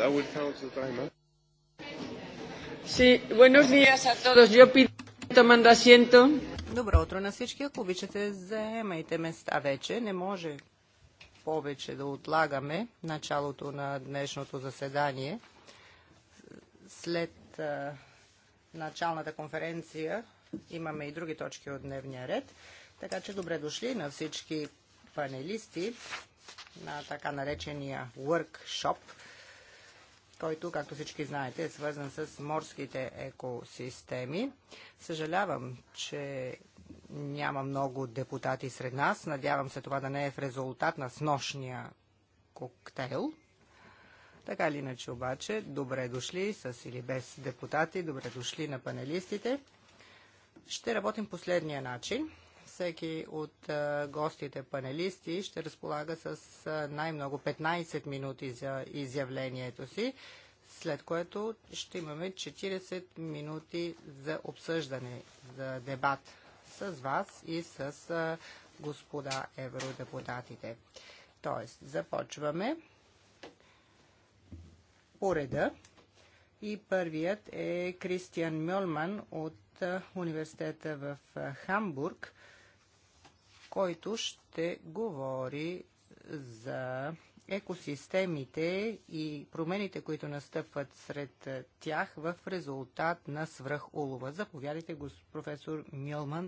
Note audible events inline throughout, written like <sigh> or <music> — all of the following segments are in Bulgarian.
الأول Sí, buenos días a todos. Yo pido tomando asiento. Добро утро на всички. Ако обичате, заемайте места вече. Не може повече да отлагаме началото на днешното заседание. След а, началната конференция имаме и други точки от дневния ред. Така че добре дошли на всички панелисти на така наречения workshop – който, както всички знаете, е свързан с морските екосистеми. Съжалявам, че няма много депутати сред нас. Надявам се това да не е в резултат на сношния коктейл. Така или иначе обаче, добре дошли с или без депутати, добре дошли на панелистите. Ще работим последния начин всеки от гостите панелисти ще разполага с най-много 15 минути за изявлението си, след което ще имаме 40 минути за обсъждане, за дебат с вас и с господа евродепутатите. Тоест, започваме по реда. И първият е Кристиан Мьолман от университета в Хамбург, който ще говори за екосистемите и промените, които настъпват сред тях в резултат на свръхулова. Заповядайте, професор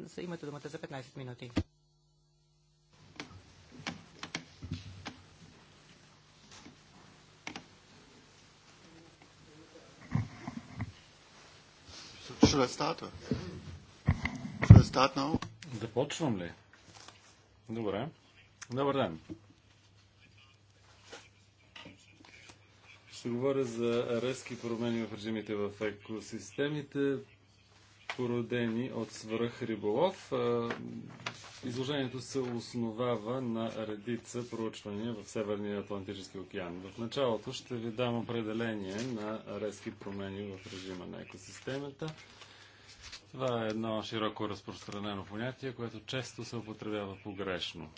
за Имате думата за 15 минути. Should I start? Should I start now? Започвам ли? Добре. Добър ден. Ще говоря за резки промени в режимите в екосистемите, породени от свръх риболов. Изложението се основава на редица проучвания в Северния Атлантически океан. В началото ще ви дам определение на резки промени в режима на екосистемата това е едно широко разпространено понятие, което често се употребява погрешно.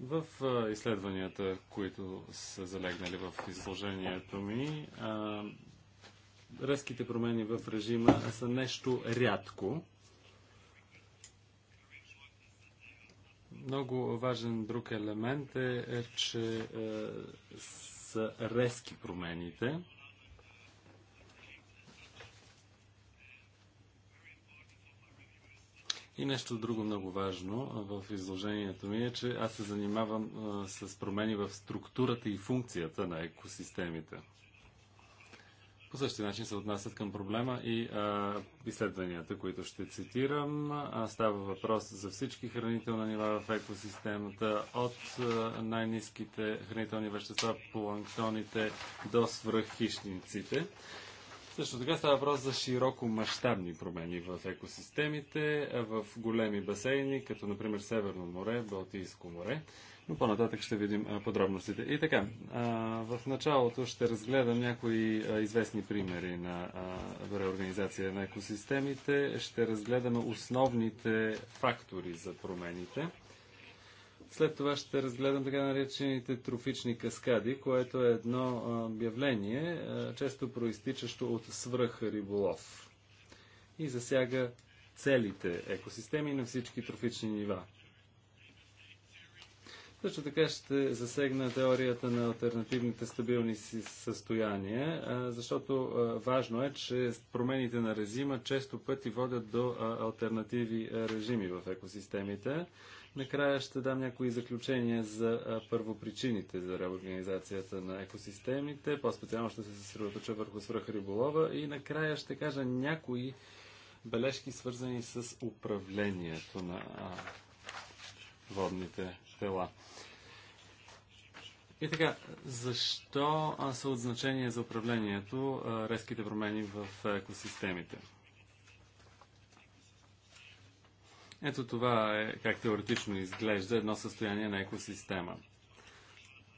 В изследванията, които са залегнали в изложението ми, резките промени в режима са нещо рядко. Много важен друг елемент е, е че е, са резки промените. И нещо друго много важно в изложението ми е, че аз се занимавам а, с промени в структурата и функцията на екосистемите. По същия начин се отнасят към проблема и а, изследванията, които ще цитирам. А, става въпрос за всички хранителни нива в екосистемата, от най-низките хранителни вещества, планктоните до свръххищниците. Също така става въпрос за широко мащабни промени в екосистемите, в големи басейни, като например Северно море, Балтийско море. Но по-нататък ще видим подробностите. И така, в началото ще разгледам някои известни примери на реорганизация на екосистемите. Ще разгледаме основните фактори за промените след това ще разгледам така наречените трофични каскади, което е едно явление, често проистичащо от свръхриболов и засяга целите екосистеми на всички трофични нива. Също така ще засегна теорията на альтернативните стабилни състояния, защото важно е, че промените на режима често пъти водят до альтернативи режими в екосистемите. Накрая ще дам някои заключения за първопричините за реорганизацията на екосистемите. По-специално ще се съсредоточа върху свръхриболова и накрая ще кажа някои бележки, свързани с управлението на водните тела. И така, защо са от значение за управлението резките промени в екосистемите? Ето това е как теоретично изглежда едно състояние на екосистема.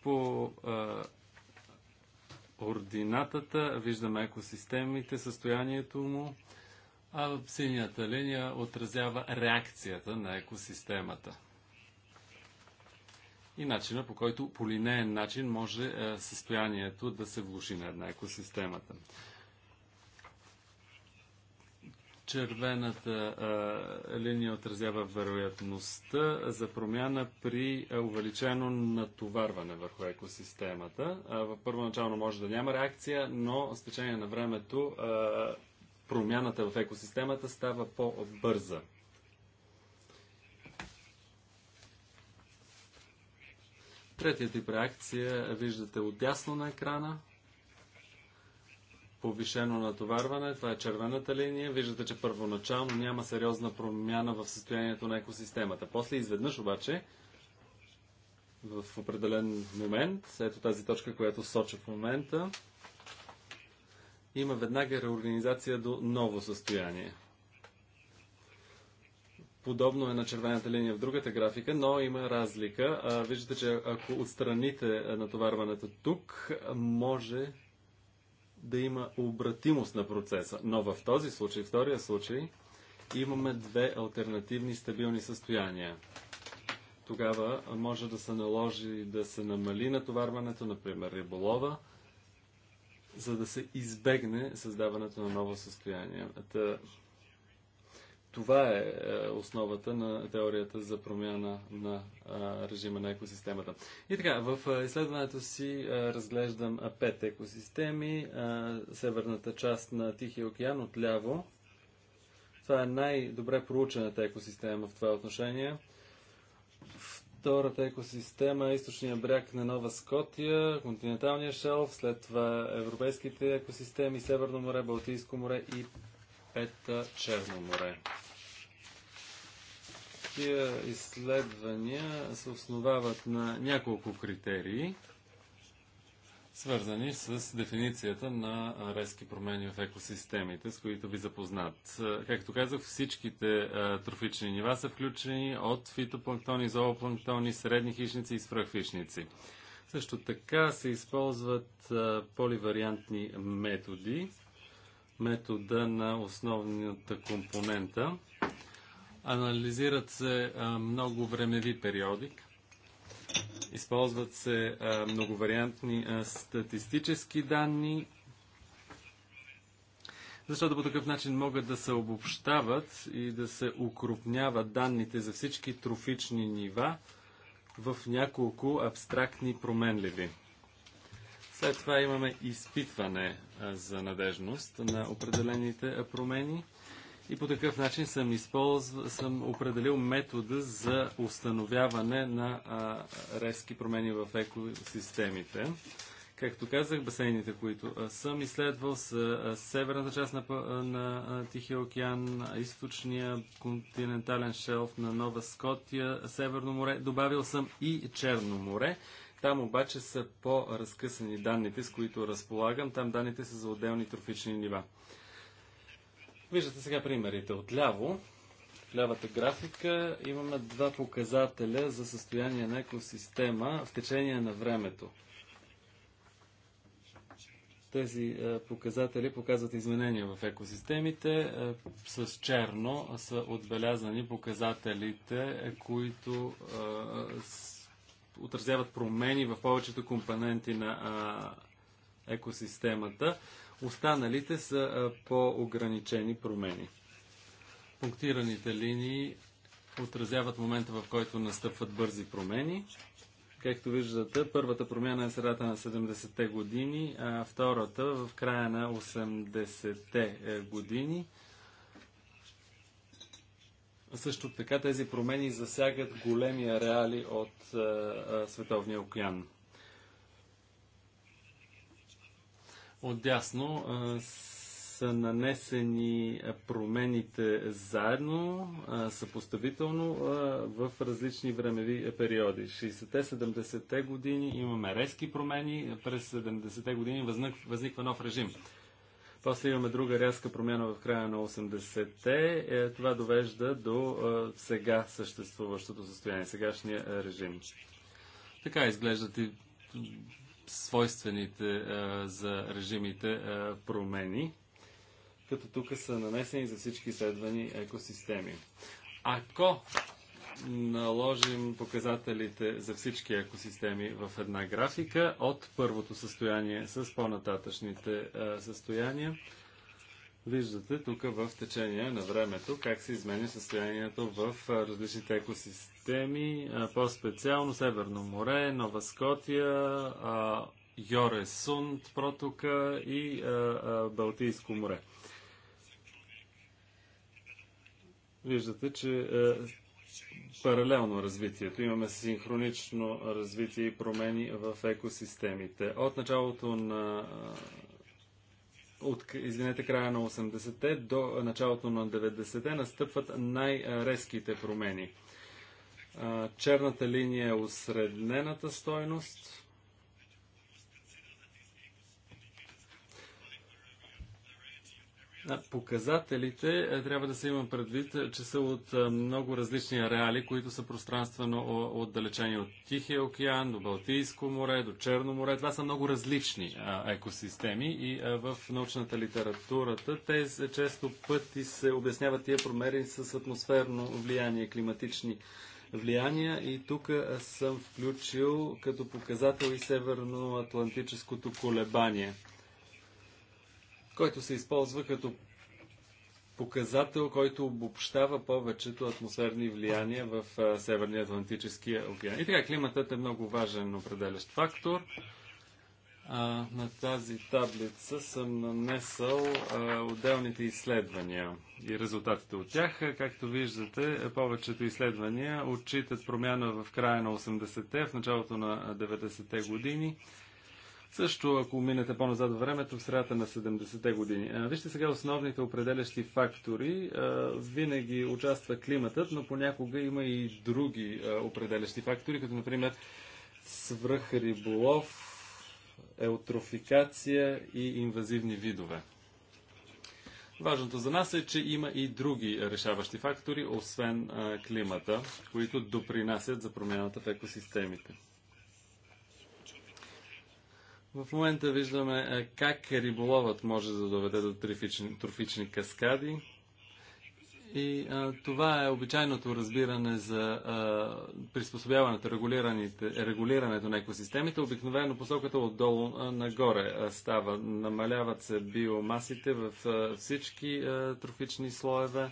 По а, ординатата виждаме екосистемите, състоянието му, а синята линия отразява реакцията на екосистемата. И начина по който по линеен начин може състоянието да се влуши на една екосистемата. Червената а, линия отразява вероятността за промяна при увеличено натоварване върху екосистемата. А, първоначално може да няма реакция, но с течение на времето а, промяната в екосистемата става по-бърза. Третият тип реакция виждате отясно на екрана – повишено натоварване. Това е червената линия. Виждате, че първоначално няма сериозна промяна в състоянието на екосистемата. После изведнъж обаче в определен момент, ето тази точка, която соча в момента, има веднага реорганизация до ново състояние. Подобно е на червената линия в другата графика, но има разлика. виждате, че ако отстраните натоварването тук, може да има обратимост на процеса. Но в този случай, втория случай, имаме две альтернативни стабилни състояния. Тогава може да се наложи да се намали натоварването, например риболова, за да се избегне създаването на ново състояние. Та, това е, е основата на теорията за промяна на режима на екосистемата. И така, в изследването си разглеждам пет екосистеми. Северната част на Тихия океан отляво. Това е най-добре проучената екосистема в това отношение. Втората екосистема е източния бряг на Нова Скотия, континенталния шелф, след това европейските екосистеми, Северно море, Балтийско море и ета Черно море. Тия изследвания се основават на няколко критерии, свързани с дефиницията на резки промени в екосистемите, с които ви запознат. Както казах, всичките е, трофични нива са включени от фитопланктони, зоопланктони, средни хищници и свръххищници. Също така се използват е, поливариантни методи метода на основната компонента. Анализират се много времеви периоди. Използват се многовариантни статистически данни, защото по такъв начин могат да се обобщават и да се укрупняват данните за всички трофични нива в няколко абстрактни променливи. След това имаме изпитване за надежност на определените промени. И по такъв начин съм, използв... съм определил метода за установяване на а, резки промени в екосистемите. Както казах, басейните, които съм изследвал, са северната част на, на Тихия океан, източния континентален шелф на Нова Скотия, Северно море. Добавил съм и Черно море там обаче са по-разкъсани данните, с които разполагам. Там данните са за отделни трофични нива. Виждате сега примерите. Отляво, в лявата графика, имаме два показателя за състояние на екосистема в течение на времето. Тези е, показатели показват изменения в екосистемите. Е, с черно са отбелязани показателите, които е, отразяват промени в повечето компоненти на а, екосистемата. Останалите са по-ограничени промени. Пунктираните линии отразяват момента, в който настъпват бързи промени. Както виждате, първата промяна е средата на 70-те години, а втората в края на 80-те е, години – също така тези промени засягат големи ареали от а, е, а, е, Световния океан. Отдясно а, е, са нанесени промените заедно, съпоставително в различни времеви периоди. 60 70-те години имаме резки промени, през 70-те години възник, възниква нов режим. После имаме друга рязка промяна в края на 80-те. Е, това довежда до е, сега съществуващото състояние, сегашния е, режим. Така изглеждат и свойствените за режимите промени, като тук са нанесени за всички следвани екосистеми. Ако наложим показателите за всички екосистеми в една графика от първото състояние с по-нататъчните е, състояния, виждате тук в течение на времето как се изменя състоянието в е, различните екосистеми, е, по-специално Северно море, Нова Скотия, Йоре Сунд протока и Балтийско море. Виждате, че паралелно развитието. Имаме синхронично развитие и промени в екосистемите. От началото на от, извинете, края на 80-те до началото на 90-те настъпват най-резките промени. Черната линия е осреднената стойност, Показателите е, трябва да се има предвид, е, че са от е, много различни ареали, които са пространствено отдалечени от Тихия океан до Балтийско море, до Черно море. Това са много различни екосистеми и в научната литературата те често пъти се обясняват тия промери с атмосферно влияние, климатични влияния и тук съм включил като показател и атлантическото колебание – който се използва като показател, който обобщава повечето атмосферни влияния в Северния Атлантически океан. И така, климатът е много важен определящ фактор. А, на тази таблица съм нанесъл а, отделните изследвания и резултатите от тях. Както виждате, повечето изследвания отчитат промяна в края на 80-те, в началото на 90-те години също, ако минете по-назад във времето, в средата на 70-те години. Вижте сега основните определящи фактори. Винаги участва климатът, но понякога има и други определящи фактори, като например свръхриболов, еутрофикация и инвазивни видове. Важното за нас е, че има и други решаващи фактори, освен климата, които допринасят за промяната в екосистемите. В момента виждаме е, как риболовът може да доведе до трофични, трофични каскади. И а, е, това е обичайното разбиране за а, е, приспособяването, регулирането на екосистемите. Обикновено посоката отдолу а, нагоре а, става. Намаляват се биомасите в а, всички а, трофични слоеве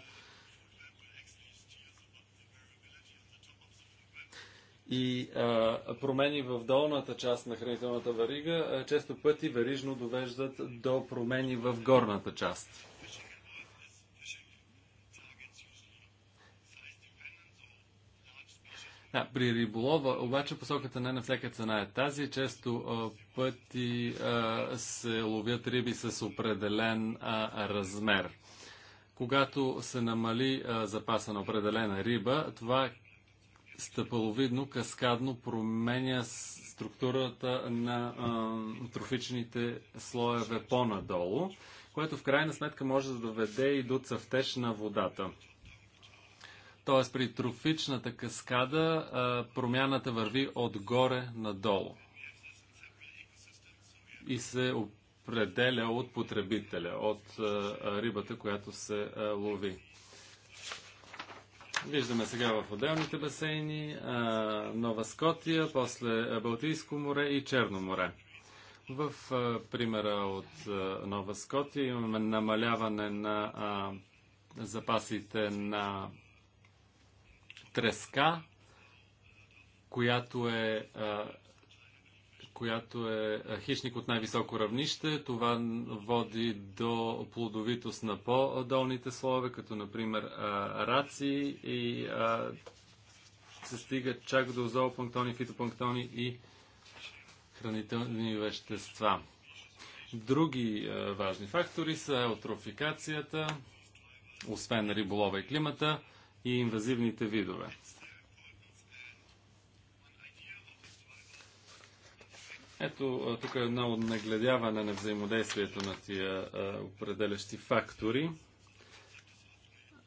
и а, промени в долната част на хранителната варига а, често пъти верижно довеждат до промени в горната част. А, при риболова обаче посоката не на всяка цена е тази. Често а, пъти а, се ловят риби с определен а, размер. Когато се намали а, запаса на определена риба, това стъпаловидно, каскадно променя структурата на а, трофичните слоеве по-надолу, което в крайна сметка може да доведе и до цъфтеж на водата. Тоест при трофичната каскада а, промяната върви отгоре надолу и се определя от потребителя, от а, рибата, която се лови. Виждаме сега в отделните басейни Нова Скотия, после Балтийско море и Черно море. В примера от Нова Скотия имаме намаляване на запасите на треска, която е а, която е, е хищник от най-високо равнище. Това води до плодовитост на по-долните слоеве, като например е, раци и е, се стига чак до зоопланктони, фитопланктони и хранителни вещества. Други важни фактори са еутрофикацията, освен риболова и климата и инвазивните видове. Ето, тук е едно нагледяване на взаимодействието на тия а, определящи фактори.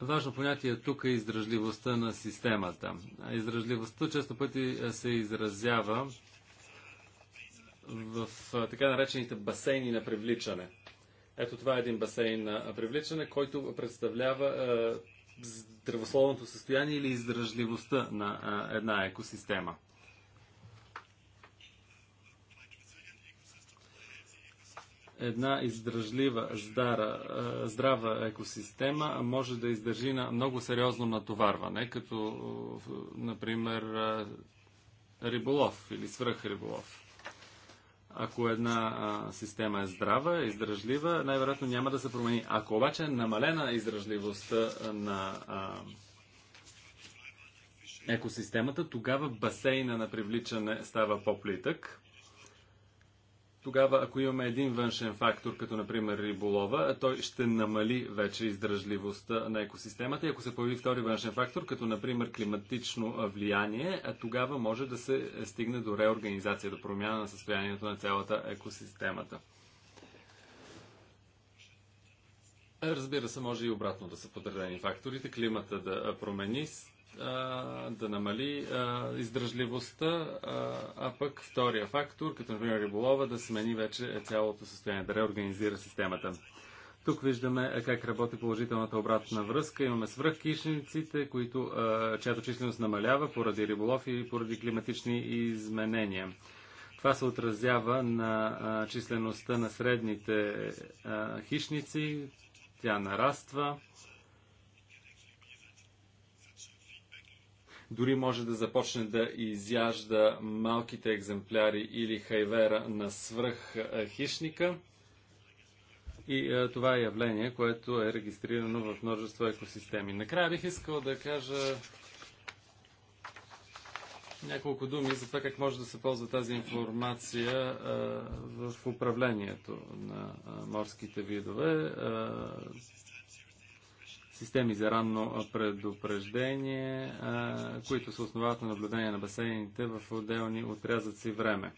Важно понятие е тук е издръжливостта на системата. Издръжливостта често пъти се изразява в така наречените басейни на привличане. Ето това е един басейн на привличане, който представлява е, здравословното състояние или издръжливостта на а, една екосистема. една издръжлива, здара, здрава екосистема може да издържи на много сериозно натоварване, като, например, риболов или свръхриболов. Ако една система е здрава, издръжлива, най-вероятно няма да се промени. Ако обаче е намалена издръжливостта на екосистемата, тогава басейна на привличане става по-плитък тогава ако имаме един външен фактор, като например риболова, той ще намали вече издръжливостта на екосистемата. И ако се появи втори външен фактор, като например климатично влияние, тогава може да се стигне до реорганизация, до промяна на състоянието на цялата екосистемата. Разбира се, може и обратно да са подредени факторите. Климата да промени да намали а, издръжливостта, а, а пък втория фактор, като например риболова, да смени вече цялото състояние, да реорганизира системата. Тук виждаме как работи положителната обратна връзка. Имаме свръхкишниците, които, а, чиято численост намалява поради риболов и поради климатични изменения. Това се отразява на а, числеността на средните а, хищници. Тя нараства. дори може да започне да изяжда малките екземпляри или хайвера на свръх е, хищника. И а, е, това е явление, което е регистрирано в множество екосистеми. Накрая бих искал да кажа няколко думи за това как може да се ползва тази информация а, е, в управлението на а, морските видове. А, системи за ранно предупреждение, които се основават на наблюдение на басейните в отделни отрязъци време.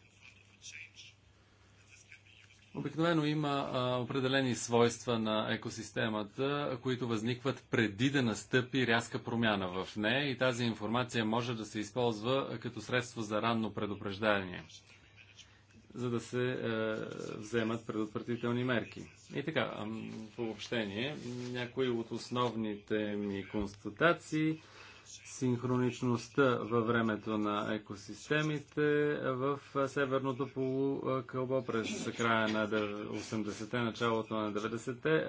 Обикновено има а, определени свойства на екосистемата, които възникват преди да настъпи рязка промяна в нея и тази информация може да се използва като средство за ранно предупреждение за да се е, вземат предотвратителни мерки. И така, в обобщение, някои от основните ми констатации синхроничността във времето на екосистемите в северното полукълбо през края на 80-те, началото на 90-те е,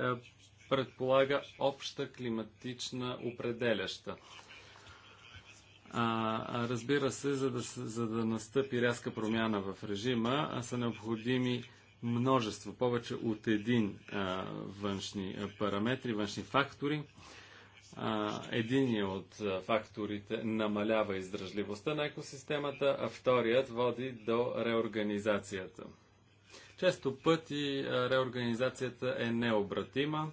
предполага обща климатична определяща а, разбира се, за да, за да настъпи рязка промяна в режима, са необходими множество, повече от един а, външни параметри, външни фактори. Единият от факторите намалява издръжливостта на екосистемата, а вторият води до реорганизацията. Често пъти реорганизацията е необратима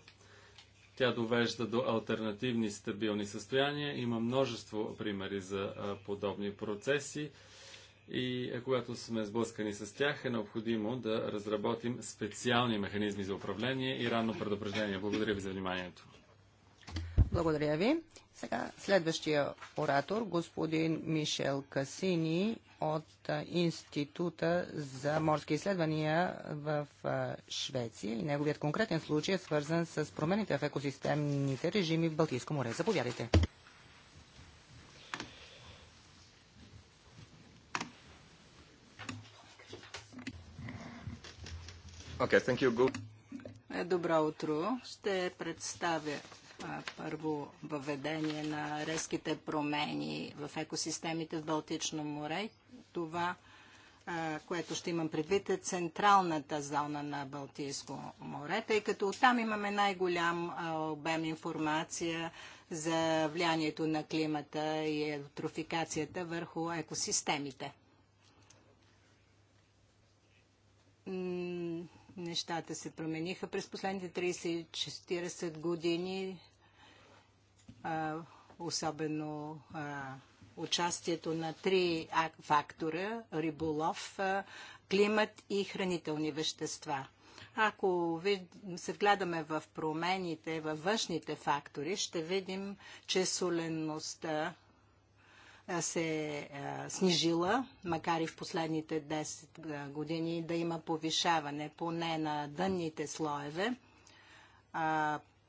тя довежда до альтернативни стабилни състояния. Има множество примери за подобни процеси. И е, когато сме сблъскани с тях, е необходимо да разработим специални механизми за управление и ранно предупреждение. Благодаря ви за вниманието. Благодаря ви. Сега следващия оратор, господин Мишел Касини от Института за морски изследвания в Швеция и неговият конкретен случай е свързан с промените в екосистемните режими в Балтийско море. Заповядайте. Okay, thank you. Good. Е, добро утро. Ще представя първо въведение на резките промени в екосистемите в Балтично море това, което ще имам предвид, е централната зона на Балтийско море, тъй като там имаме най-голям обем информация за влиянието на климата и трофикацията върху екосистемите. Нещата се промениха през последните 30-40 години, особено участието на три фактора – риболов, климат и хранителни вещества. Ако се вгледаме в промените, във външните фактори, ще видим, че солеността се снижила, макар и в последните 10 години да има повишаване поне на дънните слоеве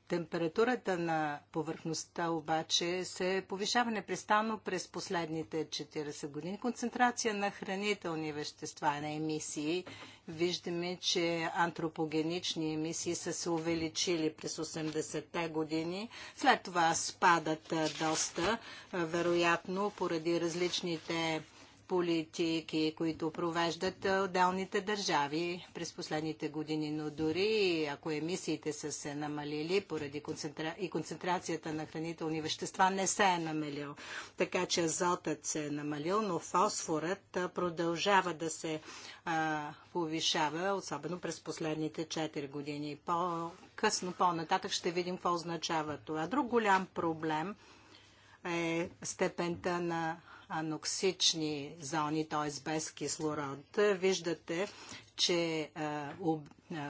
Температурата на повърхността обаче се повишава непрестанно през последните 40 години. Концентрация на хранителни вещества, на емисии. Виждаме, че антропогенични емисии са се увеличили през 80-те години. След това спадат доста, вероятно, поради различните политики, които провеждат отделните държави през последните години, но дори ако емисиите са се намалили поради концентра... и концентрацията на хранителни вещества не се е намалил. Така че азотът се е намалил, но фосфорът продължава да се а, повишава, особено през последните 4 години. По-късно, по-нататък ще видим какво означава това. Друг голям проблем е степента на аноксични зони, т.е. без кислород. Виждате, че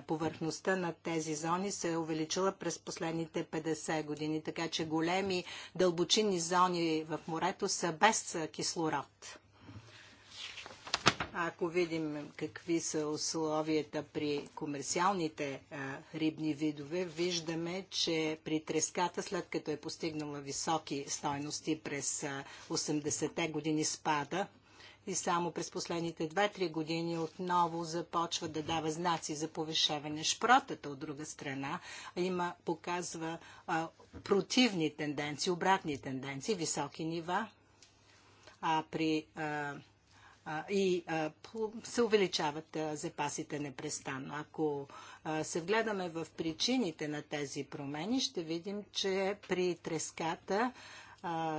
повърхността на тези зони се е увеличила през последните 50 години, така че големи дълбочинни зони в морето са без кислород. Ако видим какви са условията при комерциалните рибни видове, виждаме, че при треската, след като е постигнала високи стойности през 80-те години спада, и само през последните 2-3 години отново започва да дава знаци за повишаване. Шпротата, от друга страна, има, показва а, противни тенденции, обратни тенденции, високи нива. А при а, и се увеличават запасите непрестанно. Ако се вгледаме в причините на тези промени, ще видим, че при треската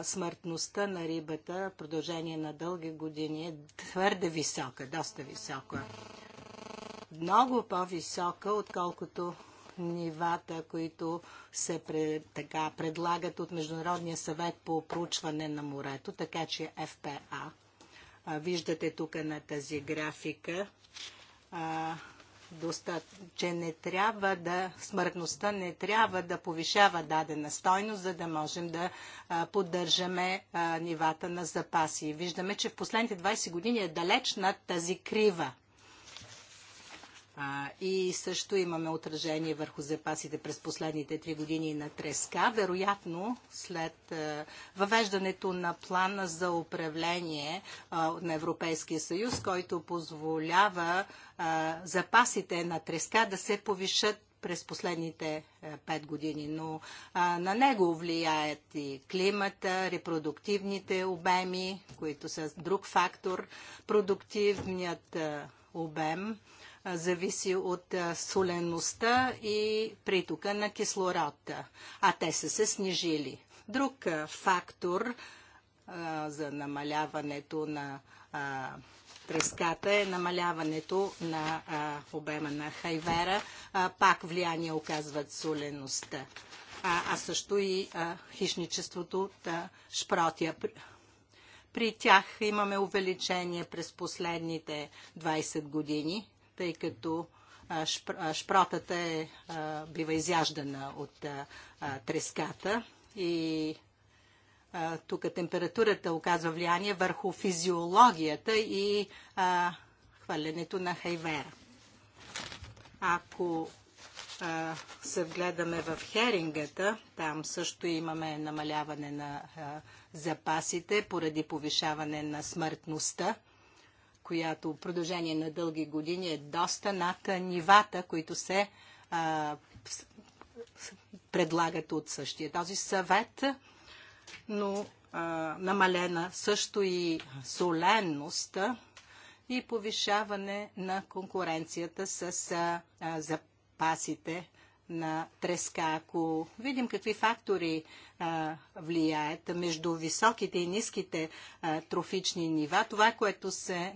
смъртността на рибата в продължение на дълги години е твърде висока, доста висока. Много по-висока, отколкото нивата, които се пред, така, предлагат от Международния съвет по проучване на морето, така че ФПА виждате тук на тази графика, че не трябва да, смъртността не трябва да повишава дадена стойност, за да можем да поддържаме нивата на запаси. Виждаме, че в последните 20 години е далеч над тази крива. А, и също имаме отражение върху запасите през последните три години на треска. Вероятно, след а, въвеждането на плана за управление а, на Европейския съюз, който позволява запасите на треска да се повишат през последните е, пет години, но а, на него влияят и климата, репродуктивните обеми, които са друг фактор, продуктивният а, е, обем, зависи от солеността и притока на кислорода, а те са се снижили. Друг фактор за намаляването на треската е намаляването на обема на хайвера. Пак влияние оказват солеността, а също и хищничеството от шпротия. При тях имаме увеличение през последните 20 години тъй като шпротата е, бива изяждана от треската и тук температурата оказва влияние върху физиологията и а, хвърлянето на хайвера. Ако а, се вгледаме в херингата, там също имаме намаляване на а, запасите поради повишаване на смъртността която в продължение на дълги години е доста над нивата, които се а, предлагат от същия този съвет, но а, намалена също и соленност и повишаване на конкуренцията с а, запасите на треска. Ако видим какви фактори а, влияят между високите и ниските а, трофични нива, това, което се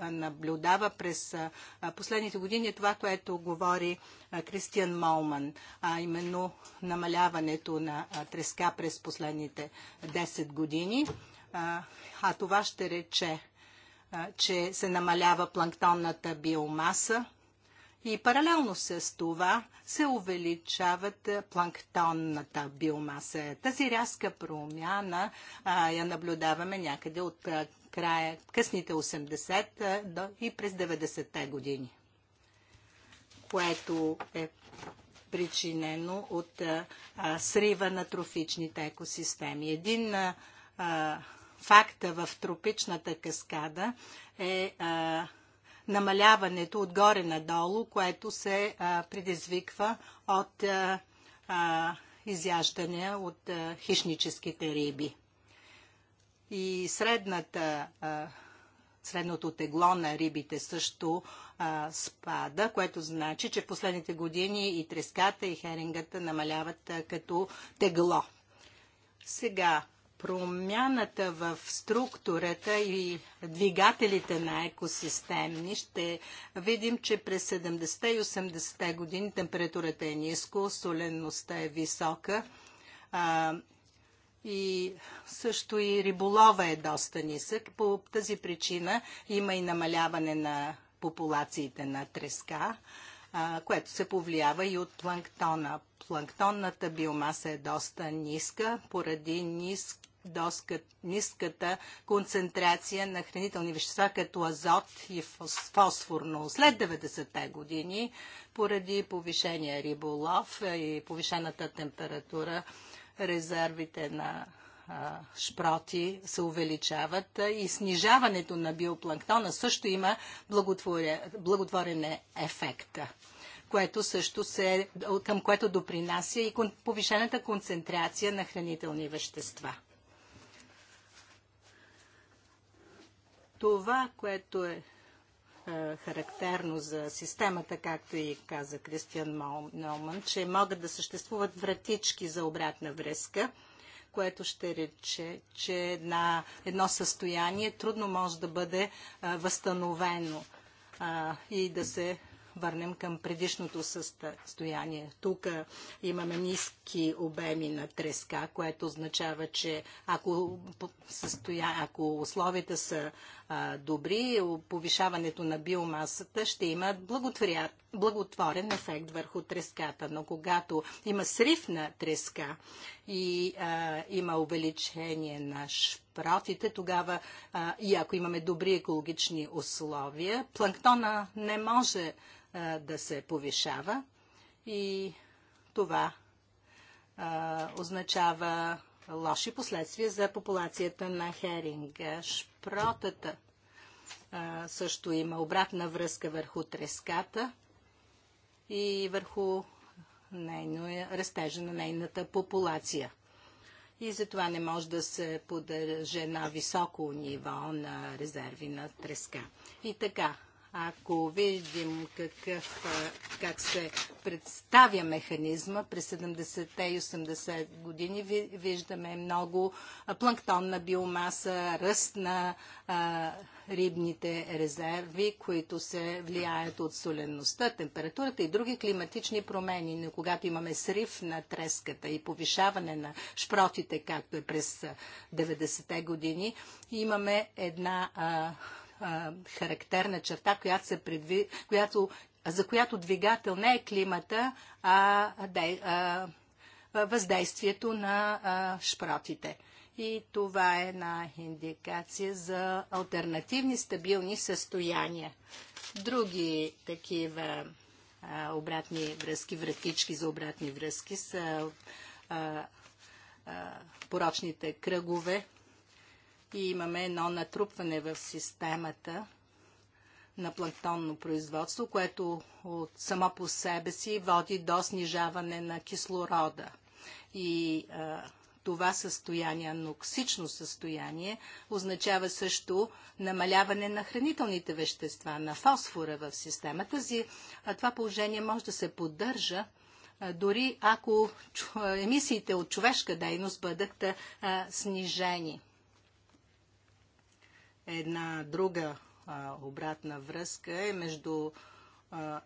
наблюдава през а, последните години, е това, което говори а, Кристиан Молман, а именно намаляването на а, треска през последните 10 години. А, а това ще рече, а, че се намалява планктонната биомаса, и паралелно с това се увеличават планктонната биомаса. Тази рязка промяна а, я наблюдаваме някъде от а, края, късните 80 до и през 90-те години, което е причинено от а, а, срива на трофичните екосистеми. Един а, факта в тропичната каскада е а, намаляването отгоре надолу, което се предизвиква от изяждане от хищническите риби. И средната, средното тегло на рибите също спада, което значи, че в последните години и треската, и херингата намаляват като тегло. Сега промяната в структурата и двигателите на екосистемни, ще видим, че през 70-те и 80-те години температурата е ниско, солеността е висока а, и също и риболова е доста нисък. По тази причина има и намаляване на популациите на треска което се повлиява и от планктона. Планктонната биомаса е доста ниска поради ниск доска, ниската концентрация на хранителни вещества, като азот и фосфорно. След 90-те години, поради повишения риболов и повишената температура, резервите на шпроти се увеличават и снижаването на биопланктона също има благотворен ефект което също се, към което допринася и повишената концентрация на хранителни вещества. Това, което е, характерно за системата, както и каза Кристиан Нолман, че могат да съществуват вратички за обратна връзка – което ще рече, че една, едно състояние трудно може да бъде а, възстановено а, и да се върнем към предишното състояние. Тук имаме ниски обеми на треска, което означава, че ако, състоя... ако условията са добри, повишаването на биомасата ще има благотворен ефект върху треската. Но когато има срив на треска и а, има увеличение на шпротите, тогава а, и ако имаме добри екологични условия, планктона не може а, да се повишава и това а, означава лоши последствия за популацията на херинг. Шпротата също има обратна връзка върху треската и върху нейно, растежа на нейната популация. И затова не може да се поддържа на високо ниво на резерви на треска. И така, ако видим какъв, как се представя механизма през 70-те и 80 години, виждаме много планктонна биомаса, ръст на а, рибните резерви, които се влияят от солеността, температурата и други климатични промени. Но когато имаме срив на треската и повишаване на шпротите, както е през 90-те години, имаме една а, характерна черта, която се предви, която, за която двигател не е климата, а, а въздействието на а, шпротите. И това е една индикация за альтернативни стабилни състояния. Други такива а, обратни връзки, вратички за обратни връзки са а, порочните кръгове, и имаме едно натрупване в системата на планктонно производство, което от само по себе си води до снижаване на кислорода. И а, това състояние, аноксично състояние, означава също намаляване на хранителните вещества, на фосфора в системата си. А това положение може да се поддържа дори ако емисиите от човешка дейност бъдат а, снижени. Една друга а, обратна връзка е между а,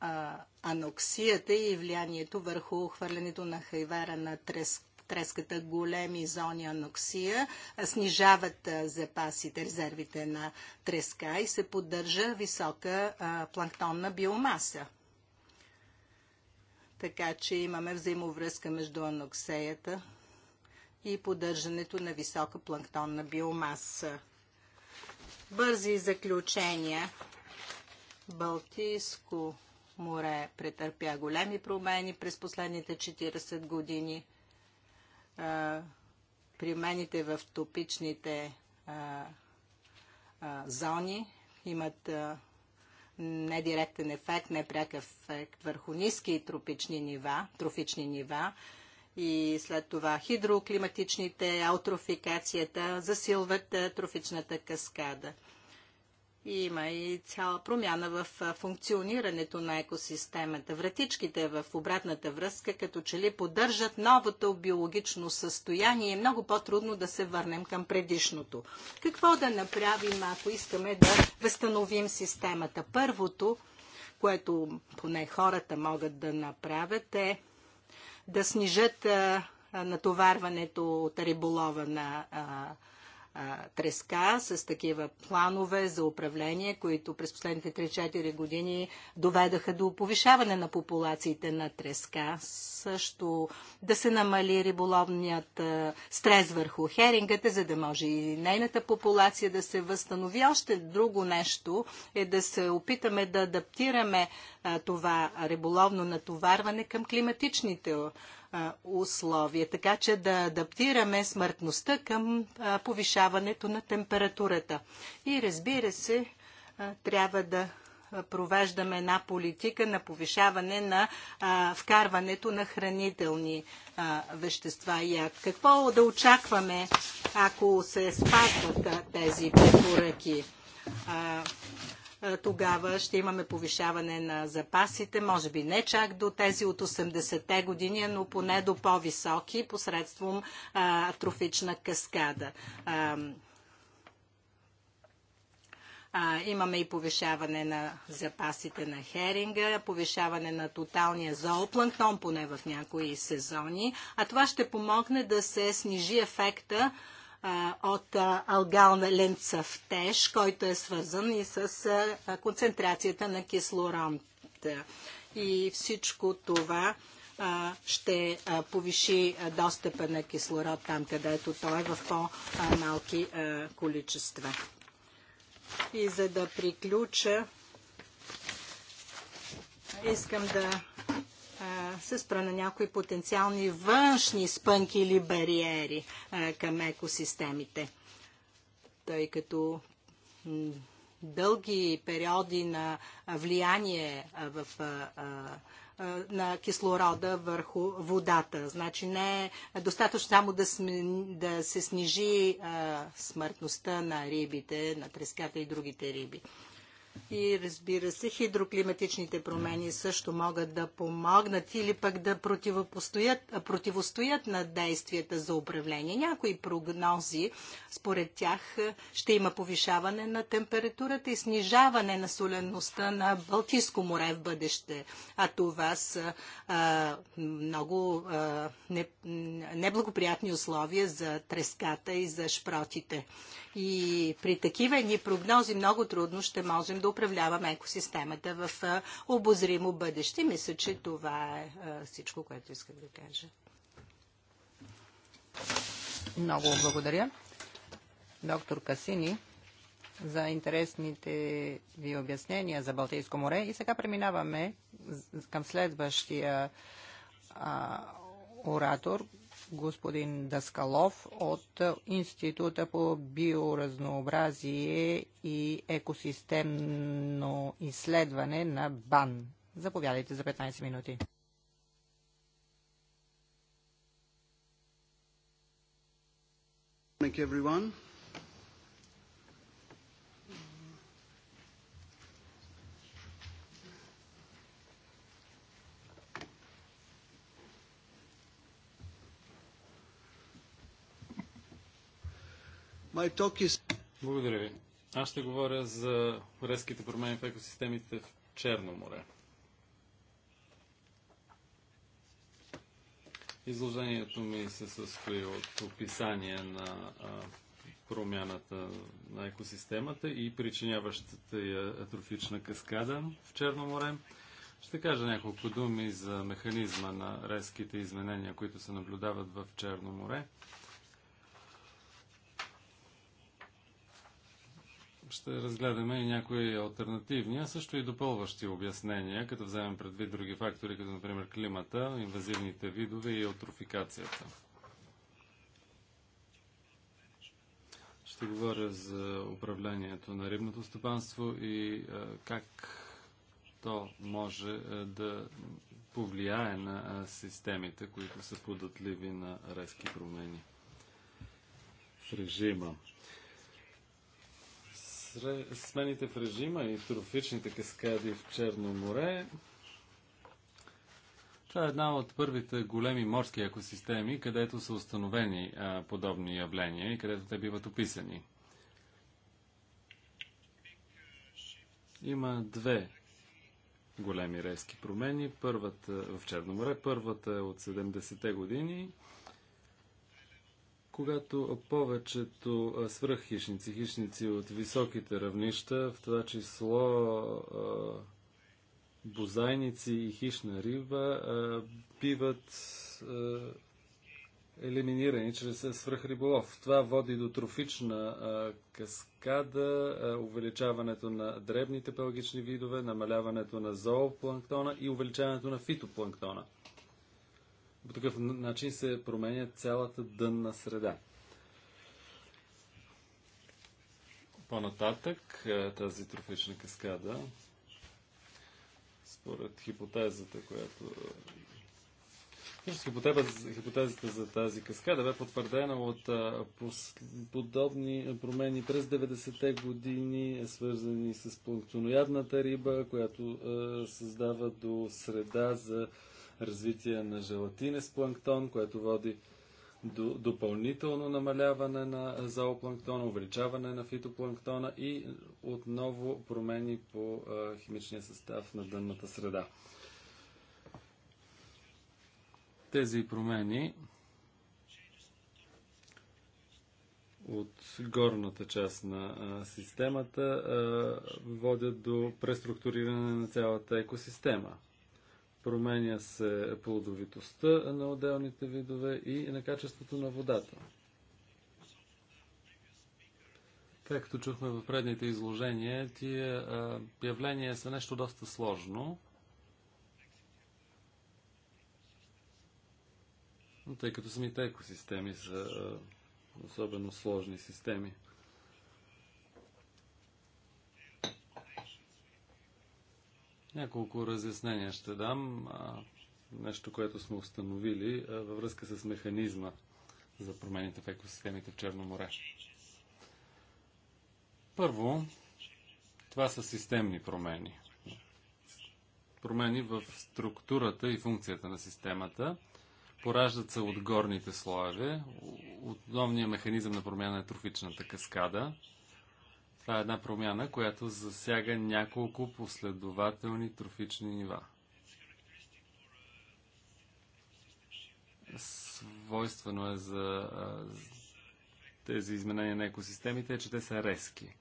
а, аноксията и влиянието върху хвърлянето на хайвара на треск треската големи зони аноксия, снижават запасите, резервите на треска и се поддържа висока планктонна биомаса. Така че имаме взаимовръзка между аноксеята и поддържането на висока планктонна биомаса. Бързи заключения. Балтийско море претърпя големи промени през последните 40 години. Примените в топичните зони имат недиректен ефект, непряк ефект върху ниски тропични нива, трофични нива, и след това хидроклиматичните, аутрофикацията засилват трофичната каскада. Има и цяла промяна в функционирането на екосистемата. Вратичките в обратната връзка като че ли поддържат новото биологично състояние и е много по-трудно да се върнем към предишното. Какво да направим, ако искаме да възстановим системата? Първото, което поне хората могат да направят е да снижат натоварването от риболова на треска, с такива планове за управление, които през последните 3-4 години доведаха до повишаване на популациите на треска. Също да се намали риболовният стрес върху херингата, за да може и нейната популация да се възстанови. Още друго нещо е да се опитаме да адаптираме това риболовно натоварване към климатичните условия, така че да адаптираме смъртността към повишаването на температурата. И разбира се, трябва да провеждаме една политика на повишаване на а, вкарването на хранителни а, вещества. И какво да очакваме, ако се спазват тези препоръки? А, тогава ще имаме повишаване на запасите, може би не чак до тези от 80-те години, но поне до по-високи посредством атрофична каскада. А, имаме и повишаване на запасите на херинга, повишаване на тоталния зоопланктон, поне в някои сезони. А това ще помогне да се снижи ефекта от алгална теж, който е свързан и с концентрацията на кислород. И всичко това ще повиши достъпа на кислород там, където той е в по-малки количества. И за да приключа, искам да се спра на някои потенциални външни спънки или бариери към екосистемите. Тъй като дълги периоди на влияние в, на кислорода върху водата. Значи не е достатъчно само да, сме, да се снижи смъртността на рибите, на треската и другите риби. И разбира се, хидроклиматичните промени също могат да помогнат или пък да противостоят на действията за управление. Някои прогнози, според тях, ще има повишаване на температурата и снижаване на солеността на Балтийско море в бъдеще. А това са а, много а, неблагоприятни условия за треската и за шпротите. И при такива ни прогнози много трудно ще можем да управляваме екосистемата в обозримо бъдеще. Мисля, че това е всичко, което искам да кажа. Много благодаря. Доктор Касини за интересните ви обяснения за Балтийско море. И сега преминаваме към следващия а, оратор, господин Даскалов от Института по биоразнообразие и екосистемно изследване на БАН. Заповядайте за 15 минути. Everyone. Благодаря ви. Аз ще говоря за резките промени в екосистемите в Черно море. Изложението ми се състои от описание на промяната на екосистемата и причиняващата я атрофична каскада в Черно море. Ще кажа няколко думи за механизма на резките изменения, които се наблюдават в Черно море ще разгледаме и някои альтернативни, а също и допълващи обяснения, като вземем предвид други фактори, като например климата, инвазивните видове и еутрофикацията. Ще говоря за управлението на рибното стопанство и е, как то може е, да повлияе на е, системите, които са податливи на резки промени в режима смените в режима и трофичните каскади в Черно море, това е една от първите големи морски екосистеми, където са установени а, подобни явления и където те биват описани. Има две големи резки промени. Първата в Черно море, първата е от 70-те години – когато повечето свръххищници, хищници от високите равнища, в това число бозайници и хищна риба, биват елиминирани чрез свръхриболов. Това води до трофична каскада, увеличаването на дребните пелагични видове, намаляването на зоопланктона и увеличаването на фитопланктона – по такъв начин се променя цялата дънна среда. По-нататък е, тази трофична каскада, според хипотезата, която Всъщност хипотезата, за тази каскада бе потвърдена от е, подобни промени през 90-те години, е, свързани с планктоноядната риба, която създава до среда за развитие на желатинес планктон, което води до допълнително намаляване на зоопланктона, увеличаване на фитопланктона и отново промени по химичния състав на дънната среда. Тези промени от горната част на системата водят до преструктуриране на цялата екосистема променя се плодовитостта на отделните видове и на качеството на водата. Както чухме в предните изложения, тия явления са нещо доста сложно. тъй като самите екосистеми са особено сложни системи. Няколко разяснения ще дам. Нещо, което сме установили във връзка с механизма за промените в екосистемите в Черно море. Първо, това са системни промени. Промени в структурата и функцията на системата. Пораждат се от горните слоеве. Основният механизъм на промяна е трофичната каскада – това е една промяна, която засяга няколко последователни трофични нива. Свойствено е за тези изменения на екосистемите, е, че те са резки.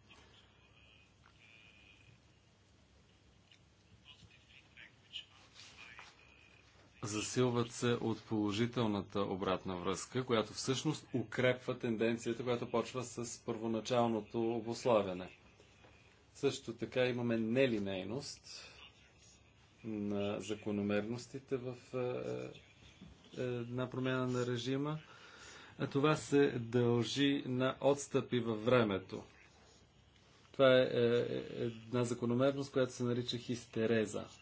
засилват се от положителната обратна връзка, която всъщност укрепва тенденцията, която почва с първоначалното обославяне. Също така имаме нелинейност на закономерностите в е, е, една промяна на режима. А това се дължи на отстъпи във времето. Това е, е една закономерност, която се нарича хистереза –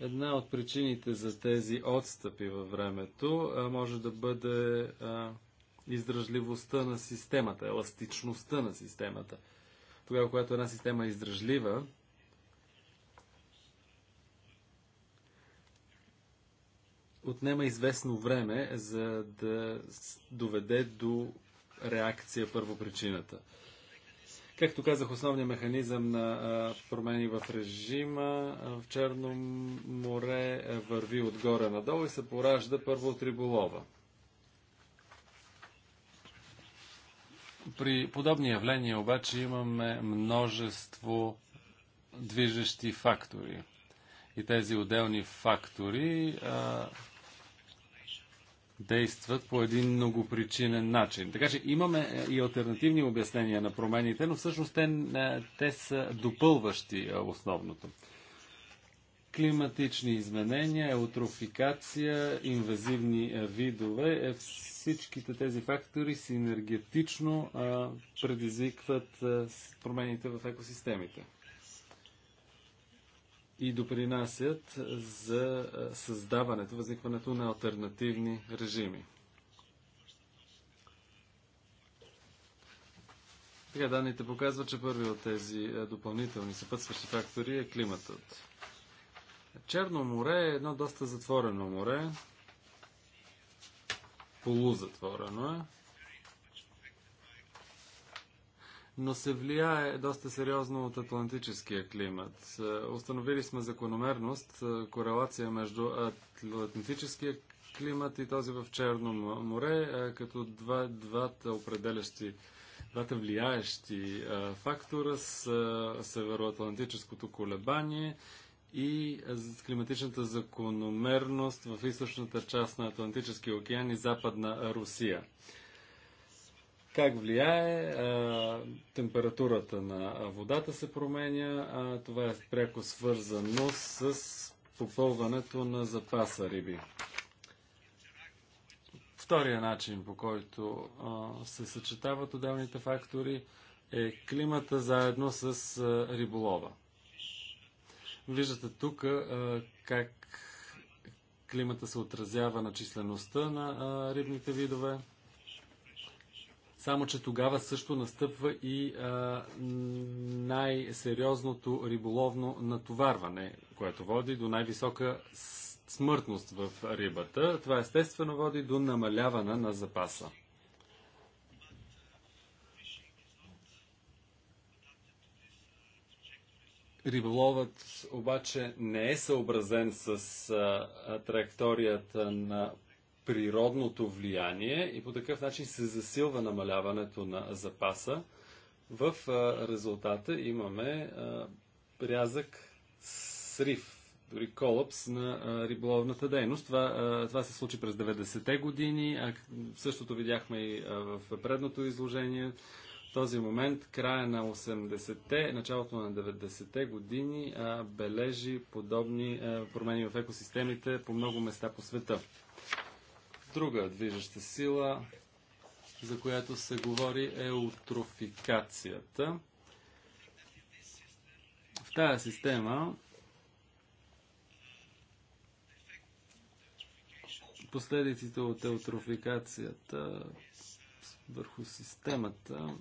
Една от причините за тези отстъпи във времето а, може да бъде а, издръжливостта на системата, еластичността на системата. Тогава, когато една система е издръжлива, отнема известно време, за да доведе до реакция първопричината. причината. Както казах, основният механизъм на промени в режима в Черно море е, върви отгоре надолу и се поражда първо от риболова. При подобни явления обаче имаме множество движещи фактори. И тези отделни фактори а, действат по един многопричинен начин. Така че имаме е, и альтернативни обяснения на промените, но всъщност те, е, те са допълващи е, основното. Климатични изменения, еутрофикация, инвазивни видове, всичките тези фактори синергетично предизвикват промените в екосистемите и допринасят за създаването, възникването на альтернативни режими. Така, данните показват, че първи от тези допълнителни съпътстващи фактори е климатът. Черно море е едно доста затворено море. Полузатворено е. но се влияе доста сериозно от атлантическия климат. Е, установили сме закономерност, е, корелация между атлантическия климат и този в Черно море, е, като два, двата определящи двата влияещи фактора с североатлантическото колебание и климатичната закономерност в източната част на Атлантическия океан и западна Русия как влияе а, температурата на водата се променя. А, това е пряко свързано с попълването на запаса риби. Втория начин, по който а, се съчетават отделните фактори, е климата заедно с а, риболова. Виждате тук а, как климата се отразява на числеността на а, рибните видове. Само, че тогава също настъпва и най-сериозното риболовно натоварване, което води до най-висока смъртност в рибата. Това естествено води до намаляване на запаса. Риболовът обаче не е съобразен с а, траекторията на природното влияние и по такъв начин се засилва намаляването на запаса. В а, резултата имаме а, рязък срив, дори колапс на а, риболовната дейност. Това, това се случи през 90-те години, а същото видяхме и в предното изложение. В този момент, края на 80-те, началото на 90-те години бележи подобни промени в екосистемите по много места по света. Друга движеща сила, за която се говори, е утрофикацията. В тази система последиците от еутрофикацията върху системата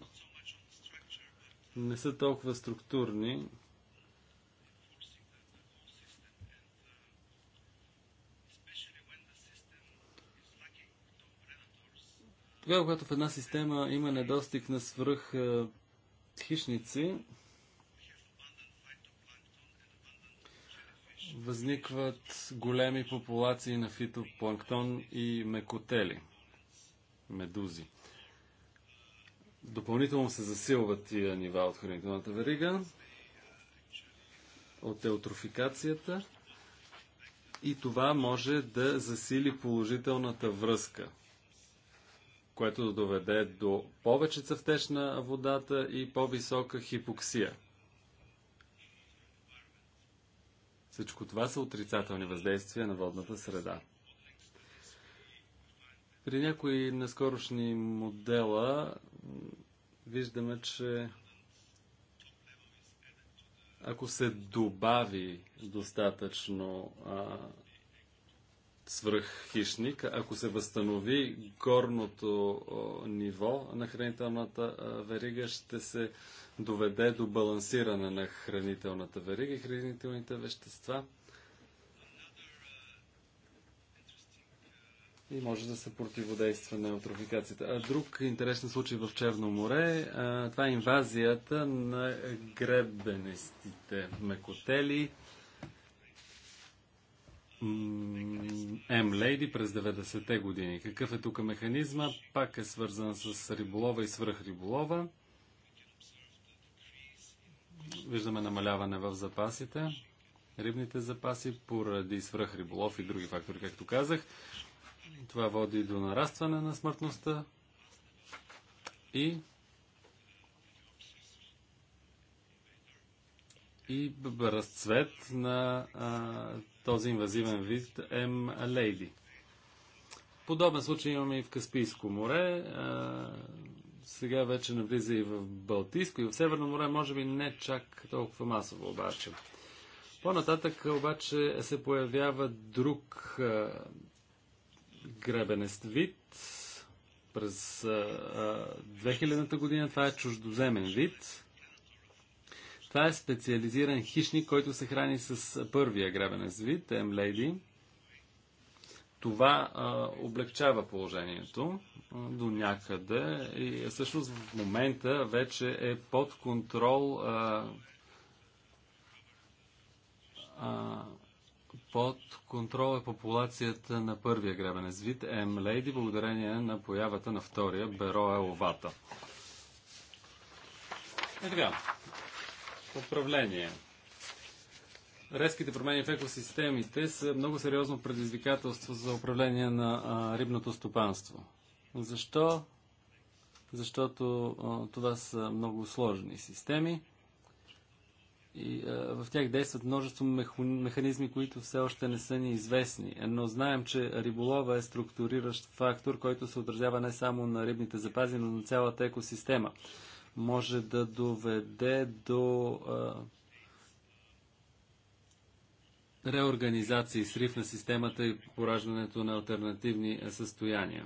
не са толкова структурни, Тогава, когато в една система има недостиг на свръх е, хищници, възникват големи популации на фитопланктон и мекотели, медузи. Допълнително се засилват тия нива от хранителната верига, от еутрофикацията и това може да засили положителната връзка което да доведе до повече цъфтеж на водата и по-висока хипоксия. Всичко това са отрицателни въздействия на водната среда. При някои наскорошни модела виждаме, че ако се добави достатъчно а, свръххищник, ако се възстанови горното ниво на хранителната верига, ще се доведе до балансиране на хранителната верига и хранителните вещества. И може да се противодейства на еутрофикацията. А друг интересен случай в Черно море, а, това е инвазията на гребенестите мекотели м лейди през 90-те години. Какъв е тук механизма? Пак е свързан с риболова и свръхриболова. Виждаме намаляване в запасите, рибните запаси, поради свръхриболов и други фактори, както казах. Това води до нарастване на смъртността и и разцвет на а, този инвазивен вид M. лейди. Подобен случай имаме и в Каспийско море. сега вече навлиза и в Балтийско и в Северно море, може би не чак толкова масово обаче. По-нататък обаче се появява друг гребенест вид. През 2000-та година това е чуждоземен вид това е специализиран хищник, който се храни с първия гребенец вид, М-Леди. Това а, облегчава положението а, до някъде и всъщност в момента вече е под контрол а, а, под контрол е популацията на първия гребенец вид М. Лейди, благодарение на появата на втория Бероя овата. Е така управление. Резките промени в екосистемите са много сериозно предизвикателство за управление на а, рибното стопанство. Защо? Защото а, това са много сложни системи и а, в тях действат множество механизми, които все още не са ни известни. Но знаем, че риболова е структуриращ фактор, който се отразява не само на рибните запази, но на цялата екосистема може да доведе до а, реорганизации, срив на системата и пораждането на альтернативни състояния.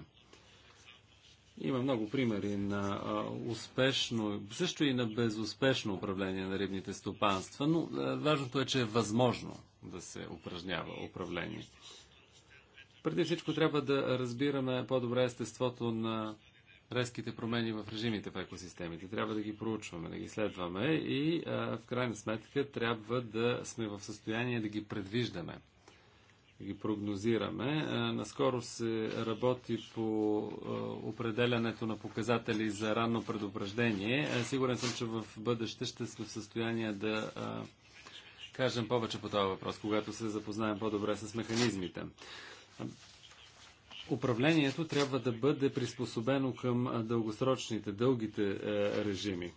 Има много примери на а, успешно, също и на безуспешно управление на рибните стопанства, но а, важното е, че е възможно да се упражнява управление. Преди всичко трябва да разбираме по-добре естеството на резките промени в режимите в екосистемите. Трябва да ги проучваме, да ги следваме и в крайна сметка трябва да сме в състояние да ги предвиждаме, да ги прогнозираме. наскоро се работи по определянето на показатели за ранно предупреждение. сигурен съм, че в бъдеще ще сме в състояние да. кажем повече по този въпрос, когато се запознаем по-добре с механизмите управлението трябва да бъде приспособено към дългосрочните, дългите е, режими.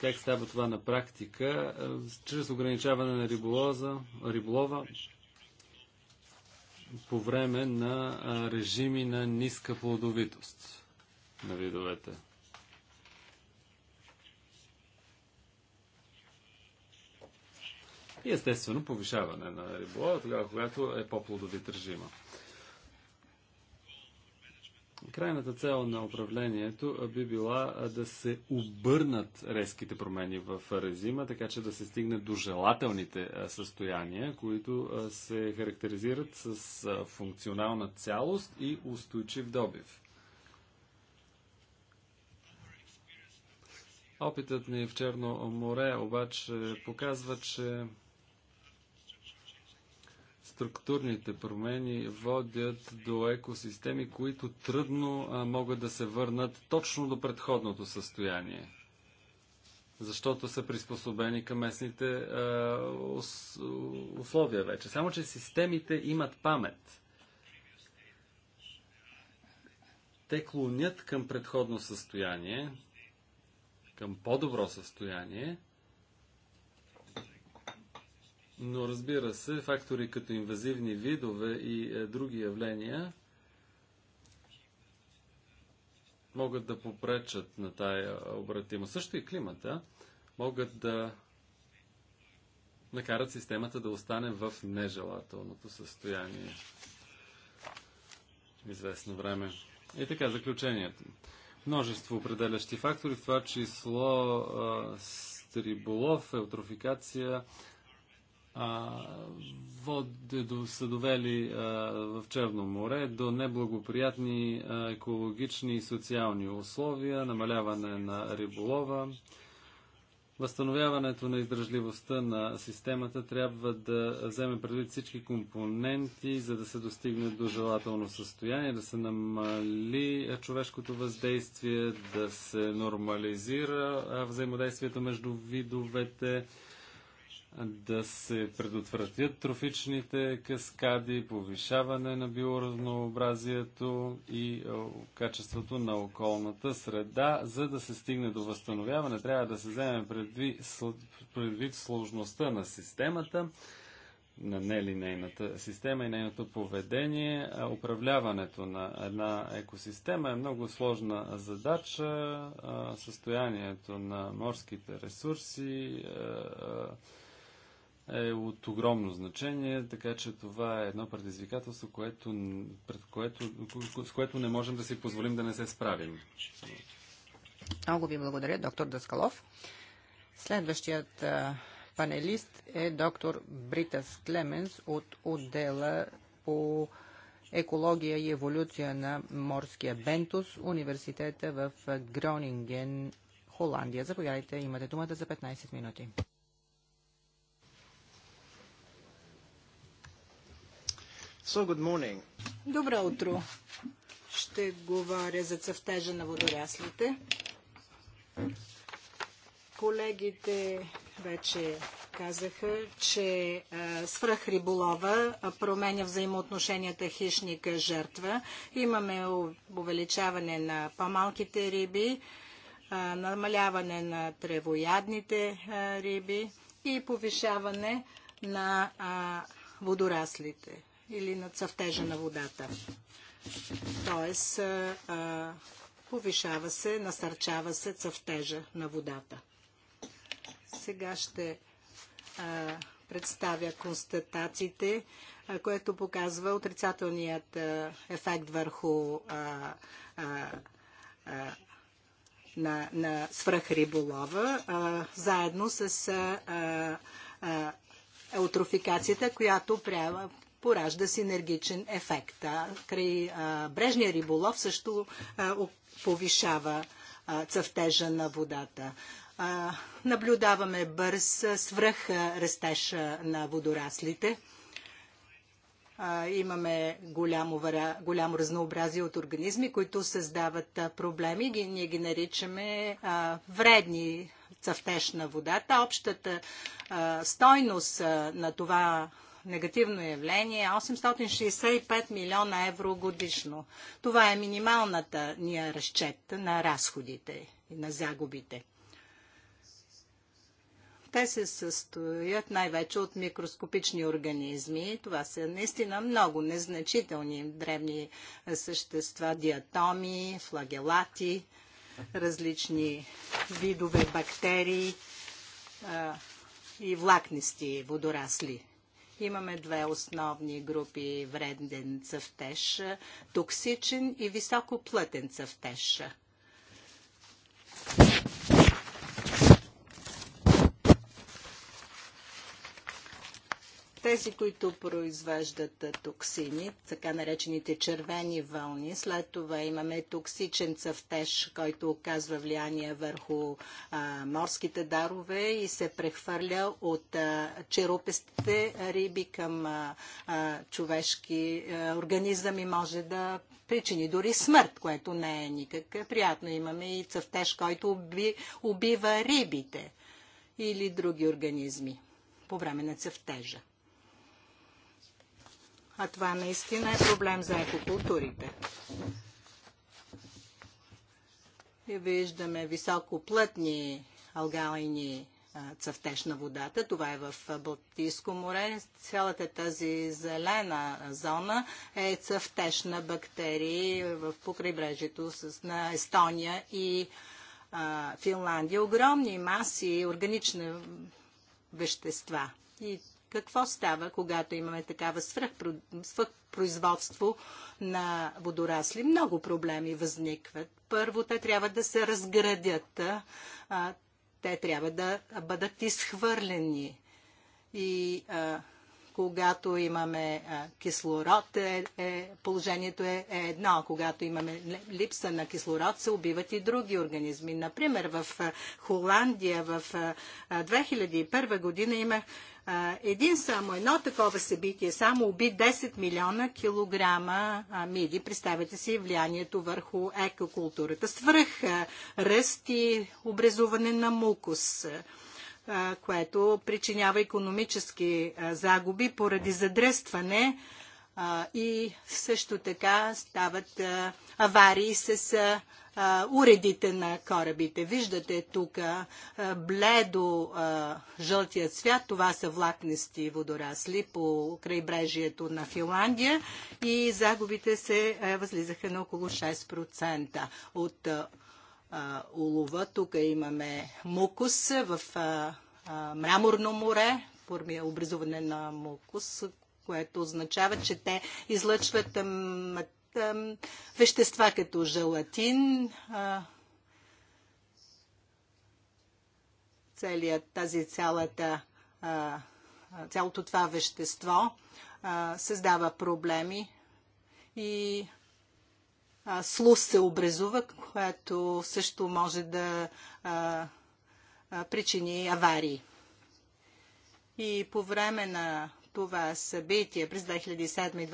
Как става това на практика? Е, чрез ограничаване на риболоза, риболова по време на режими на ниска плодовитост на видовете. И естествено повишаване на риболова, тогава когато е по-плодовит режима. Крайната цел на управлението би била да се обърнат резките промени в резима, така че да се стигне до желателните състояния, които се характеризират с функционална цялост и устойчив добив. Опитът ни в Черно море обаче показва, че структурните промени водят до екосистеми, които трудно а, могат да се върнат точно до предходното състояние, защото са приспособени към местните а, условия вече. Само, че системите имат памет. Те клонят към предходно състояние, към по-добро състояние – но разбира се, фактори като инвазивни видове и е, други явления могат да попречат на тая обратимост. Също и климата могат да накарат системата да остане в нежелателното състояние известно време. И така, заключението. Множество определящи фактори, в това число стриболов, еутрофикация, води до, са довели а, в Черно море до неблагоприятни а, екологични и социални условия, намаляване на риболова. Възстановяването на издръжливостта на системата трябва да вземе предвид всички компоненти, за да се достигне до желателно състояние, да се намали човешкото въздействие, да се нормализира взаимодействието между видовете, да се предотвратят трофичните каскади, повишаване на биоразнообразието и е, качеството на околната среда. За да се стигне до възстановяване, трябва да се вземе предвид, предвид сложността на системата, на нелинейната система и нейното поведение. Е, управляването на една екосистема е много сложна задача. Е, състоянието на морските ресурси е от огромно значение, така че това е едно предизвикателство, което, пред което, с което не можем да си позволим да не се справим. Много ви благодаря, доктор Даскалов. Следващият панелист е доктор Бритас Клеменс от отдела по екология и еволюция на морския бентус, университета в Гронинген, Холандия. Заповядайте, имате думата за 15 минути. So, good morning. Добро утро. Ще говоря за цъфтежа на водоряслите. Колегите вече казаха, че свръхриболова променя взаимоотношенията хищника-жертва. Имаме увеличаване на по-малките риби, намаляване на тревоядните риби и повишаване на водораслите или на цъфтежа на водата. Тоест, повишава се, насърчава се цъфтежа на водата. Сега ще представя констатациите, което показва отрицателният ефект върху на, на свръхриболова, заедно с елтрофикацията, еутрофикацията, която поражда синергичен ефект. край брежния риболов също повишава цъфтежа на водата. наблюдаваме бърз свръх растеж на водораслите. имаме голямо, голямо разнообразие от организми, които създават проблеми. ние ги наричаме вредни цъфтеж на водата. Общата стойност на това негативно явление 865 е милиона евро годишно. Това е минималната ния разчет на разходите и на загубите. Те се състоят най-вече от микроскопични организми. Това са наистина много незначителни древни същества, диатоми, флагелати, различни видове бактерии и влакнисти водорасли. Имаме две основни групи вреден цъфтеж, токсичен и високоплътен цъфтеж. тези, които произвеждат токсини, така наречените червени вълни. След това имаме токсичен цъфтеж, който оказва влияние върху а, морските дарове и се прехвърля от а, черупестите риби към а, а, човешки а, организъм и може да причини дори смърт, което не е никак приятно. Имаме и цъфтеж, който уби, убива рибите или други организми по време на цъфтежа. А това наистина е проблем за екокултурите. И виждаме високоплътни алгалини цъфтеж на водата. Това е в Балтийско море. Цялата тази зелена зона е цъфтеж на бактерии в покрайбрежието на Естония и а, Финландия. Огромни маси органични вещества. И какво става, когато имаме такава свръхпроизводство на водорасли? Много проблеми възникват. Първо, те трябва да се разградят. те трябва да бъдат изхвърлени. И а, когато имаме а, кислород, е, е, положението е, е едно. Когато имаме липса на кислород, се убиват и други организми. Например, в Холандия в 2001 година има един само, едно такова събитие, само уби 10 милиона килограма миди. Представете си влиянието върху екокултурата. Свръх ръст и образуване на мукус което причинява економически загуби поради задръстване и също така стават аварии с уредите на корабите. Виждате тук бледо жълтия цвят. Това са влакнести водорасли по крайбрежието на Финландия и загубите се възлизаха на около 6% от а, улова. Тук имаме мукус в а, а, мраморно море, форми образуване на мукус, което означава, че те излъчват вещества като желатин, целият, тази цялата, цялото това вещество създава проблеми и слус се образува, което също може да причини аварии. И по време на това събитие през 2007 и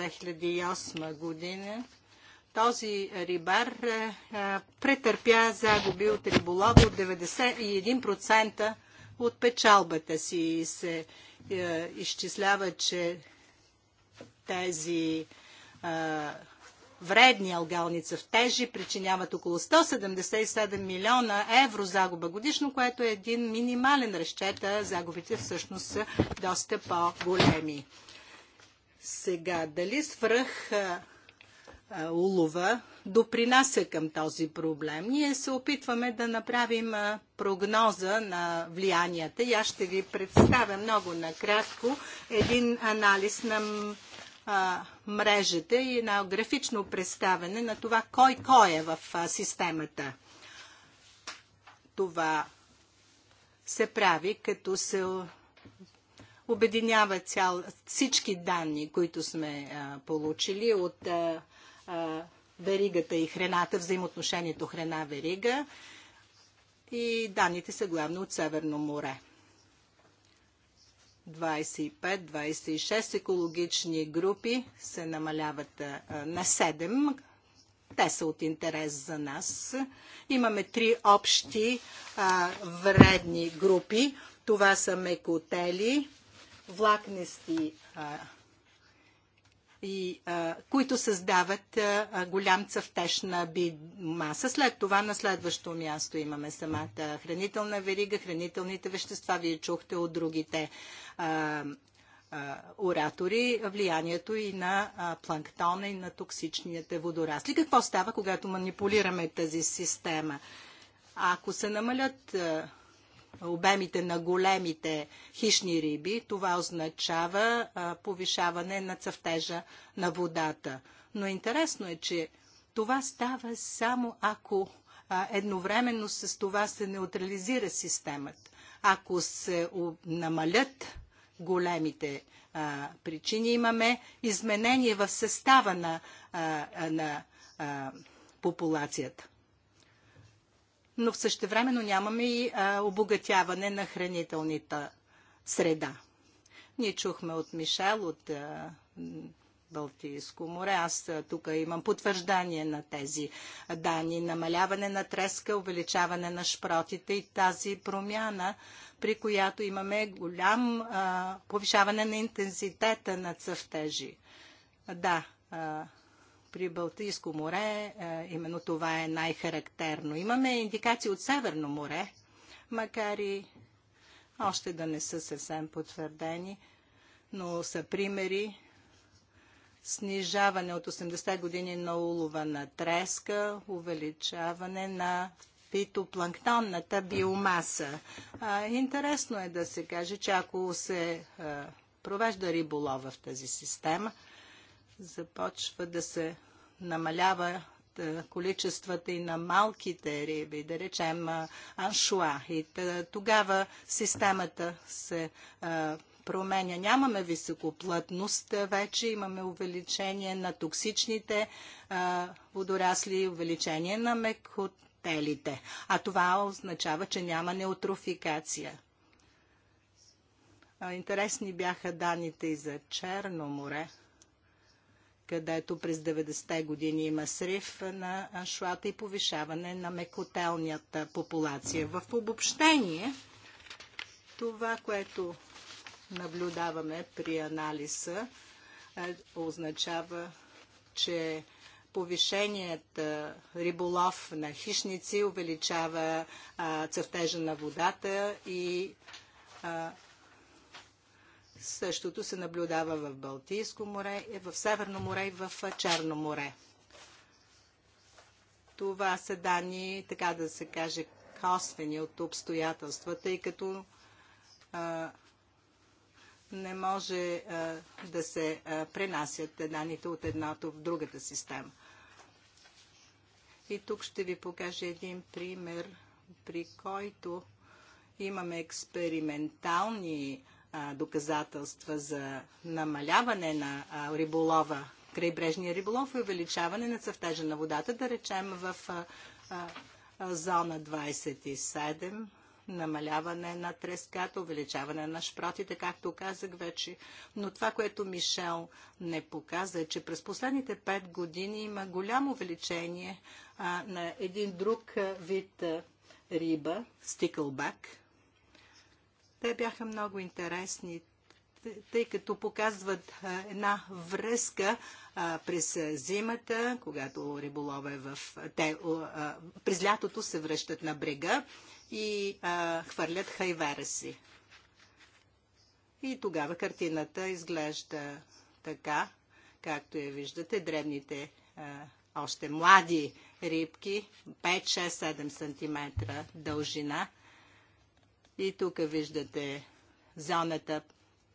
2008 година, този рибар а, е, е, претърпя загуби от риболова от 91% от печалбата си и се а, е, изчислява, че тези а, вредни алгалница в тежи причиняват около 177 милиона евро загуба годишно, което е един минимален разчет, а загубите всъщност са доста по-големи. Сега, дали свръх улова допринася към този проблем? Ние се опитваме да направим прогноза на влиянията и аз ще ви представя много накратко един анализ на мрежата и едно графично представяне на това кой кой е в системата. Това се прави, като се обединява цял, всички данни, които сме а, получили от а, а, веригата и храната, взаимоотношението храна-верига и данните са главно от Северно море. 25-26 екологични групи се намаляват на 7. Те са от интерес за нас. Имаме три общи а, вредни групи. Това са мекотели, влакнести а, и, а, които създават а, голям цъфтеж на биомаса. След това на следващо място имаме самата хранителна верига, хранителните вещества. Вие чухте от другите а, оратори влиянието и на планктона и на токсичните водорасли. Какво става, когато манипулираме тази система? Ако се намалят обемите на големите хищни риби, това означава повишаване на цъфтежа на водата. Но интересно е, че това става само ако едновременно с това се неутрализира системата. Ако се намалят големите а, причини, имаме изменение в състава на, а, на а, популацията но в същевременно нямаме и обогатяване на хранителната среда. Ние чухме от Мишел, от Балтийско море. Аз тук имам потвърждание на тези данни. Намаляване на треска, увеличаване на шпротите и тази промяна, при която имаме голям а, повишаване на интензитета на цъфтежи. Да, а, при Балтийско море е, именно това е най-характерно. Имаме индикации от Северно море, макар и още да не са съвсем потвърдени, но са примери снижаване от 80 години на улова на треска, увеличаване на фитопланктонната биомаса. А, интересно е да се каже, че ако се а, провежда риболова в тази система – започва да се намалява е, количествата и на малките риби, да речем е, аншуа. И е, тогава системата се променя. Нямаме високоплътност вече, имаме увеличение на токсичните водорасли, увеличение на мекотелите. А това означава, че няма неутрофикация. интересни бяха данните и за Черно море където през 90-те години има срив на шлата и повишаване на мекотелнията популация. В обобщение, това, което наблюдаваме при анализа, означава, че повишеният риболов на хищници увеличава цъфтежа на водата и а, Същото се наблюдава в Балтийско море, е, в Северно море и в Черно море. Това са данни, така да се каже, косвени от обстоятелства, тъй като а, не може а, да се а, пренасят данните от едното в другата система. И тук ще ви покажа един пример, при който имаме експериментални а, доказателства за намаляване на риболова, крайбрежния риболов и увеличаване на цъфтежа на водата, да речем в зона 27, намаляване на треската, увеличаване на шпротите, както казах вече. Но това, което Мишел не показа, е, че през последните 5 години има голямо увеличение на един друг вид риба, стикълбак, те бяха много интересни, тъй като показват една връзка през зимата, когато риболова е в... Те, през лятото се връщат на брега и хвърлят хайвера си. И тогава картината изглежда така, както я виждате, древните още млади рибки, 5, 6, 7 см дължина и тук виждате зоната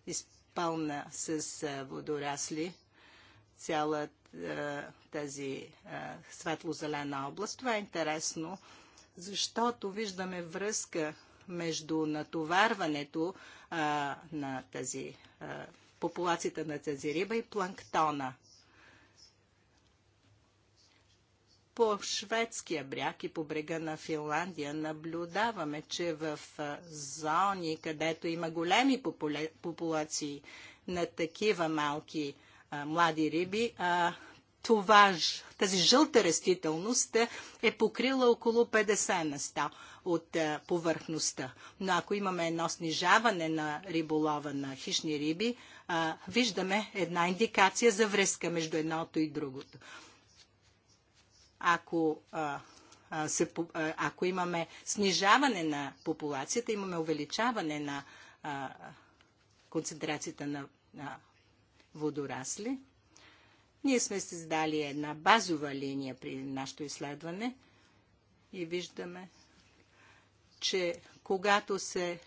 изпълна с водорасли, цялата тази светло-зелена област. Това е интересно, защото виждаме връзка между натоварването на тази популацията на тази риба и планктона. по шведския бряг и по брега на Финландия наблюдаваме, че в зони, където има големи популации на такива малки а, млади риби, а, това, тази жълта растителност е покрила около 50 на 100 от а, повърхността. Но ако имаме едно снижаване на риболова на хищни риби, а, виждаме една индикация за връзка между едното и другото. Ако, а, се, ако имаме снижаване на популацията, имаме увеличаване на а, концентрацията на водорасли. Ние сме създали една базова линия при нашето изследване и виждаме, че когато се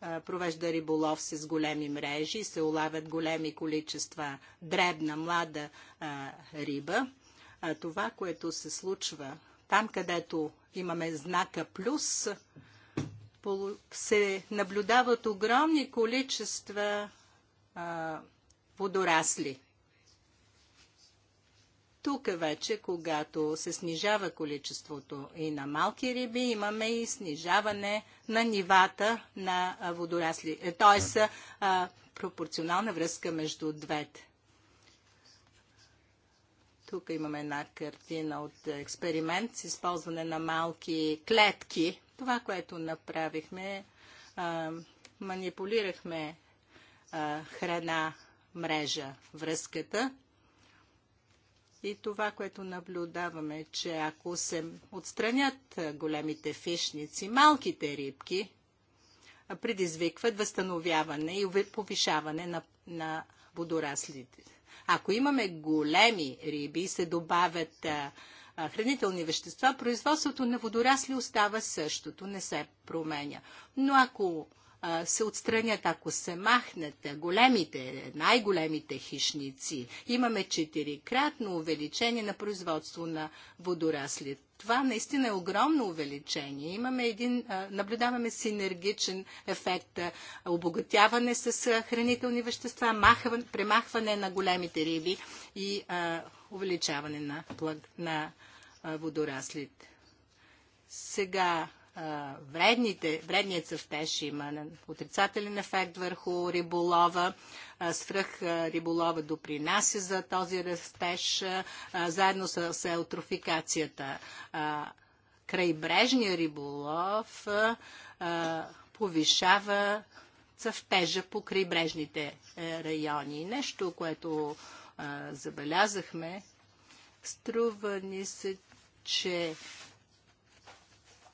провежда риболов с големи мрежи, се улавят големи количества дребна, млада а, риба а това, което се случва там, където имаме знака плюс, се наблюдават огромни количества водорасли. Тук вече, когато се снижава количеството и на малки риби, имаме и снижаване на нивата на водорасли. Е, тоест, пропорционална връзка между двете. Тук имаме една картина от експеримент с използване на малки клетки. Това, което направихме, манипулирахме храна, мрежа, връзката. И това, което наблюдаваме, е, че ако се отстранят големите фишници, малките рибки предизвикват възстановяване и повишаване на, на водораслите. Ако имаме големи риби и се добавят а, а, хранителни вещества, производството на водорасли остава същото, не се променя. Но ако се отстранят, ако се махнат големите, най-големите хищници. Имаме четирикратно увеличение на производство на водорасли. Това наистина е огромно увеличение. Имаме един, наблюдаваме синергичен ефект, обогатяване с хранителни вещества, махване, премахване на големите риби и а, увеличаване на, на водораслите. Сега вредните, вредният цъфтеж има отрицателен ефект върху риболова. свръх риболова допринася за този растеж заедно с, с еутрофикацията. Крайбрежния риболов повишава цъфтежа по крайбрежните е, райони. Нещо, което забелязахме, струва ни се, че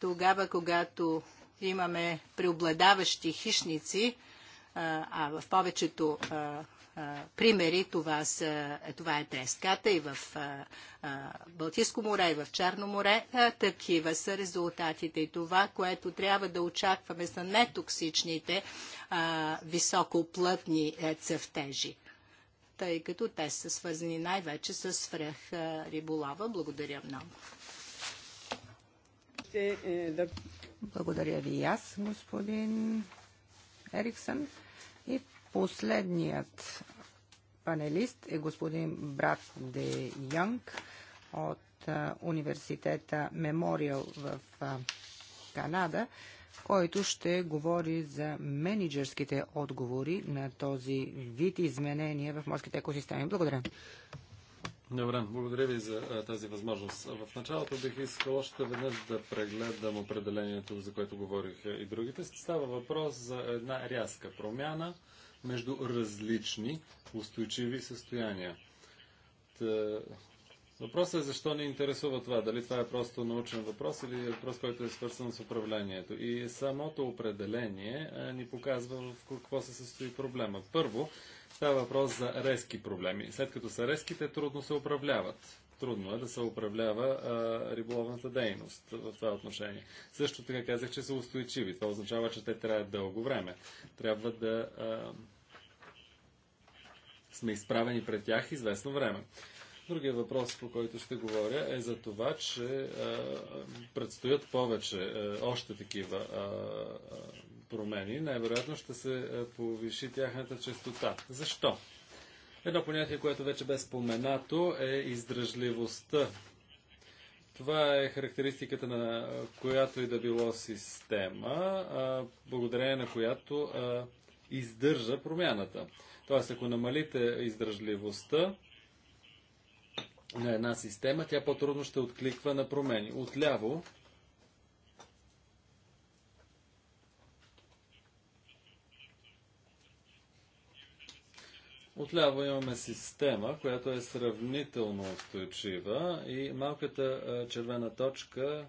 тогава, когато имаме преобладаващи хищници, а в повечето примери това, са, е, това е треската и в Балтийско море, и в Черно море. Такива са резултатите. И това, което трябва да очакваме са нетоксичните високоплътни е, цъфтежи тъй като те са свързани най-вече с фрех риболова. Благодаря много. Е, Благодаря ви и аз, господин Ериксън. И последният панелист е господин Брат Де Янг от университета Мемориал в Канада, който ще говори за менеджерските отговори на този вид изменения в морските екосистеми. Благодаря. Добре, благодаря ви за а, тази възможност. В началото бих искал още веднъж да прегледам определението, за което говорих и другите. Става въпрос за една рязка промяна между различни устойчиви състояния. Въпросът е защо ни интересува това. Дали това е просто научен въпрос или е въпрос, който е свързан с управлението. И самото определение а, ни показва в какво се състои проблема. Първо, става въпрос за резки проблеми. След като са резки, те трудно се управляват. Трудно е да се управлява а, риболовната дейност в това отношение. Също така казах, че са устойчиви. Това означава, че те трябва дълго време. Трябва да а, сме изправени пред тях известно време. Другия въпрос, по който ще говоря, е за това, че предстоят повече още такива промени. Най-вероятно ще се повиши тяхната частота. Защо? Едно понятие, което вече бе споменато, е издръжливостта. Това е характеристиката на която и да било система, благодарение на която издържа промяната. Тоест, ако намалите издръжливостта, на една система, тя по-трудно ще откликва на промени. Отляво Отляво имаме система, която е сравнително устойчива и малката червена точка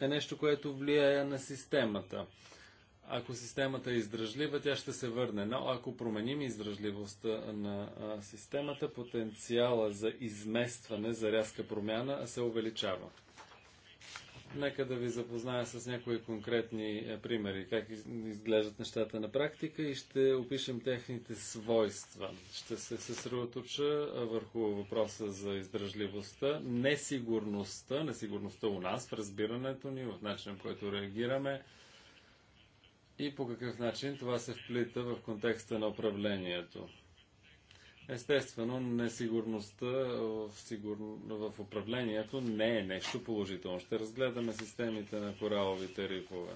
е нещо, което влияе на системата. Ако системата е издръжлива, тя ще се върне. Но ако променим издръжливостта на а, системата, потенциала за изместване, за рязка промяна се увеличава. Нека да ви запозная с някои конкретни е, примери, как изглеждат нещата на практика и ще опишем техните свойства. Ще се съсредоточа върху въпроса за издръжливостта, несигурността, несигурността у нас в разбирането ни, в начинът, който реагираме, и по какъв начин това се вплита в контекста на управлението. Естествено, несигурността в, сигур... в управлението не е нещо положително. Ще разгледаме системите на кораловите рифове.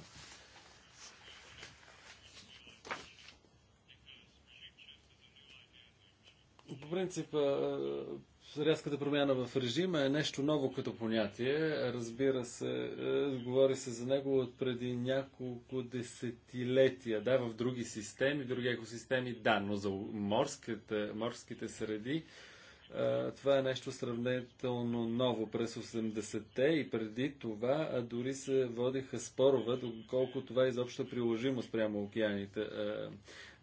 По принцип, Рязката промяна в режима е нещо ново като понятие. Разбира се, е, говори се за него от преди няколко десетилетия. Да, в други системи, други екосистеми, да, но за морските, морските среди е, това е нещо сравнително ново. През 80-те и преди това а е, дори се водиха спорове доколко това е изобщо приложимо спрямо океаните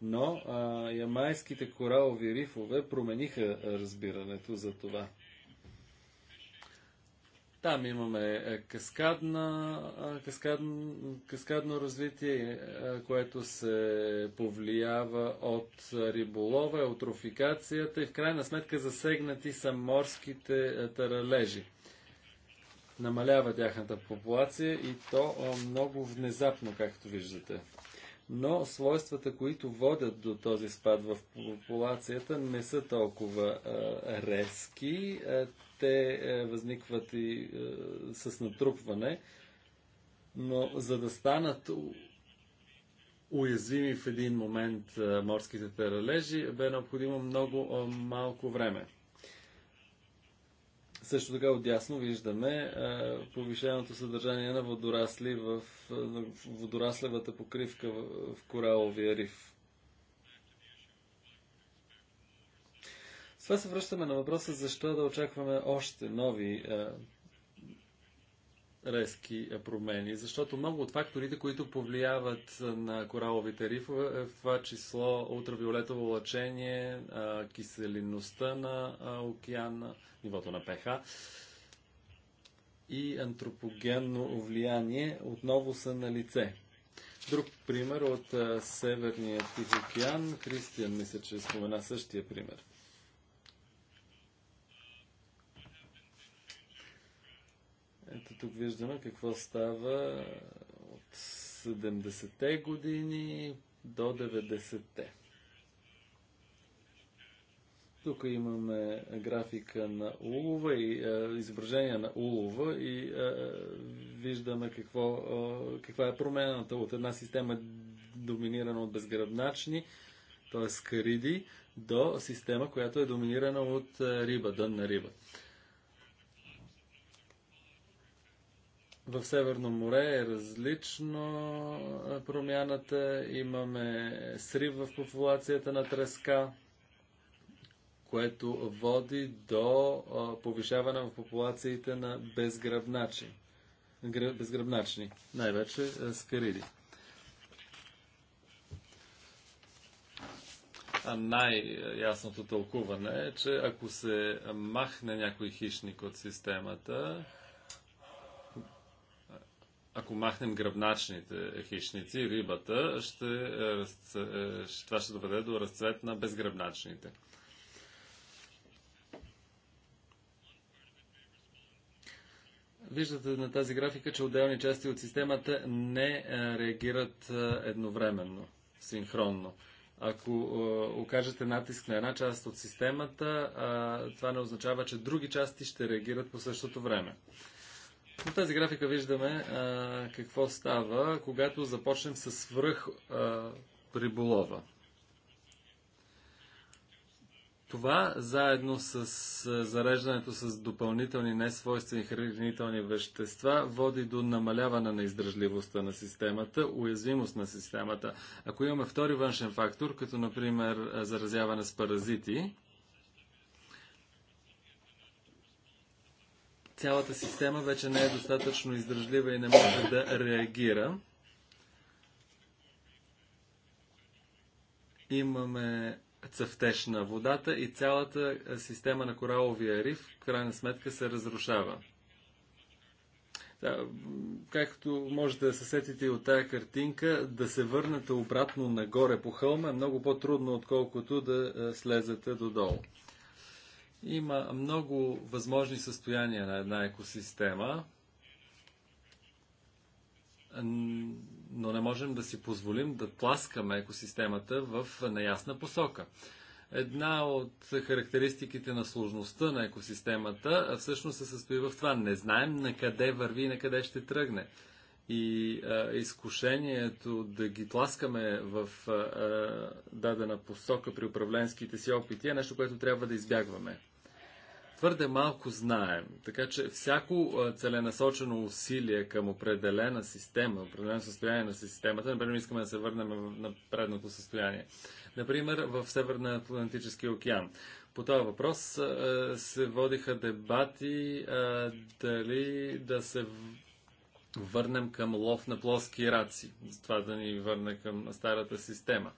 но а, ямайските коралови рифове промениха разбирането за това. Там имаме е, каскадна, каскад, каскадно развитие, е, което се повлиява от риболова, рофикацията и в крайна сметка засегнати са морските е, таралежи. Намалява тяхната популация и то много внезапно, както виждате но свойствата, които водят до този спад в популацията, не са толкова а, резки. А, те а, възникват и а, с натрупване, но за да станат уязвими в един момент а, морските таралежи, бе необходимо много а, малко време. Също така отясно виждаме е, повишеното съдържание на водорасли в водораслевата покривка в кораловия риф. С това се връщаме на въпроса защо да очакваме още нови е, резки промени, защото много от факторите, които повлияват на кораловите рифове, е в това число ултравиолетово лъчение, киселинността на океана, нивото на ПХ и антропогенно влияние отново са на лице. Друг пример от Северния Тихоокеан, Кристиан мисля, че спомена същия пример. Ето тук виждаме какво става от 70-те години до 90-те. Тук имаме графика на улова и е, изображение на улова и е, виждаме какво, е, каква е промената от една система доминирана от безгръбначни, т.е. кариди, до система, която е доминирана от е, риба, дънна риба. Е, В Северно море е различно промяната. Имаме срив в популацията на треска, което води до повишаване в популациите на безгръбначи. Безгръбначни, най-вече скариди. А най-ясното тълкуване е, че ако се махне някой хищник от системата, ако махнем гръбначните хищници, рибата, е, е, ще, това ще доведе до разцвет на безгръбначните. Виждате на тази графика, че отделни части от системата не е, реагират едновременно, синхронно. Ако окажете натиск на една част от системата, това не означава, че други части ще реагират по същото време. На тази графика виждаме а, какво става, когато започнем с свръх а, приболова. Това заедно с зареждането с допълнителни несвойствени хранителни вещества води до намаляване на издръжливостта на системата, уязвимост на системата. Ако имаме втори външен фактор, като например заразяване с паразити, цялата система вече не е достатъчно издържлива и не може да реагира. Имаме цъфтеж на водата и цялата система на кораловия риф в крайна сметка се разрушава. Да, както можете да се сетите и от тая картинка, да се върнете обратно нагоре по хълма е много по-трудно, отколкото да е, слезете додолу. Има много възможни състояния на една екосистема, но не можем да си позволим да тласкаме екосистемата в неясна посока. Една от характеристиките на сложността на екосистемата всъщност се състои в това. Не знаем на къде върви и на къде ще тръгне и а, изкушението да ги тласкаме в а, дадена посока при управленските си опити е нещо, което трябва да избягваме. Твърде малко знаем, така че всяко а, целенасочено усилие към определена система, определено състояние на системата, например, искаме да се върнем на предното състояние. Например, в северно Атлантически океан. По този въпрос а, се водиха дебати а, дали да се върнем към лов на плоски раци. Това да ни върне към старата система.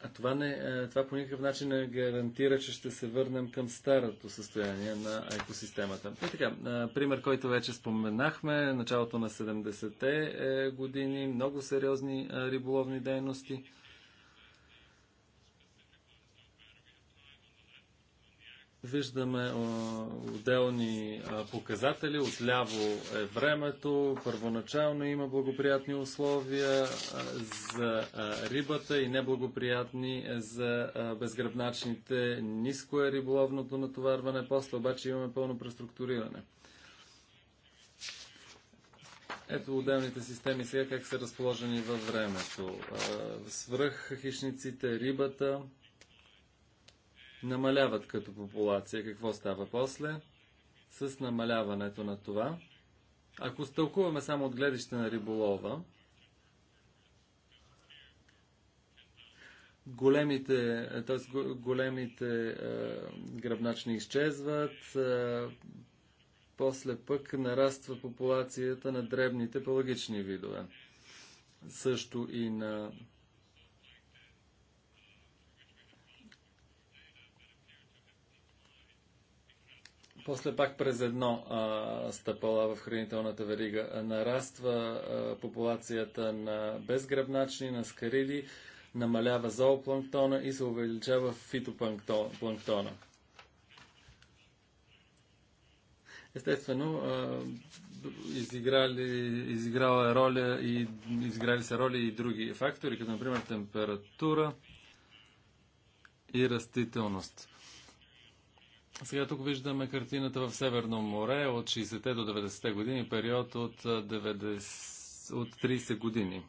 А това, не, е, това по никакъв начин не гарантира, че ще се върнем към старото състояние на екосистемата. И така, пример, който вече споменахме, началото на 70-те е, години, много сериозни риболовни дейности – Виждаме отделни показатели. Отляво е времето. Първоначално има благоприятни условия за рибата и неблагоприятни за безгръбначните. Ниско е риболовното натоварване. После обаче имаме пълно преструктуриране. Ето отделните системи сега как са разположени във времето. Свръх хищниците, рибата, намаляват като популация. Какво става после с намаляването на това? Ако стълкуваме само от гледаща на риболова, големите, е, т.е. големите е, гръбначни изчезват, е, после пък нараства популацията на дребните пелагични видове. Също и на После пак през едно а, стъпала в хранителната верига нараства а, популацията на безгръбначни, на скарили, намалява зоопланктона и се увеличава фитопланктона. Естествено, а, изиграли, изиграла е роля и изиграли са роли и други фактори, като например температура и растителност. Сега тук виждаме картината в Северно море от 60-те до 90-те години, период от, 90, от 30 години.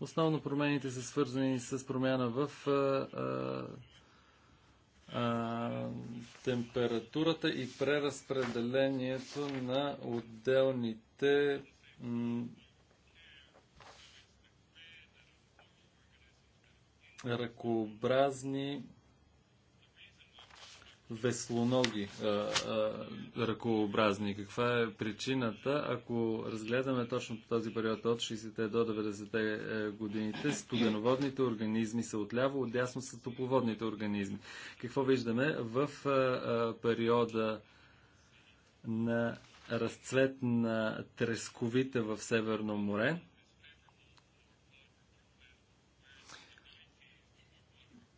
Основно промените са свързани с промяна в а, а, температурата и преразпределението на отделните ръкообразни веслоноги а, а, ръкообразни. Каква е причината? Ако разгледаме точно този период от 60-те до 90-те е, годините, студеноводните организми са отляво, отдясно са топловодните организми. Какво виждаме в а, а, периода на разцвет на тресковите в Северно море?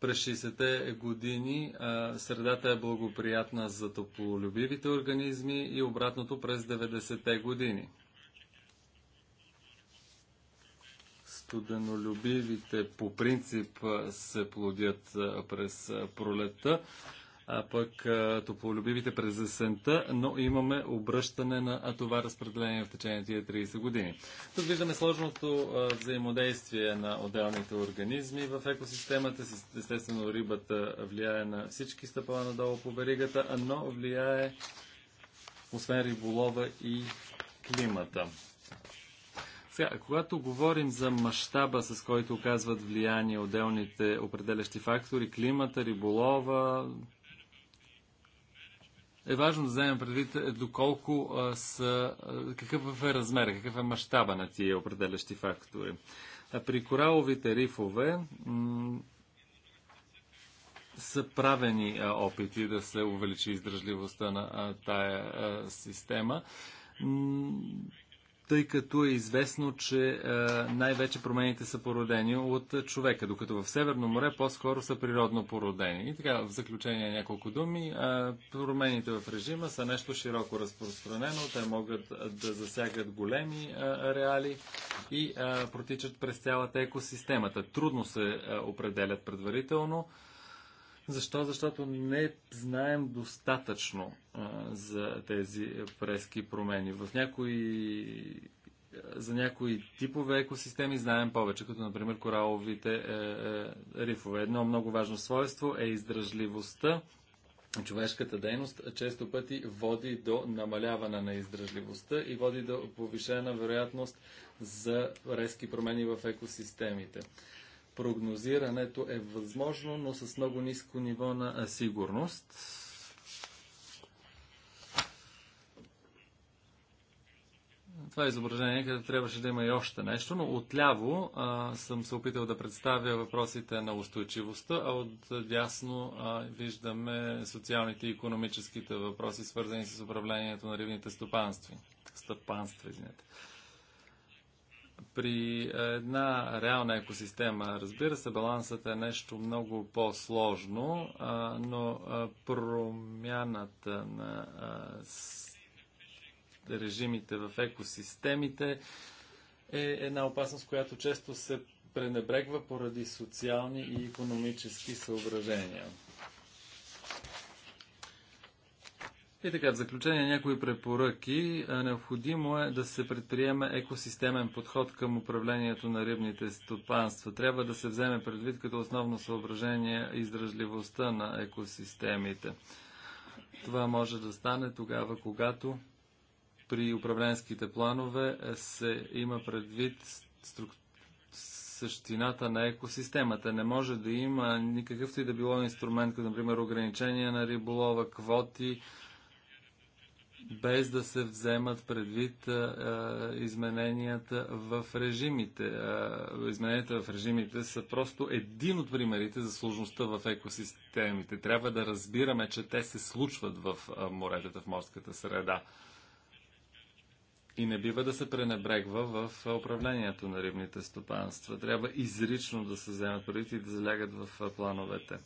През 60-те години а, средата е благоприятна за топлолюбивите организми и обратното през 90-те години. Студенолюбивите по принцип се плодят през пролетта а пък тополюбивите през есента, но имаме обръщане на това разпределение в течение тия 30 години. Тук виждаме сложното взаимодействие на отделните организми в екосистемата. Естествено, рибата влияе на всички стъпала надолу по веригата, но влияе освен риболова и климата. Сега, когато говорим за мащаба, с който оказват влияние отделните определящи фактори, климата, риболова, е важно да вземем предвид е, доколко са, какъв е размер, какъв е мащаба на тия определящи фактори. при кораловите рифове са правени а, опити да се увеличи издръжливостта на а, тая а, система тъй като е известно, че е, най-вече промените са породени от човека, докато в Северно море по-скоро са природно породени. И така, в заключение няколко думи. Е, промените в режима са нещо широко разпространено, те могат да засягат големи е, реали и протичат през цялата екосистемата. Трудно се определят предварително. Защо? Защото не знаем достатъчно а, за тези прески промени. В някои, за някои типове екосистеми знаем повече, като например кораловите е, е, рифове. Едно много важно свойство е издръжливостта. Човешката дейност често пъти води до намаляване на издръжливостта и води до повишена вероятност за резки промени в екосистемите прогнозирането е възможно, но с много ниско ниво на сигурност. Това е изображение, където трябваше да има и още нещо, но отляво а, съм се опитал да представя въпросите на устойчивостта, а от дясно а, виждаме социалните и економическите въпроси, свързани с управлението на ривните стопанства. Стъпанства, извинете. При една реална екосистема, разбира се, балансът е нещо много по-сложно, но промяната на режимите в екосистемите е една опасност, която често се пренебрегва поради социални и економически съображения. И така, в заключение някои препоръки. Е, необходимо е да се предприеме екосистемен подход към управлението на рибните стопанства. Трябва да се вземе предвид като основно съображение издръжливостта на екосистемите. Това може да стане тогава, когато при управленските планове се има предвид струк... същината на екосистемата. Не може да има никакъвто и да било инструмент, като например ограничения на риболова, квоти, без да се вземат предвид а, измененията в режимите. А, измененията в режимите са просто един от примерите за сложността в екосистемите. Трябва да разбираме, че те се случват в моретата, в морската среда. И не бива да се пренебрегва в управлението на рибните стопанства. Трябва изрично да се вземат предвид и да залягат в плановете.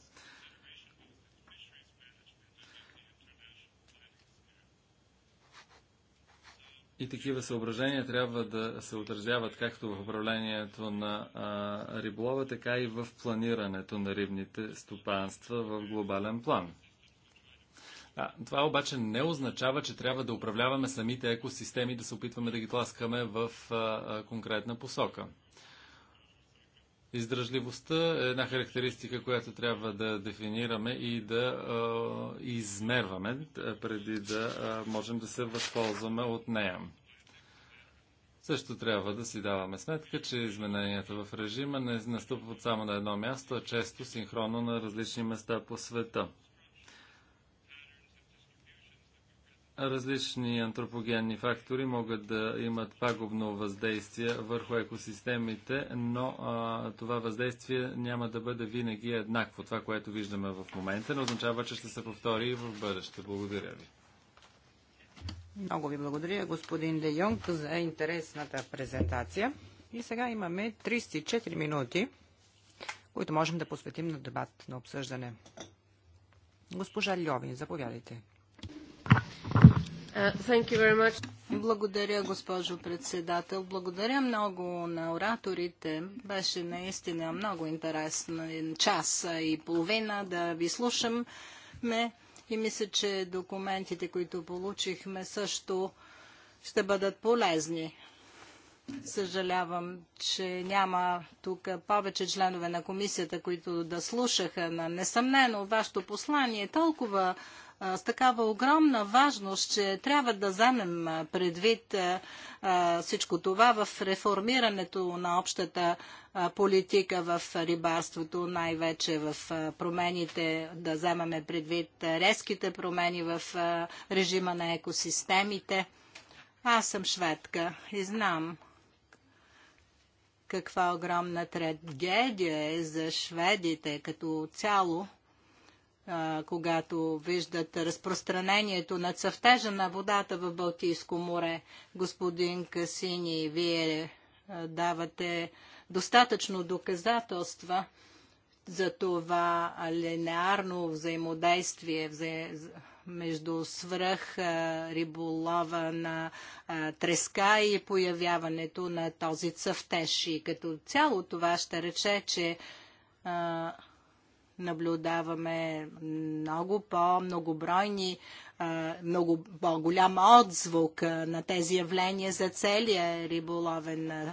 И такива съображения трябва да се отразяват както в управлението на а, риболова, така и в планирането на рибните стопанства в глобален план. А, това обаче не означава, че трябва да управляваме самите екосистеми, да се опитваме да ги тласкаме в а, а, конкретна посока. Издръжливостта е една характеристика, която трябва да дефинираме и да е, измерваме, преди да е, можем да се възползваме от нея. Също трябва да си даваме сметка, че измененията в режима не настъпват само на едно място, а често синхронно на различни места по света. различни антропогенни фактори могат да имат пагубно въздействие върху екосистемите, но а, това въздействие няма да бъде винаги еднакво. Това, което виждаме в момента, не означава, че ще се повтори и в бъдеще. Благодаря ви. Много ви благодаря, господин Де Йонг, за интересната презентация. И сега имаме 34 минути, които можем да посветим на дебат, на обсъждане. Госпожа Льовин, заповядайте. Uh, Благодаря, госпожо председател. Благодаря много на ораторите. Беше наистина много интересен час и половина да ви слушаме и мисля, че документите, които получихме, също ще бъдат полезни. Съжалявам, че няма тук повече членове на комисията, които да слушаха. На несъмнено, вашето послание е толкова с такава огромна важност, че трябва да вземем предвид всичко това в реформирането на общата политика в рибарството, най-вече в промените, да вземаме предвид резките промени в режима на екосистемите. Аз съм шведка и знам каква огромна трагедия е за шведите като цяло – когато виждат разпространението на цъфтежа на водата в Балтийско море. Господин Касини, вие давате достатъчно доказателства за това линеарно взаимодействие между свръх риболова на треска и появяването на този цъфтеж. И като цяло това ще рече, че наблюдаваме много по-многобройни, много по-голям отзвук на тези явления за целия риболовен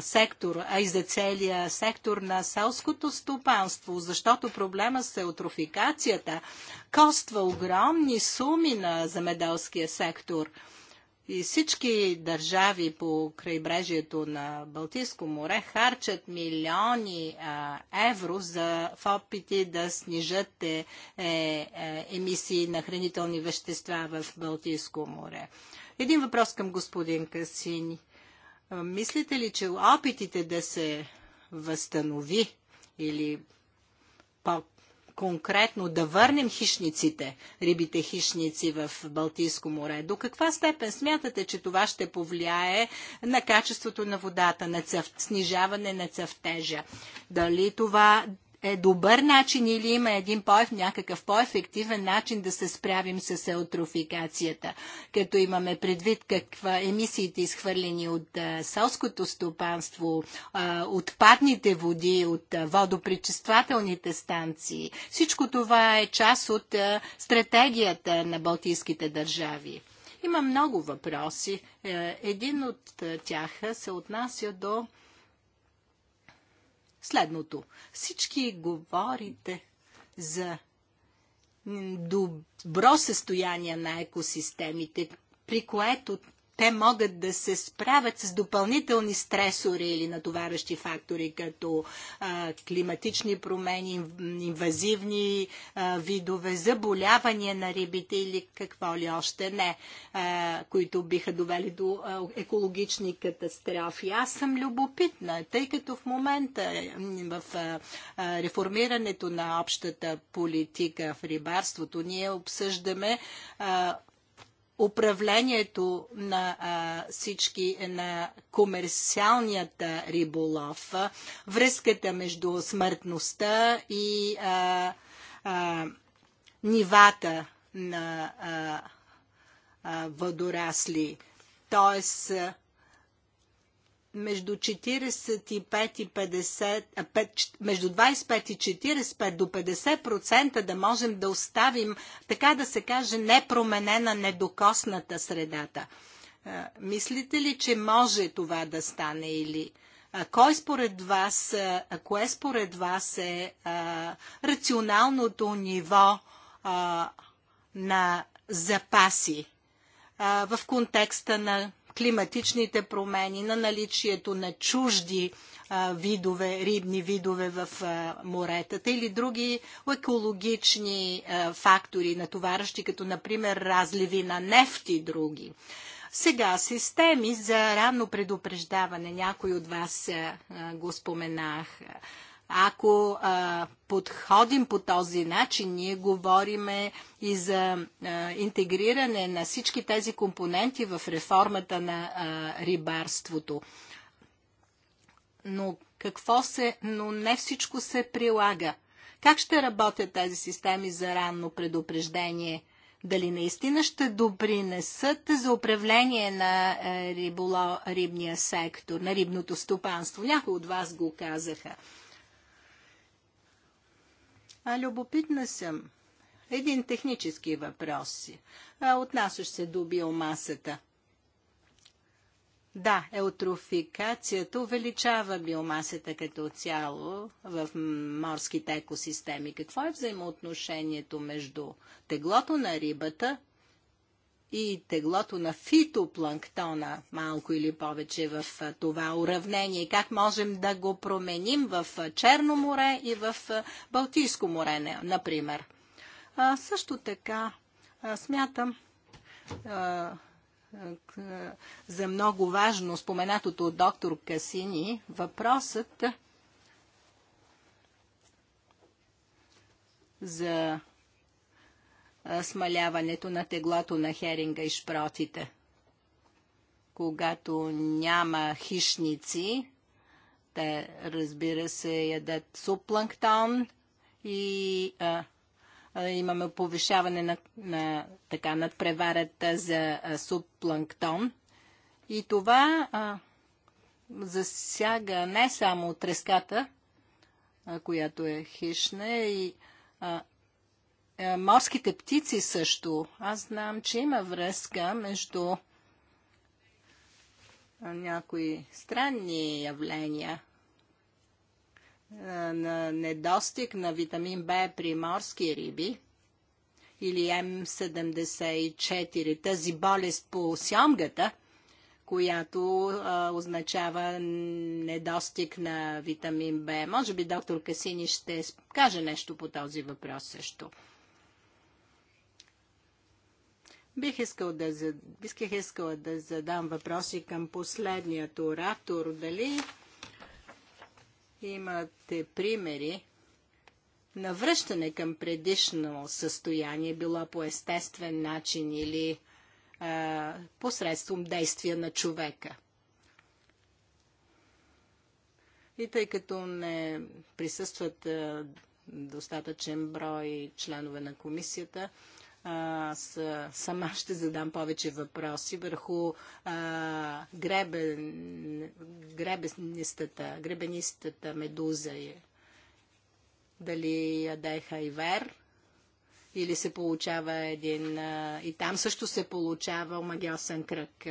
сектор, а и за целия сектор на селското стопанство, защото проблема с еутрофикацията коства огромни суми на замеделския сектор – и всички държави по крайбрежието на Балтийско море харчат милиони а, евро за, в опити да снижат е, е, е, емисии на хранителни вещества в Балтийско море. Един въпрос към господин Касини. Мислите ли, че опитите да се възстанови или по конкретно да върнем хищниците, рибите хищници в Балтийско море, до каква степен смятате, че това ще повлияе на качеството на водата, на снижаване на цъфтежа? Дали това е добър начин или има един по някакъв по-ефективен начин да се справим с еутрофикацията, като имаме предвид каква емисиите изхвърлени от селското стопанство, отпадните води, от а, водопречиствателните станции. Всичко това е част от стратегията на балтийските държави. Има много въпроси. Е, един от тях се отнася до следното. Всички говорите за добро състояние на екосистемите, при което те могат да се справят с допълнителни стресори или натоварващи фактори, като а, климатични промени, инвазивни а, видове, заболявания на рибите или какво ли още не, а, които биха довели до а, екологични катастрофи. Аз съм любопитна, тъй като в момента в а, а, реформирането на общата политика в рибарството ние обсъждаме а, управлението на всички на комерциалната риболов, връзката между смъртността и нивата на водорасли. Тоест, между 45 и 50, между 25 и 45 до 50% да можем да оставим, така да се каже, непроменена, недокосната средата. Мислите ли, че може това да стане или кой според вас, кое според вас е а, рационалното ниво а, на запаси а, в контекста на климатичните промени, на наличието на чужди видове, рибни видове в моретата или други екологични фактори, натоварващи, като например разливи на нефт и други. Сега, системи за ранно предупреждаване, някой от вас го споменах. Ако а, подходим по този начин, ние говориме и за а, интегриране на всички тези компоненти в реформата на а, рибарството. Но какво се, но не всичко се прилага. Как ще работят тези системи за ранно предупреждение? Дали наистина ще допринесат за управление на е, риболо, рибния сектор, на рибното стопанство? Някои от вас го казаха. А любопитна съм. Един технически въпрос, отнасящ се до биомасата. Да, еутрофикацията увеличава биомасата като цяло в морските екосистеми. Какво е взаимоотношението между теглото на рибата и теглото на фитопланктона малко или повече в това уравнение. Как можем да го променим в Черно море и в Балтийско море, например. А, също така а, смятам а, за много важно споменатото от доктор Касини въпросът за смаляването на теглото на херинга и шпротите. Когато няма хищници, те, разбира се, ядат супланктон и а, а, имаме повишаване на, на така надпреварата за а, супланктон. И това а, засяга не само треската, а, която е хищна, и а, е, морските птици също. Аз знам, че има връзка между някои странни явления е, на недостиг на витамин Б при морски риби или М74, тази болест по сьомгата, която а, означава недостиг на витамин Б. Може би доктор Касини ще каже нещо по този въпрос също. Бих, искал да, бих искала да задам въпроси към последният оратор. Дали имате примери на връщане към предишно състояние, било по естествен начин или а, посредством действия на човека? И тъй като не присъстват достатъчен брой членове на комисията, аз сама <laughs> ще задам повече въпроси върху а, гребен, гребенистата, гребенистата медуза. Е. Дали ядеха и вер, или се получава един... А, и там също се получава омагиосен кръг.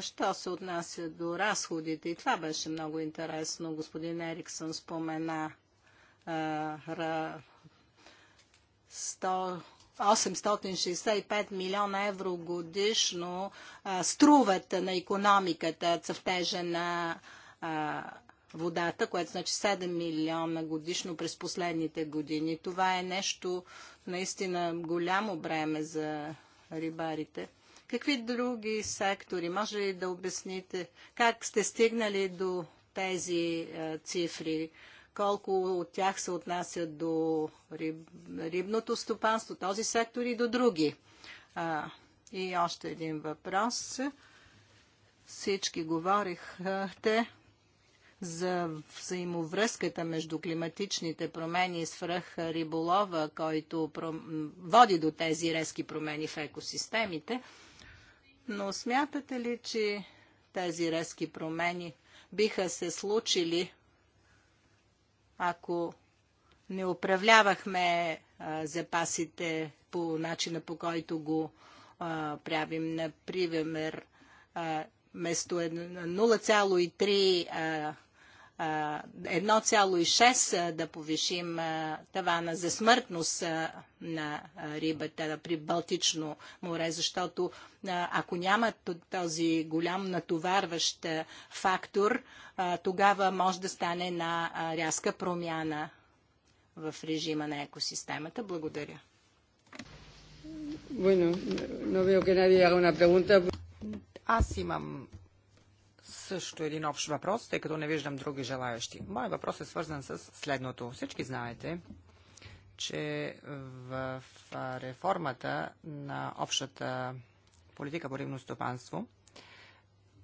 Що се отнася до разходите, и това беше много интересно, господин Ериксън спомена а, 865 милиона евро годишно а, струват на економиката цъфтежа на а, водата, което значи 7 милиона годишно през последните години. Това е нещо наистина голямо бреме за рибарите. Какви други сектори? Може ли да обясните как сте стигнали до тези е, цифри? Колко от тях се отнасят до риб, рибното стопанство, този сектор и до други? А, и още един въпрос. Всички говорихте за взаимовръзката между климатичните промени и свръх риболова, който води до тези резки промени в екосистемите. Но смятате ли, че тези резки промени биха се случили, ако не управлявахме а, запасите по начина по който го а, правим. Например, а, вместо 0,3 1,6 да повишим тавана за смъртност на рибата при Балтично море, защото ако няма този голям натоварващ фактор, тогава може да стане на рязка промяна в режима на екосистемата. Благодаря. Bueno, no veo que nadie haga una pregunta. Аз имам също един общ въпрос, тъй като не виждам други желаящи. Мой въпрос е свързан с следното. Всички знаете, че в реформата на общата политика по ривно стопанство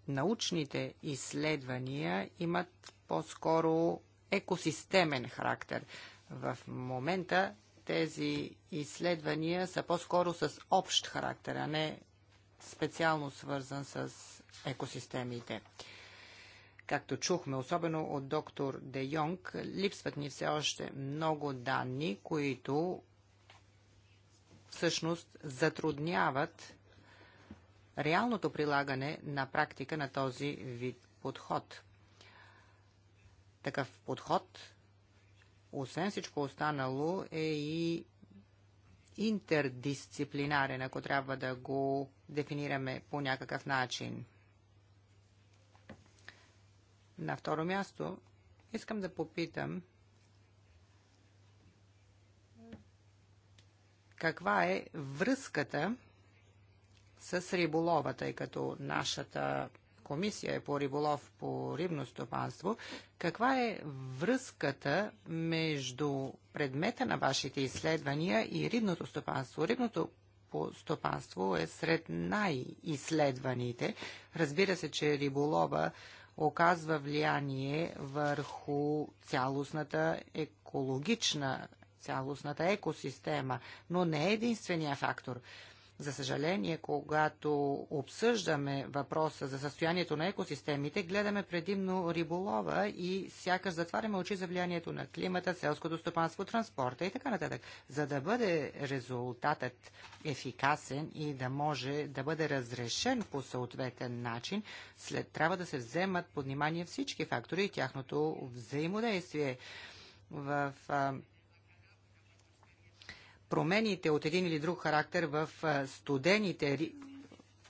научните изследвания имат по-скоро екосистемен характер. В момента тези изследвания са по-скоро с общ характер, а не специално свързан с екосистемите. Както чухме, особено от доктор Де Йонг, липсват ни все още много данни, които всъщност затрудняват реалното прилагане на практика на този вид подход. Такъв подход, освен всичко останало, е и интердисциплинарен, ако трябва да го дефинираме по някакъв начин. На второ място, искам да попитам каква е връзката с риболова, тъй като нашата комисия е по риболов по рибно стопанство. Каква е връзката между предмета на вашите изследвания и рибното стопанство? Рибното по стопанство е сред най-изследваните. Разбира се, че риболова оказва влияние върху цялостната екологична, цялостната екосистема, но не е единствения фактор. За съжаление, когато обсъждаме въпроса за състоянието на екосистемите, гледаме предимно риболова и сякаш затваряме очи за влиянието на климата, селското стопанство, транспорта и така нататък. За да бъде резултатът ефикасен и да може да бъде разрешен по съответен начин, след трябва да се вземат под внимание всички фактори и тяхното взаимодействие в промените от един или друг характер в студените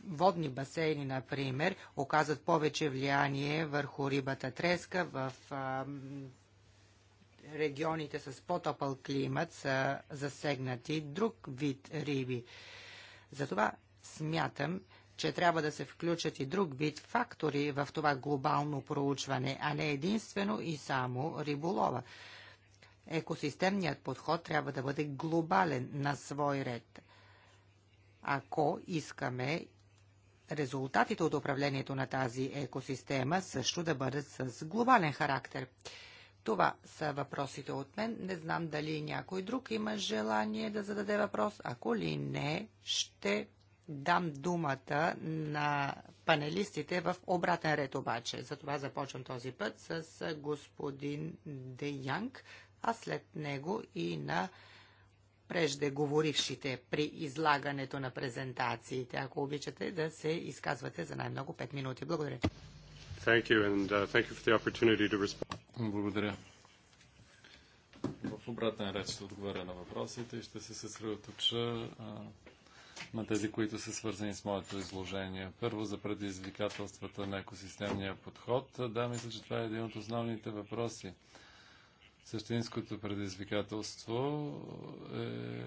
водни басейни, например, оказват повече влияние върху рибата треска в регионите с по-топъл климат са засегнати друг вид риби. Затова смятам, че трябва да се включат и друг вид фактори в това глобално проучване, а не единствено и само риболова екосистемният подход трябва да бъде глобален на свой ред. Ако искаме резултатите от управлението на тази екосистема също да бъдат с глобален характер. Това са въпросите от мен. Не знам дали някой друг има желание да зададе въпрос. Ако ли не, ще дам думата на панелистите в обратен ред обаче. Затова започвам този път с господин Де Янг, а след него и на преждеговорившите при излагането на презентациите. Ако обичате да се изказвате за най-много 5 минути. Благодаря. Thank you and uh, thank you for the opportunity to respond. Благодаря. В обратен ред ще отговоря на въпросите и ще се съсредоточа на тези, които са свързани с моето изложение. Първо за предизвикателствата на екосистемния подход. Да, мисля, че това е един от основните въпроси. Същинското предизвикателство е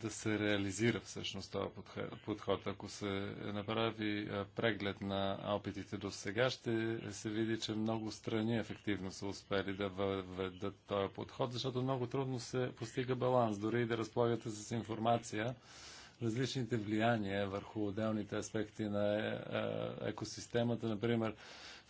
да се реализира всъщност този подход. Ако се направи преглед на опитите до сега, ще се види, че много страни ефективно са успели да въведат този подход, защото много трудно се постига баланс. Дори и да разполагате с информация, различните влияния върху отделните аспекти на е, е, екосистемата, например,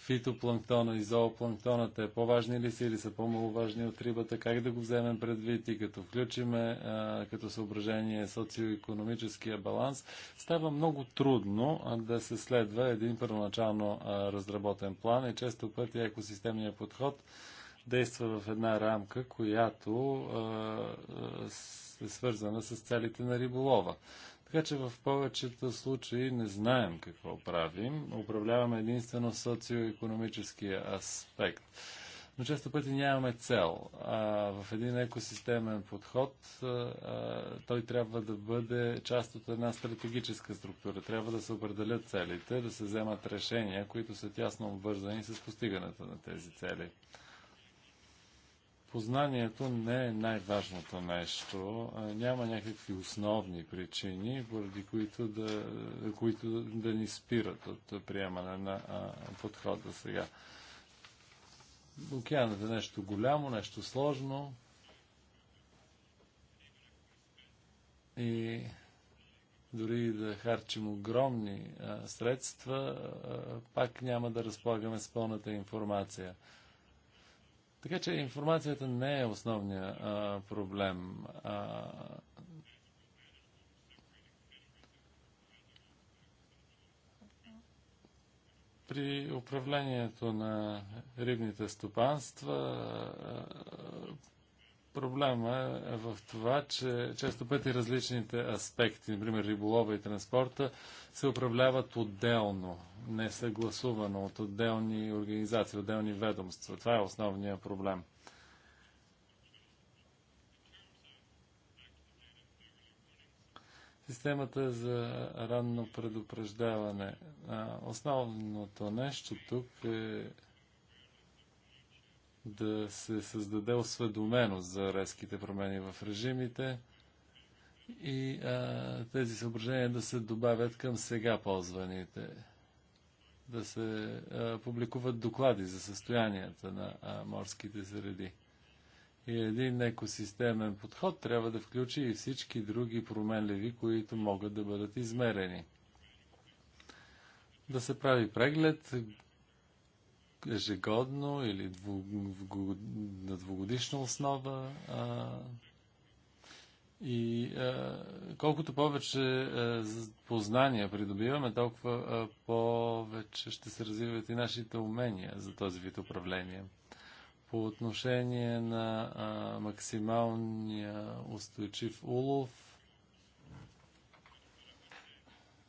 фитопланктона и зоопланктона, те по-важни ли са или са по-маловажни от рибата, как да го вземем предвид и като включиме а, като съображение социоекономическия баланс, става много трудно а, да се следва един първоначално а, разработен план и често пъти екосистемният подход действа в една рамка, която а, е свързана с целите на риболова. Така че в повечето случаи не знаем какво правим. Управляваме единствено социо-економическия аспект. Но често пъти нямаме цел. А, в един екосистемен подход а, той трябва да бъде част от една стратегическа структура. Трябва да се определят целите, да се вземат решения, които са тясно обвързани с постигането на тези цели познанието не е най-важното нещо. Няма някакви основни причини, поради които да, които да ни спират от приемане на подхода сега. Океанът е нещо голямо, нещо сложно. И дори да харчим огромни а, средства, а, пак няма да разполагаме с пълната информация. Така че информацията не е основният проблем. А, при управлението на рибните стопанства Проблема е в това, че често пъти различните аспекти, например риболова и транспорта, се управляват отделно, не съгласувано от отделни организации, отделни ведомства. Това е основният проблем. Системата за ранно предупреждаване. Основното нещо тук е да се създаде осведоменост за резките промени в режимите и а, тези съображения да се добавят към сега ползваните, да се а, публикуват доклади за състоянията на а, морските среди. И един екосистемен подход трябва да включи и всички други променливи, които могат да бъдат измерени. Да се прави преглед ежегодно или на двугодишна основа. и колкото повече познания придобиваме, толкова повече ще се развиват и нашите умения за този вид управление. По отношение на максималния устойчив улов,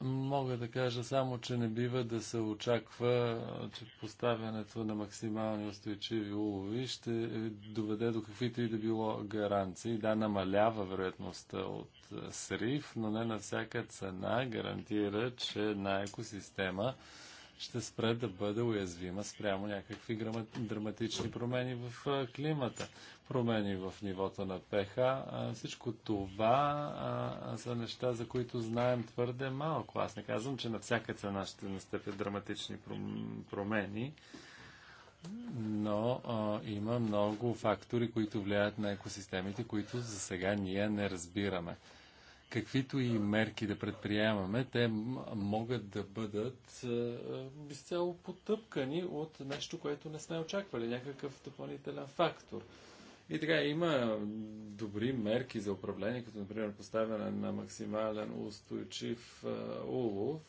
Мога да кажа само, че не бива да се очаква, че поставянето на максимални устойчиви улови ще доведе до каквито и да било гаранции. Да, намалява вероятността от е, срив, но не на всяка цена гарантира, че една екосистема ще спре да бъде уязвима спрямо някакви драматични промени в е, климата промени в нивото на ПХ. Всичко това а, са неща, за които знаем твърде малко. Аз не казвам, че на всяка цена ще настъпят драматични промени, но а, има много фактори, които влияят на екосистемите, които за сега ние не разбираме. Каквито и мерки да предприемаме, те могат да бъдат изцяло потъпкани от нещо, което не сме очаквали, някакъв допълнителен фактор. И така, има добри мерки за управление, като например поставяне на максимален устойчив улов.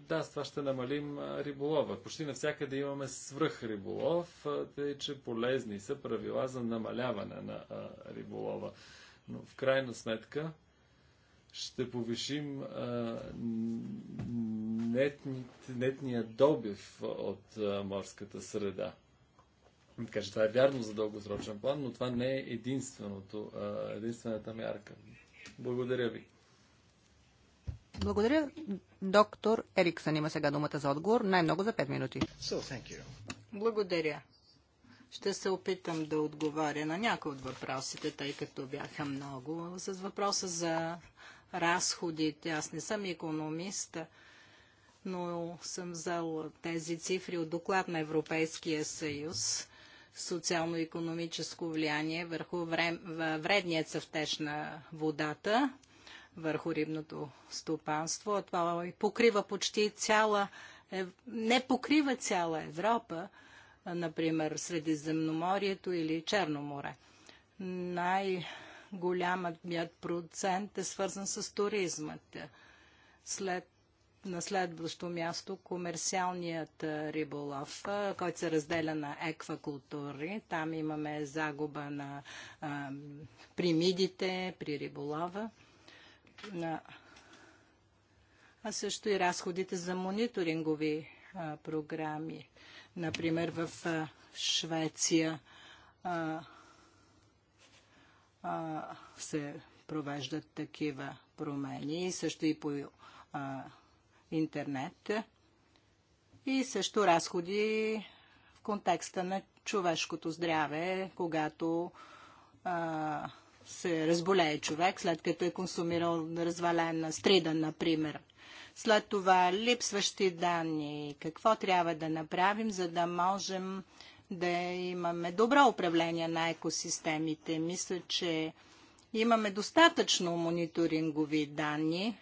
да, с това ще намалим риболова. Почти навсякъде имаме свръх риболов, тъй че полезни са правила за намаляване на риболова. Но в крайна сметка ще повишим нетният, нетния добив от морската среда. Така че това е вярно за дългосрочен план, но това не е единственото, единствената мярка. Благодаря ви. Благодаря. Доктор Ериксън има сега думата за отговор. Най-много за 5 минути. So, Благодаря. Ще се опитам да отговаря на някои от въпросите, тъй като бяха много. С въпроса за разходите. Аз не съм економист, но съм взел тези цифри от доклад на Европейския съюз социално-економическо влияние върху вредния цъфтеж на водата, върху рибното стопанство. Това покрива почти цяла, не покрива цяла Европа, например Средиземноморието или Черно море. най голямът процент е свързан с туризмът. След на следващо място комерциалният риболов, който се разделя на еквакултури. Там имаме загуба на а, примидите при риболова. а също и разходите за мониторингови а, програми. Например, в а, Швеция а, а, се провеждат такива промени. Също и по а, интернет и също разходи в контекста на човешкото здраве, когато а, се разболее човек, след като е консумирал развалена стрида, например. След това липсващи данни. Какво трябва да направим, за да можем да имаме добро управление на екосистемите? Мисля, че имаме достатъчно мониторингови данни,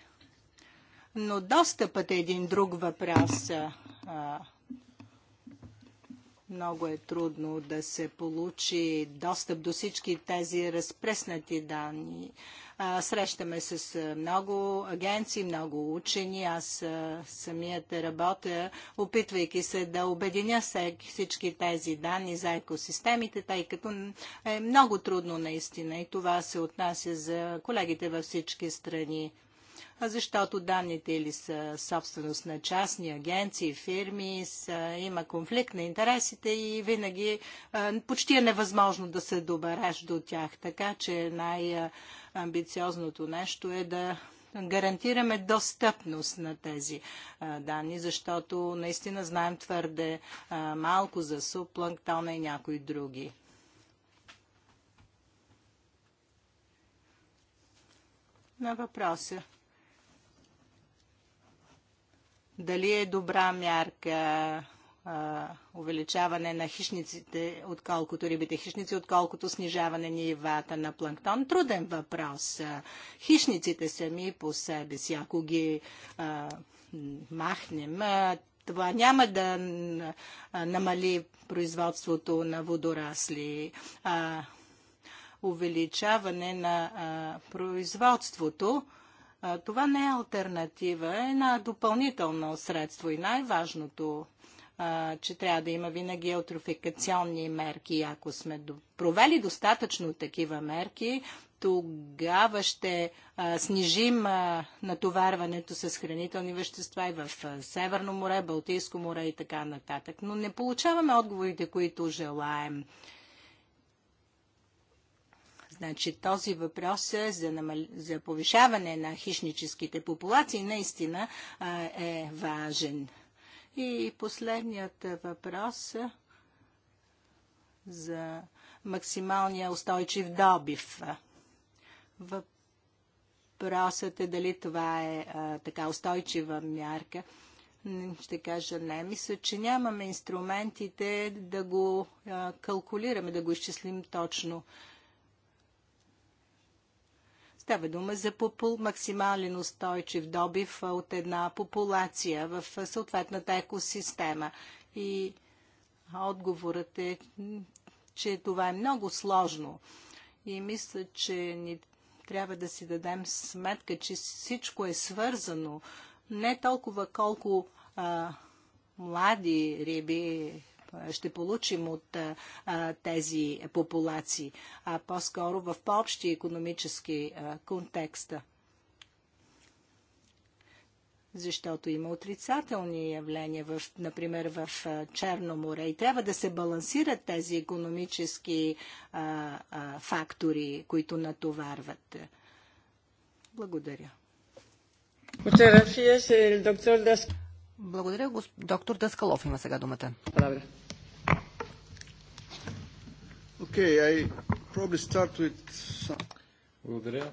но достъпът е един друг въпрос. Много е трудно да се получи достъп до всички тези разпреснати данни. Срещаме се с много агенции, много учени. Аз самият работя, опитвайки се да обединя всички тези данни за екосистемите, тъй като е много трудно наистина и това се отнася за колегите във всички страни защото данните или са собственост на частни агенции, фирми, са, има конфликт на интересите и винаги почти е невъзможно да се добереш до тях. Така че най-амбициозното нещо е да гарантираме достъпност на тези а, данни, защото наистина знаем твърде а, малко за супланктона и някои други. На въпроса дали е добра мярка а, увеличаване на хищниците, отколкото рибите хищници, отколкото снижаване нивата на планктон? Труден въпрос. Хищниците сами по себе си, ако ги а, махнем, а, това няма да намали производството на водорасли, а увеличаване на а, производството това не е альтернатива, е една допълнително средство и най-важното че трябва да има винаги еутрофикационни мерки. Ако сме провели достатъчно такива мерки, тогава ще снижим натоварването с хранителни вещества и в Северно море, Балтийско море и така нататък. Но не получаваме отговорите, които желаем. Значи този въпрос е за, намал... за повишаване на хищническите популации наистина а, е важен. И последният въпрос за максималния устойчив добив. Въпросът е дали това е а, така устойчива мярка. Ще кажа не. Мисля, че нямаме инструментите да го а, калкулираме, да го изчислим точно. А, Става дума за попул, максимален устойчив добив от една популация в съответната екосистема. И отговорът е, че това е много сложно. И мисля, че ни трябва да си дадем сметка, че всичко е свързано. Не толкова колко а, млади риби ще получим от тези популации, а по-скоро в по-общи економически контекста. контекст. Защото има отрицателни явления, в, например в Черно море. И трябва да се балансират тези економически а, а, фактори, които натоварват. Благодаря. Muchas благодаря. Доктор Даскалов има сега думата. Благодаря. Okay, I start with some... Благодаря.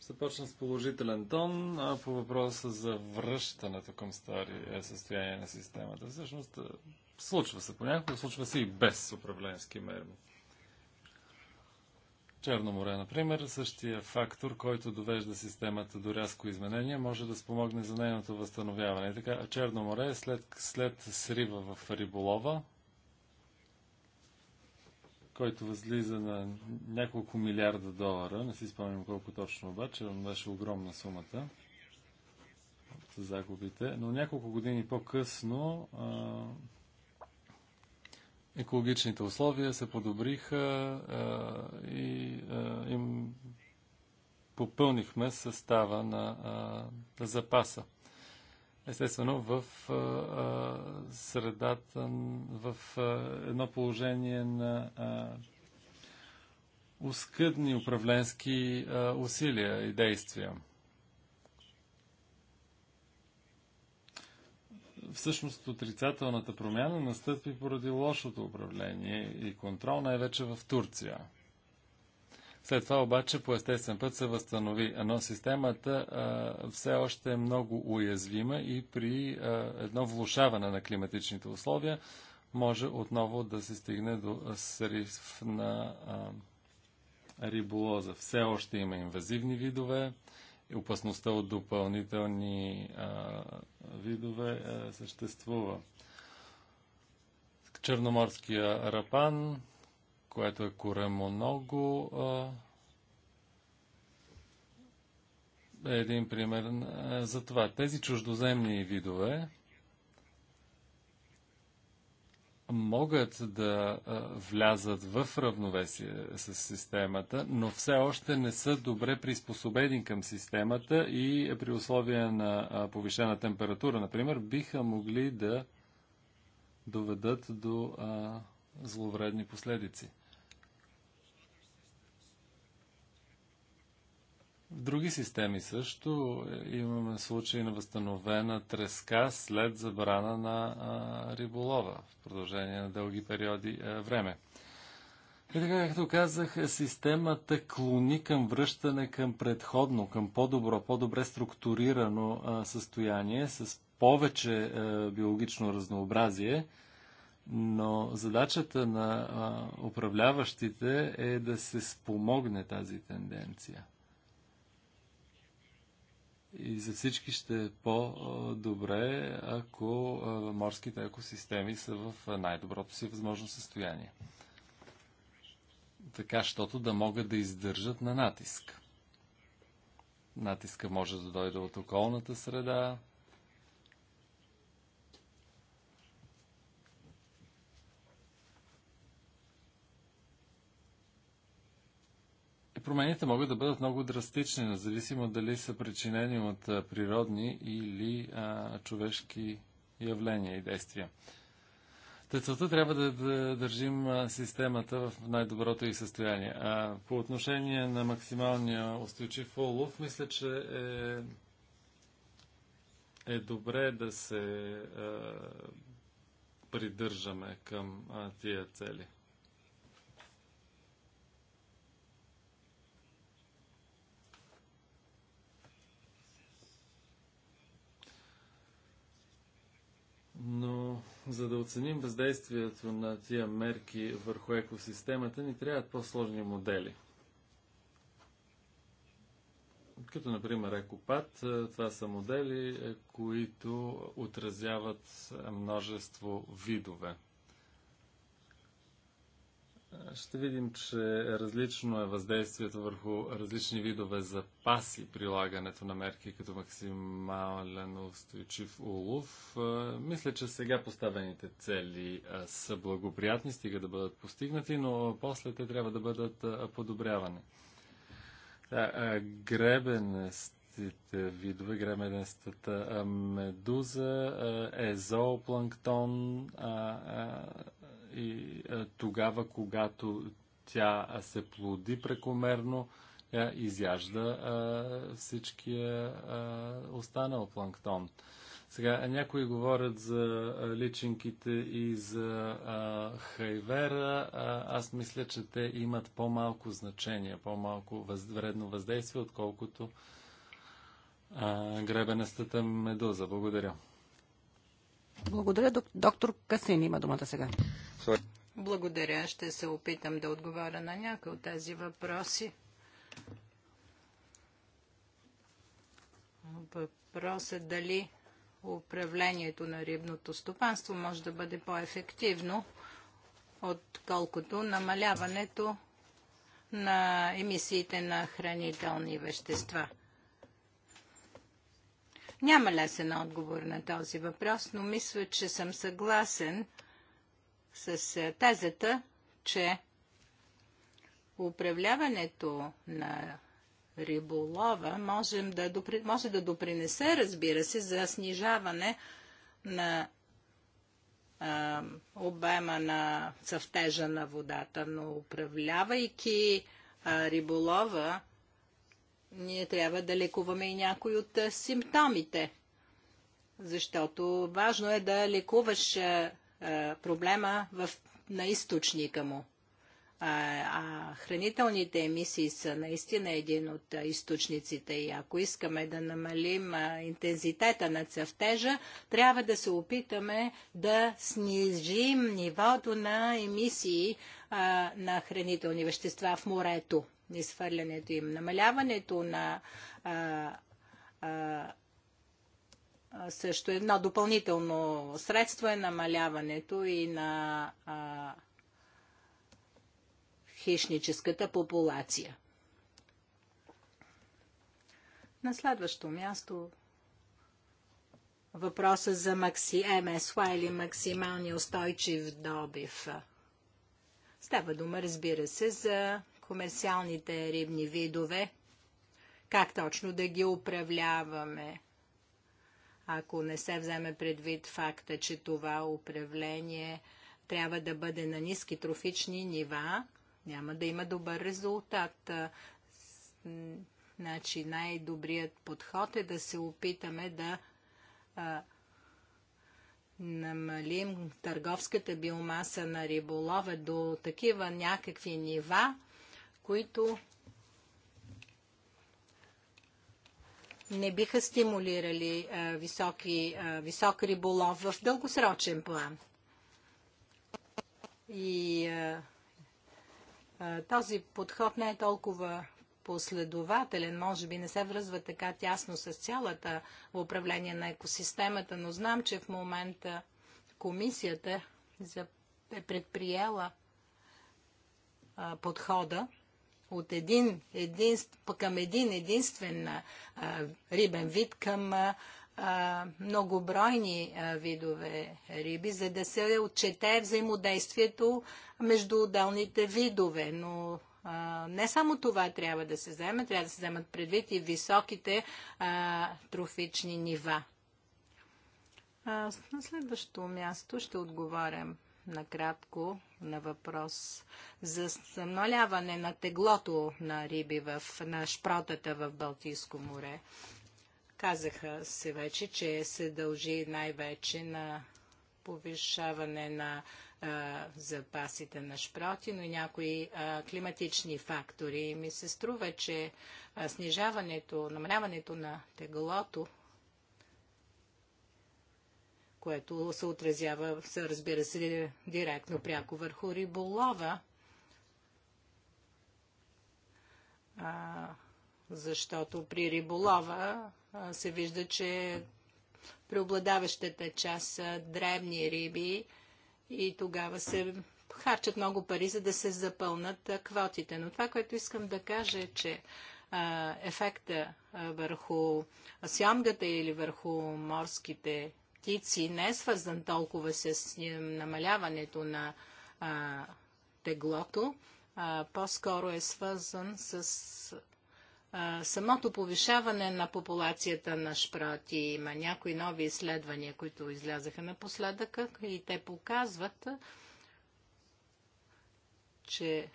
Започна с положителен тон а по въпроса за връщането към стари е, състояние на системата. Всъщност е, случва се понякога, случва се и без управленски мерки. Черно море, например, същия фактор, който довежда системата до рязко изменение, може да спомогне за нейното възстановяване. така, Черно море е след, след срива в риболова, който възлиза на няколко милиарда долара, не си спомням колко точно обаче, но беше огромна сумата загубите, но няколко години по-късно екологичните условия се подобриха а, и а, им попълнихме състава на, а, запаса. Естествено, в а, средата, в а, едно положение на а, оскъдни управленски а, усилия и действия. всъщност отрицателната промяна настъпи поради лошото управление и контрол, най-вече в Турция. След това обаче по естествен път се възстанови, но системата а, все още е много уязвима и при а, едно влушаване на климатичните условия може отново да се стигне до срив на а, риболоза. Все още има инвазивни видове, опасността от допълнителни а, видове а, съществува. Черноморския рапан, което е коремо много. е един пример за това. Тези чуждоземни видове могат да влязат в равновесие с системата, но все още не са добре приспособени към системата и при условия на повишена температура, например, биха могли да доведат до зловредни последици. В други системи също имаме случаи на възстановена треска след забрана на риболова в продължение на дълги периоди време. И така, както казах, системата клони към връщане към предходно, към по-добро, по-добре структурирано състояние с повече биологично разнообразие, но задачата на управляващите е да се спомогне тази тенденция. И за всички ще е по-добре, ако морските екосистеми са в най-доброто си възможно състояние. Така, щото да могат да издържат на натиск. Натиска може да дойде от околната среда, промените могат да бъдат много драстични, независимо дали са причинени от природни или а, човешки явления и действия. Та трябва да, да държим системата в най-доброто и състояние. А по отношение на максималния устойчив олов, мисля, че е, е добре да се а, придържаме към а, тия цели. Но за да оценим въздействието на тия мерки върху екосистемата, ни трябват по-сложни модели. Като, например, екопад, е, това са модели, е, които отразяват е, множество видове. Ще видим, че различно е въздействието върху различни видове запаси, прилагането на мерки като максимален устойчив улов. Мисля, че сега поставените цели са благоприятни, стига да бъдат постигнати, но после те трябва да бъдат подобрявани. Гребенестите видове, гребенестата медуза, езопланктон, и е, тогава, когато тя се плоди прекомерно, е, изяжда е, всичкия останал планктон. Сега, някои говорят за личинките и за хайвера. аз мисля, че те имат по-малко значение, по-малко вредно въздействие, отколкото гребенестата медуза. Благодаря. Благодаря. Доктор Касин има думата сега. Благодаря. Ще се опитам да отговоря на някои от тези въпроси. Въпрос е дали управлението на рибното стопанство може да бъде по-ефективно, отколкото намаляването на емисиите на хранителни вещества – няма лесен отговор на този въпрос, но мисля, че съм съгласен с е, тезата, че управляването на риболова да допри... може да допринесе, разбира се, за снижаване на а, обема на съвтежа на водата, но управлявайки а, риболова, ние трябва да лекуваме и някои от симптомите. Защото важно е да лекуваш а, проблема в, на източника му. А, а хранителните емисии са наистина един от източниците и ако искаме да намалим а, интензитета на цъфтежа, трябва да се опитаме да снижим нивото на емисии а, на хранителни вещества в морето изхвърлянето им. Намаляването на а, а, също едно допълнително средство е намаляването и на а, хищническата популация. На следващо място въпроса за макси, МСВ или максималния устойчив добив. Става дума, разбира се, за комерциалните рибни видове, как точно да ги управляваме, ако не се вземе предвид факта, че това управление трябва да бъде на ниски трофични нива, няма да има добър резултат. Значи най-добрият подход е да се опитаме да а, намалим търговската биомаса на риболова до такива някакви нива, които не биха стимулирали високи, висок риболов в дългосрочен план. И този подход не е толкова последователен, може би не се връзва така тясно с цялата управление на екосистемата, но знам, че в момента комисията е предприела подхода от един, един към един единствен а, рибен вид към а, многобройни видове риби, за да се отчете взаимодействието между отделните видове. Но а, не само това трябва да се вземе, трябва да се вземат предвид и високите а, трофични нива. А, на следващото място ще отговарям накратко на въпрос за съмноляване на теглото на риби в, на шпротата в Балтийско море. Казаха се вече, че се дължи най-вече на повишаване на а, запасите на шпроти, но и някои а, климатични фактори. И ми се струва, че а, снижаването, намаляването на теглото което се отразява, разбира се, директно пряко върху риболова. А, защото при риболова а, се вижда, че преобладаващата част са древни риби и тогава се харчат много пари, за да се запълнат а, квотите. Но това, което искам да кажа е, че ефекта върху сямгата или върху морските инвестиции, не е свързан толкова с е, намаляването на а, теглото, по-скоро е свързан с а, самото повишаване на популацията на шпроти. Има някои нови изследвания, които излязаха напоследък и те показват, че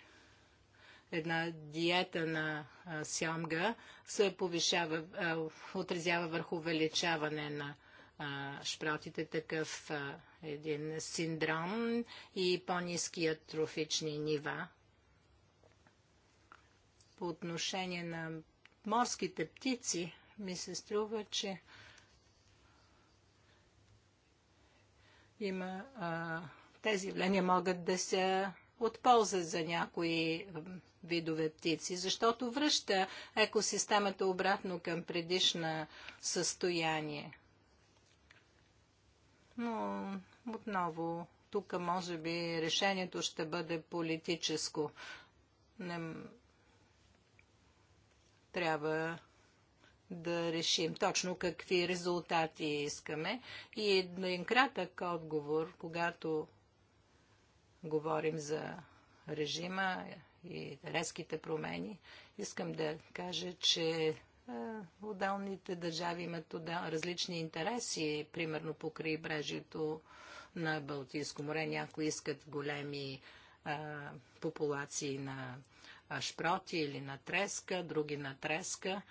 една диета на сямга се повишава, а, върху увеличаване на шпротите е такъв един синдром и по-низки трофични нива. По отношение на морските птици, ми се струва, че има а, тези явления могат да се отползват за някои видове птици, защото връща екосистемата обратно към предишна състояние. Но отново, тук може би решението ще бъде политическо. Не... Трябва да решим точно какви резултати искаме. И един кратък отговор, когато говорим за режима и резките промени, искам да кажа, че Отделните държави имат различни интереси, примерно по крайбрежието на Балтийско море. Някои искат големи а, популации на шпроти или на треска, други на треска.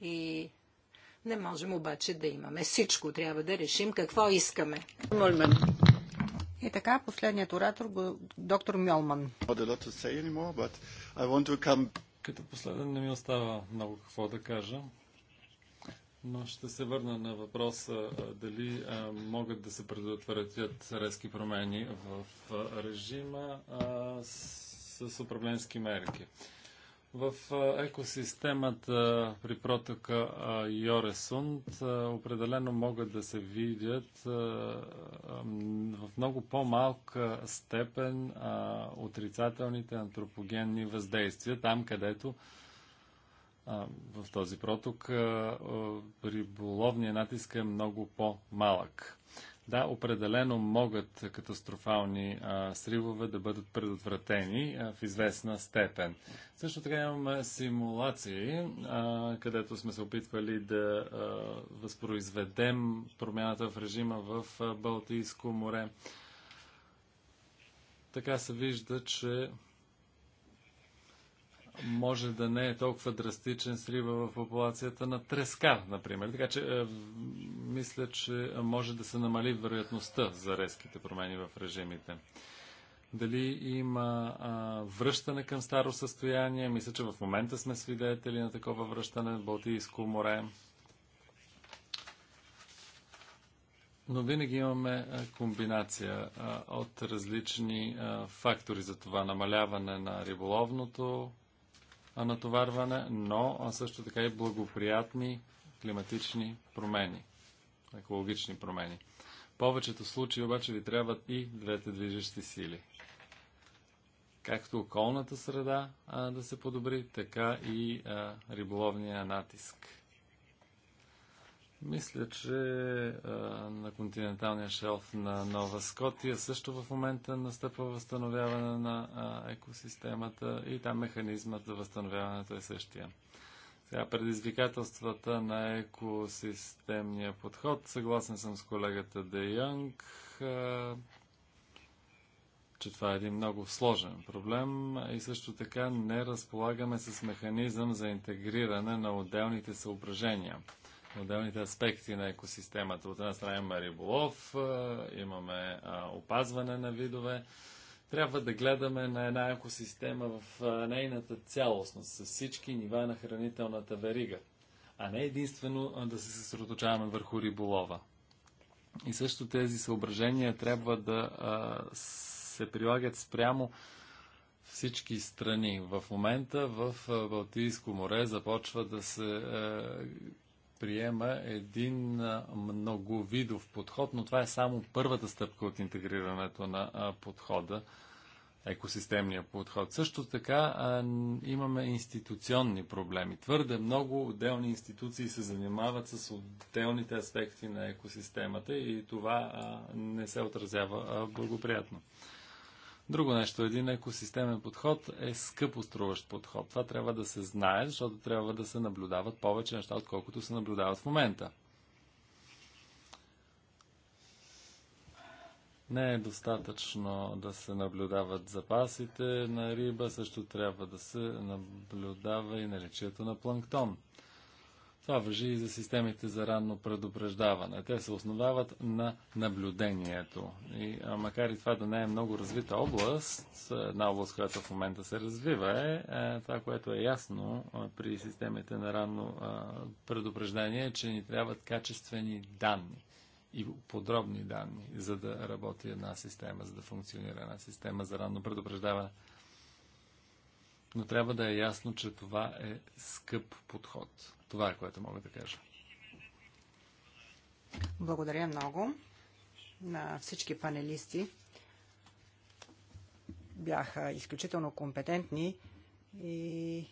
И не можем обаче да имаме всичко. Трябва да решим какво искаме. Мольман. И така, последният оратор, доктор Мьолман. Като последен не ми остава много какво да кажа, но ще се върна на въпроса дали могат да се предотвратят резки промени в режима с управленски мерки. В екосистемата при протока Йоресунд определено могат да се видят в много по-малка степен отрицателните антропогенни въздействия, там където в този проток риболовния натиск е много по-малък. Да, определено могат катастрофални а, сривове да бъдат предотвратени а, в известна степен. Също така имаме симулации, а, където сме се опитвали да а, възпроизведем промяната в режима в Балтийско море. Така се вижда, че може да не е толкова драстичен срива в популацията на треска, например. Така че е, мисля, че може да се намали вероятността за резките промени в режимите. Дали има а, връщане към старо състояние? Мисля, че в момента сме свидетели на такова връщане в Балтийско море. Но винаги имаме комбинация от различни фактори за това намаляване на риболовното натоварване, но също така и благоприятни климатични промени, екологични промени. В повечето случаи обаче ви трябват и двете движещи сили. Както околната среда а, да се подобри, така и а, риболовния натиск. Мисля, че а, на континенталния шелф на Нова Скотия също в момента настъпва възстановяване на а, екосистемата и там механизмът за възстановяването е същия. Сега предизвикателствата на екосистемния подход. Съгласен съм с колегата Де Йонг, а, че това е един много сложен проблем и също така не разполагаме с механизъм за интегриране на отделните съображения – отделните аспекти на екосистемата. От една страна имаме риболов, имаме опазване на видове. Трябва да гледаме на една екосистема в нейната цялостност, с всички нива на хранителната верига, а не единствено да се съсредоточаваме върху риболова. И също тези съображения трябва да се прилагат спрямо всички страни. В момента в Балтийско море започва да се възприема един многовидов подход, но това е само първата стъпка от интегрирането на подхода, екосистемния подход. Също така имаме институционни проблеми. Твърде много отделни институции се занимават с отделните аспекти на екосистемата и това не се отразява благоприятно. Друго нещо, един екосистемен подход е скъпо струващ подход. Това трябва да се знае, защото трябва да се наблюдават повече неща, отколкото се наблюдават в момента. Не е достатъчно да се наблюдават запасите на риба, също трябва да се наблюдава и наличието на планктон. Това въжи и за системите за ранно предупреждаване. Те се основават на наблюдението. И, а, макар и това да не е много развита област, една област, която в момента се развива, е, е това, което е ясно при системите на ранно предупреждение, е, че ни трябват качествени данни и подробни данни, за да работи една система, за да функционира една система за ранно предупреждаване. Но трябва да е ясно, че това е скъп подход това е което мога да кажа. Благодаря много на всички панелисти. Бяха изключително компетентни и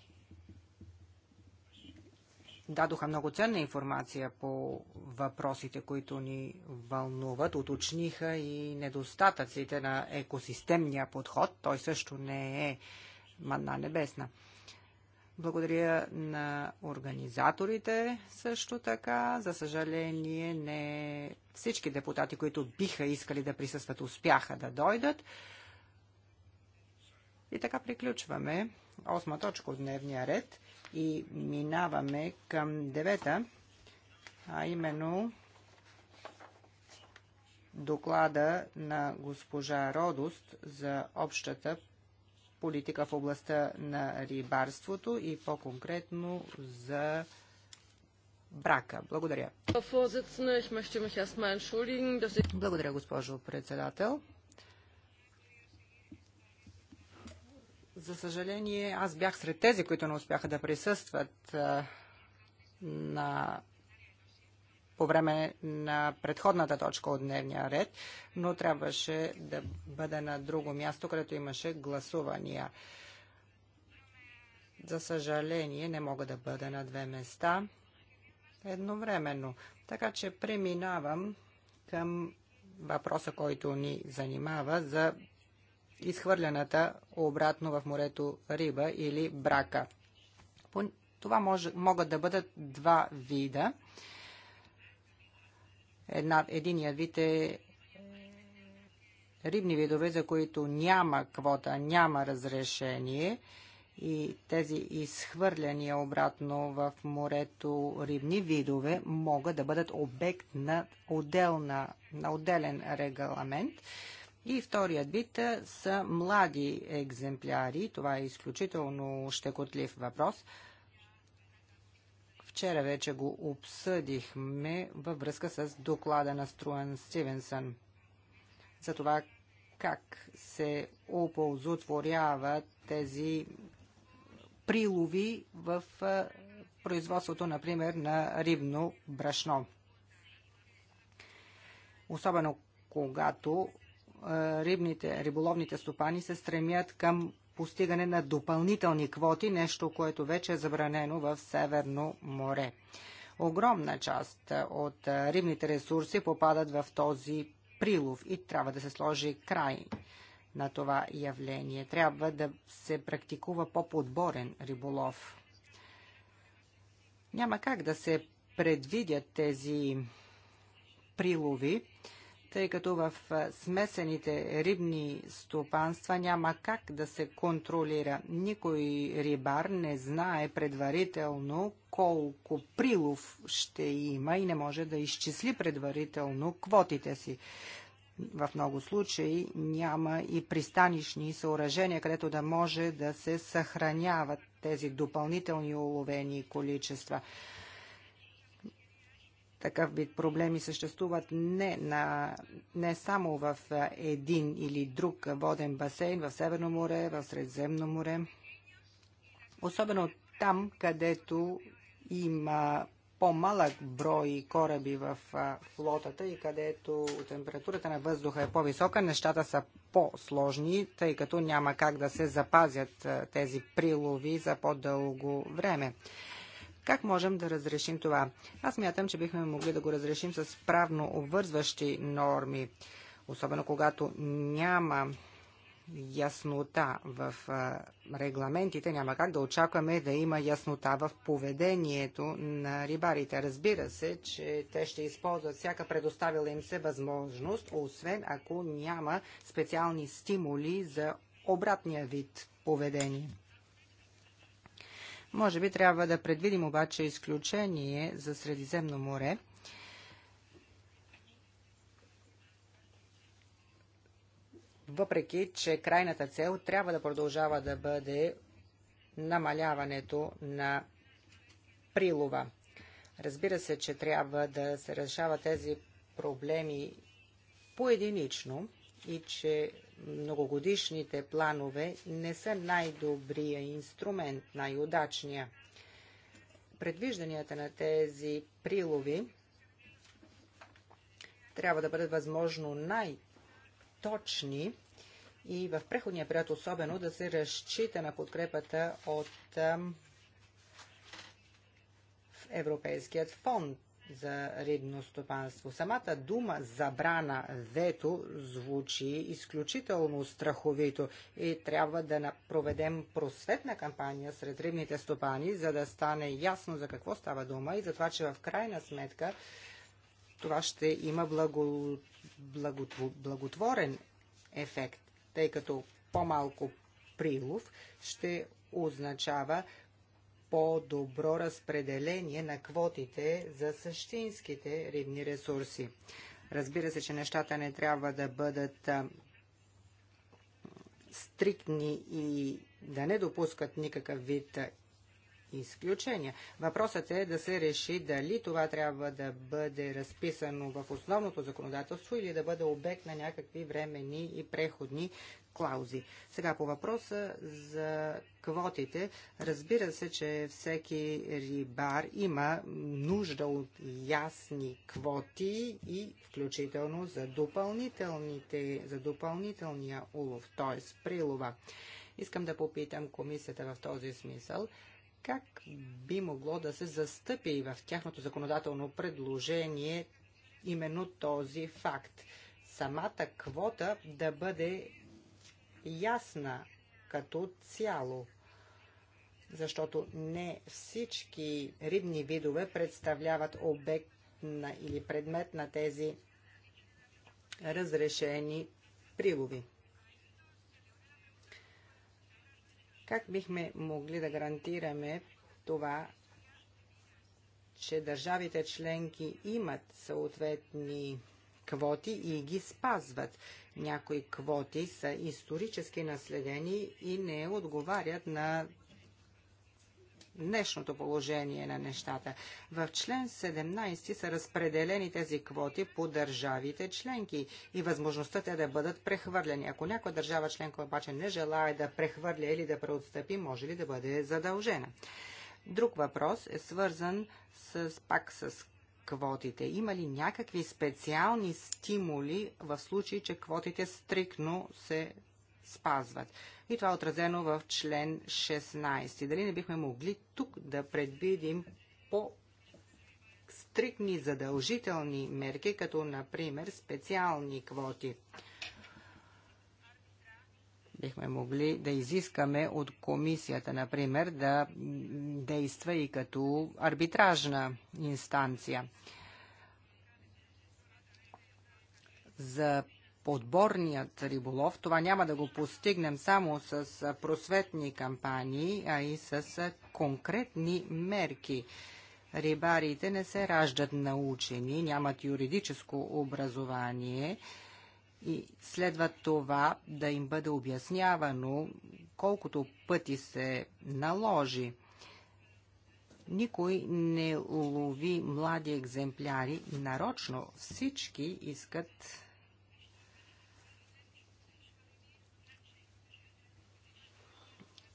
дадоха много ценна информация по въпросите, които ни вълнуват, уточниха и недостатъците на екосистемния подход. Той също не е манна небесна. Благодаря на организаторите също така. За съжаление, не всички депутати, които биха искали да присъстват, успяха да дойдат. И така приключваме осма точка от дневния ред и минаваме към девета, а именно доклада на госпожа Родост за общата политика в областта на рибарството и по-конкретно за брака. Благодаря. Благодаря, госпожо председател. За съжаление, аз бях сред тези, които не успяха да присъстват на по време на предходната точка от дневния ред, но трябваше да бъде на друго място, където имаше гласувания. За съжаление, не мога да бъда на две места едновременно. Така че преминавам към въпроса, който ни занимава за изхвърляната обратно в морето риба или брака. Това може, могат да бъдат два вида. Една, единият вид е, е рибни видове, за които няма квота, няма разрешение и тези изхвърляния обратно в морето рибни видове могат да бъдат обект на, отделна, на отделен регламент. И вторият вид е, са млади екземпляри. Това е изключително щекотлив въпрос – Вчера вече го обсъдихме във връзка с доклада на Струан Стивенсън за това как се оползотворяват тези прилови в производството, например, на рибно брашно. Особено когато рибните, риболовните стопани се стремят към постигане на допълнителни квоти, нещо, което вече е забранено в Северно море. Огромна част от рибните ресурси попадат в този прилов и трябва да се сложи край на това явление. Трябва да се практикува по-подборен риболов. Няма как да се предвидят тези прилови, тъй като в смесените рибни стопанства няма как да се контролира. Никой рибар не знае предварително колко прилов ще има и не може да изчисли предварително квотите си. В много случаи няма и пристанищни съоръжения, където да може да се съхраняват тези допълнителни уловени количества такъв вид проблеми съществуват не, на, не само в един или друг воден басейн, в Северно море, в Средземно море. Особено там, където има по-малък брой кораби в флотата и където температурата на въздуха е по-висока, нещата са по-сложни, тъй като няма как да се запазят тези прилови за по-дълго време. Как можем да разрешим това? Аз мятам, че бихме могли да го разрешим с правно обвързващи норми, особено когато няма яснота в регламентите, няма как да очакваме да има яснота в поведението на рибарите. Разбира се, че те ще използват всяка предоставила им се възможност, освен ако няма специални стимули за обратния вид поведение. Може би трябва да предвидим обаче изключение за Средиземно море. Въпреки, че крайната цел трябва да продължава да бъде намаляването на прилова. Разбира се, че трябва да се решава тези проблеми поединично и че многогодишните планове не са най-добрия инструмент, най-удачния. Предвижданията на тези прилови трябва да бъдат възможно най-точни и в преходния период особено да се разчита на подкрепата от Европейският фонд за рибно стопанство. Самата дума забрана вето звучи изключително страховито и трябва да проведем просветна кампания сред рибните стопани, за да стане ясно за какво става дума и за това, че в крайна сметка това ще има благо, благотво, благотворен ефект, тъй като по-малко прилов ще означава по-добро разпределение на квотите за същинските рибни ресурси. Разбира се, че нещата не трябва да бъдат стриктни и да не допускат никакъв вид изключения. Въпросът е да се реши дали това трябва да бъде разписано в основното законодателство или да бъде обект на някакви времени и преходни клаузи. Сега по въпроса за квотите. Разбира се, че всеки рибар има нужда от ясни квоти и включително за, допълнителните, за допълнителния улов, т.е. прилова. Искам да попитам комисията в този смисъл как би могло да се застъпи в тяхното законодателно предложение именно този факт. Самата квота да бъде ясна като цяло защото не всички рибни видове представляват обект на, или предмет на тези разрешени прилови. Как бихме могли да гарантираме това, че държавите членки имат съответни квоти и ги спазват? Някои квоти са исторически наследени и не отговарят на днешното положение на нещата. В член 17 са разпределени тези квоти по държавите членки и възможността те да бъдат прехвърлени. Ако някоя държава членка обаче не желая да прехвърля или да преотстъпи, може ли да бъде задължена? Друг въпрос е свързан с, пак с квотите? Има ли някакви специални стимули в случай, че квотите стрикно се спазват? И това е отразено в член 16. Дали не бихме могли тук да предвидим по стрикни задължителни мерки, като например специални квоти? Бихме могли да изискаме от комисията, например, да действа и като арбитражна инстанция. За подборният риболов. Това няма да го постигнем само с просветни кампании, а и с конкретни мерки. Рибарите не се раждат научени, нямат юридическо образование и следва това да им бъде обяснявано колкото пъти се наложи. Никой не лови млади екземпляри нарочно. Всички искат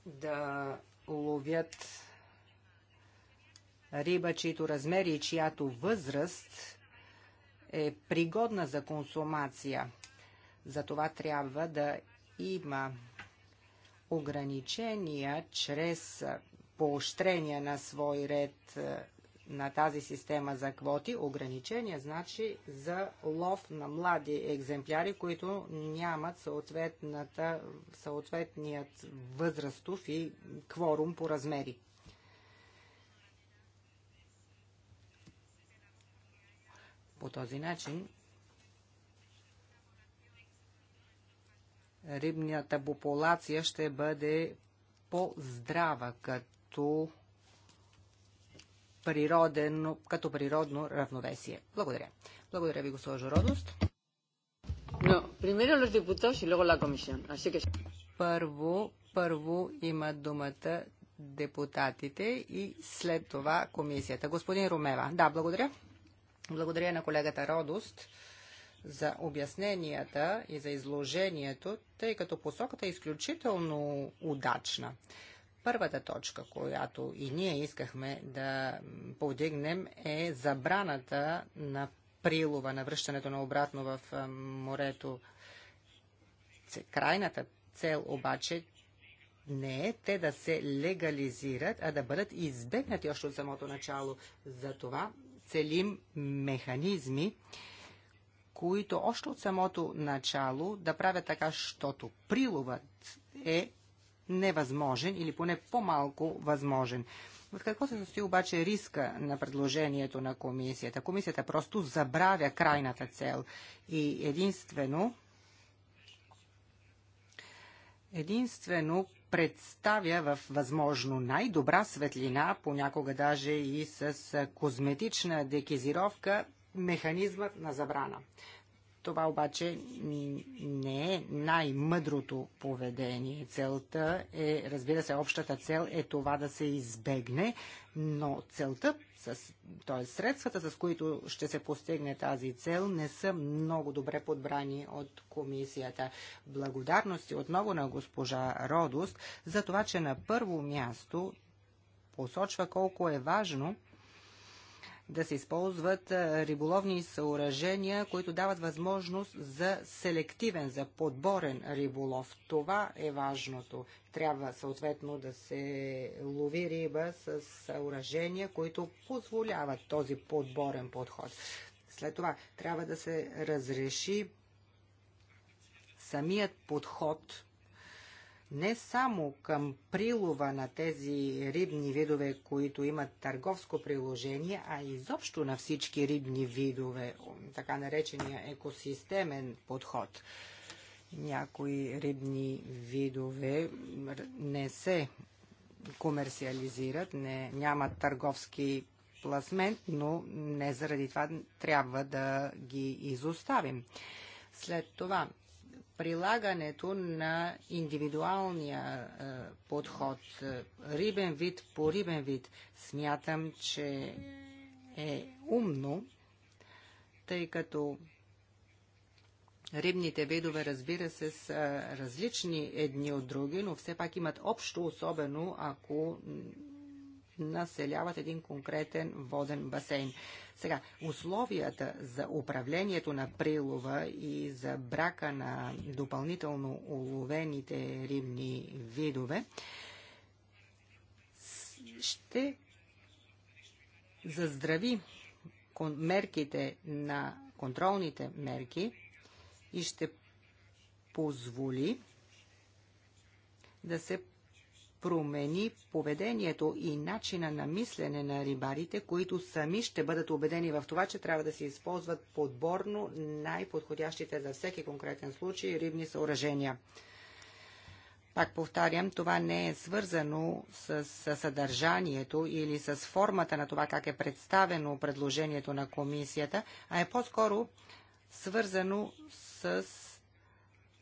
да ловят риба, чието размери и чиято възраст е пригодна за консумация. Затова трябва да има ограничения чрез поощрения на свой ред е, на тази система за квоти, ограничения значи за лов на млади екземпляри, които нямат съответният възрастов и кворум по размери. По този начин рибната популация ще бъде по-здрава като като природно равновесие. Благодаря. Благодаря ви, госпожо Родост. No, primero los diputados y luego la comisión. Así que... Първо, първо има думата депутатите и след това комисията. Господин Румева. Да, благодаря. Благодаря на колегата Родост за обясненията и за изложението, тъй като посоката е изключително удачна. Първата точка, която и ние искахме да повдигнем е забраната на прилова, на връщането на обратно в морето. Крайната цел обаче не е те да се легализират, а да бъдат избегнати още от самото начало. Затова целим механизми, които още от самото начало да правят така, щото приловът е невъзможен или поне по-малко възможен. В какво се състои обаче риска на предложението на комисията? Комисията просто забравя крайната цел и единствено единствено представя в възможно най-добра светлина, понякога даже и с козметична декизировка, механизмът на забрана. Това обаче не е най-мъдрото поведение. Целта е, разбира се, общата цел е това да се избегне, но целта, т.е. средствата, с които ще се постигне тази цел, не са много добре подбрани от комисията. Благодарности отново на госпожа Родост за това, че на първо място посочва колко е важно да се използват риболовни съоръжения, които дават възможност за селективен, за подборен риболов. Това е важното. Трябва съответно да се лови риба с съоръжения, които позволяват този подборен подход. След това трябва да се разреши самият подход не само към прилова на тези рибни видове, които имат търговско приложение, а изобщо на всички рибни видове, така наречения екосистемен подход. Някои рибни видове не се комерциализират, не, нямат търговски пласмент, но не заради това трябва да ги изоставим. След това прилагането на индивидуалния е, подход, е, рибен вид по рибен вид, смятам, че е умно, тъй като рибните видове, разбира се, са различни едни от други, но все пак имат общо, особено ако населяват един конкретен воден басейн. Сега, условията за управлението на прилова и за брака на допълнително уловените рибни видове ще заздрави мерките на контролните мерки и ще позволи да се промени поведението и начина на мислене на рибарите, които сами ще бъдат убедени в това, че трябва да се използват подборно най-подходящите за всеки конкретен случай рибни съоръжения. Пак повтарям, това не е свързано с, съдържанието или с формата на това как е представено предложението на комисията, а е по-скоро свързано с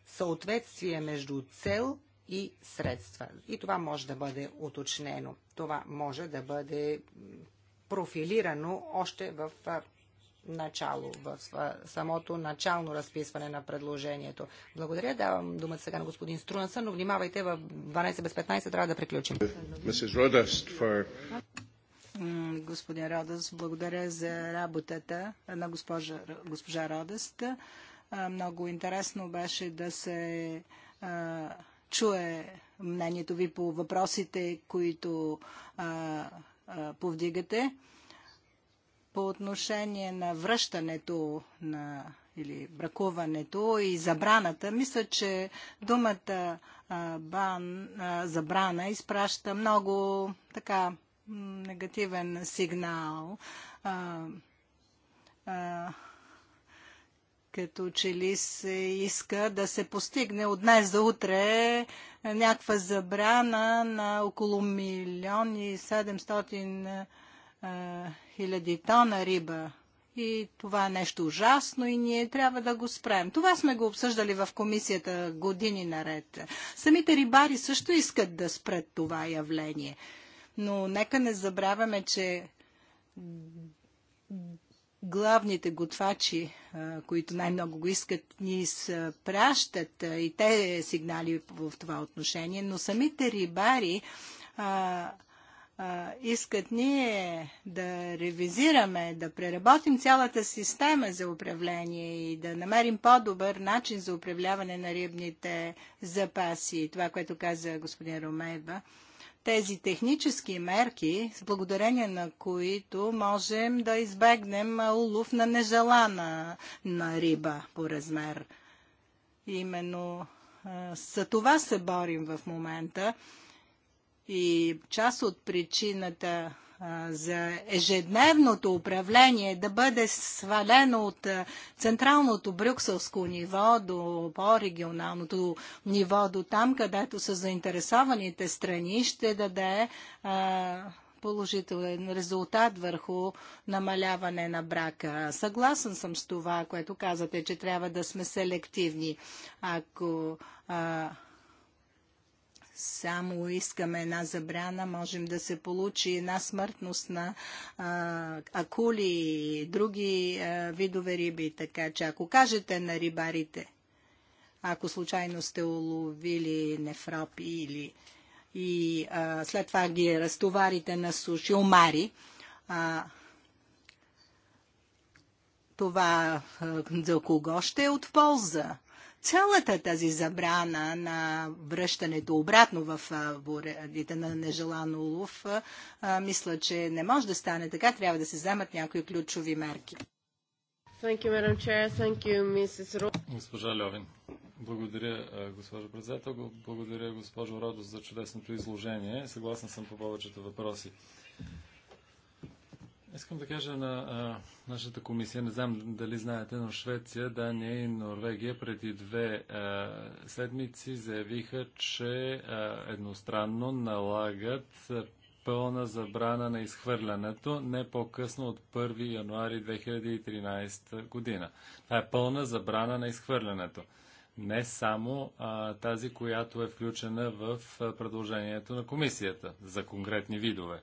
съответствие между цел и средства. И това може да бъде уточнено. Това може да бъде профилирано още в начало, в самото начално разписване на предложението. Благодаря. Давам думата сега на господин Струнаса, но внимавайте, в 12 без 15 трябва да приключим. Господин Родъс, благодаря за работата на госпожа, госпожа Родъс. Много интересно беше да се чуе мнението ви по въпросите, които а, а, повдигате. По отношение на връщането на или бракуването и забраната. Мисля, че думата а, бан, а, забрана изпраща много така негативен сигнал. А, а, като че ли се иска да се постигне от днес за утре някаква забрана на около милион и 700 хиляди тона риба. И това е нещо ужасно и ние трябва да го спрем. Това сме го обсъждали в комисията години наред. Самите рибари също искат да спрат това явление. Но нека не забравяме, че главните готвачи, които най-много го искат, ни пращат и те сигнали в това отношение, но самите рибари а, а, искат ние да ревизираме, да преработим цялата система за управление и да намерим по-добър начин за управляване на рибните запаси. Това, което каза господин Ромева, тези технически мерки, с благодарение на които можем да избегнем улов на нежелана на риба по размер. Именно за това се борим в момента. И част от причината за ежедневното управление да бъде свалено от централното брюкселско ниво до по-регионалното ниво, до там, където са заинтересованите страни, ще даде положителен резултат върху намаляване на брака. Съгласен съм с това, което казате, че трябва да сме селективни. Ако а, само искаме една забрана, можем да се получи една смъртност на а, акули и други а, видове риби. Така че ако кажете на рибарите, ако случайно сте уловили нефропи или и а, след това ги разтоварите на суши, омари, а, това а, за кого ще е от полза? цялата тази забрана на връщането обратно в боредите на нежелан улов, мисля, че не може да стане така. Трябва да се вземат някои ключови мерки. Госпожа Льовин. Благодаря, госпожо председател. Благодаря, госпожо Родос, за чудесното изложение. Съгласен съм по повечето въпроси. Искам да кажа на а, нашата комисия, не знам дали знаете, но Швеция, Дания и Норвегия преди две а, седмици заявиха, че а, едностранно налагат пълна забрана на изхвърлянето не по-късно от 1 януари 2013 година. Това е пълна забрана на изхвърлянето. Не само а, тази, която е включена в предложението на комисията за конкретни видове.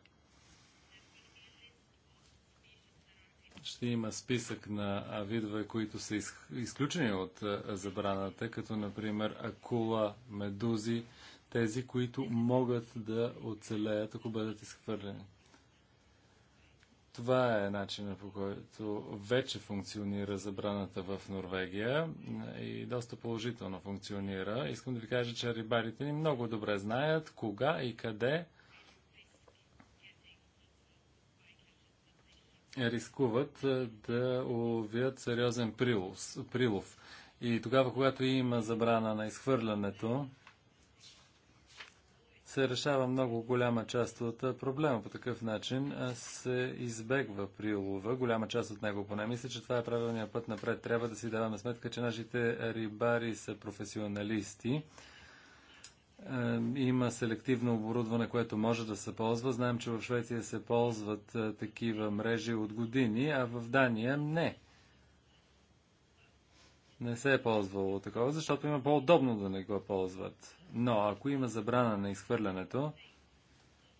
ще има списък на видове, които са изключени от забраната, като например акула, медузи, тези, които могат да оцелеят, ако бъдат изхвърлени. Това е начинът по който вече функционира забраната в Норвегия и доста положително функционира. Искам да ви кажа, че рибарите ни много добре знаят кога и къде рискуват е, да уловят сериозен прилов. И тогава, когато има забрана на изхвърлянето, се решава много голяма част от е, проблема. По такъв начин е, се избегва прилова, голяма част от него поне. Мисля, че това е правилният път напред. Трябва да си даваме сметка, че нашите рибари са професионалисти има селективно оборудване, което може да се ползва. Знаем, че в Швеция се ползват е, такива мрежи от години, а в Дания не. Не се е ползвало такова, защото има по-удобно да не го ползват. Но ако има забрана на изхвърлянето,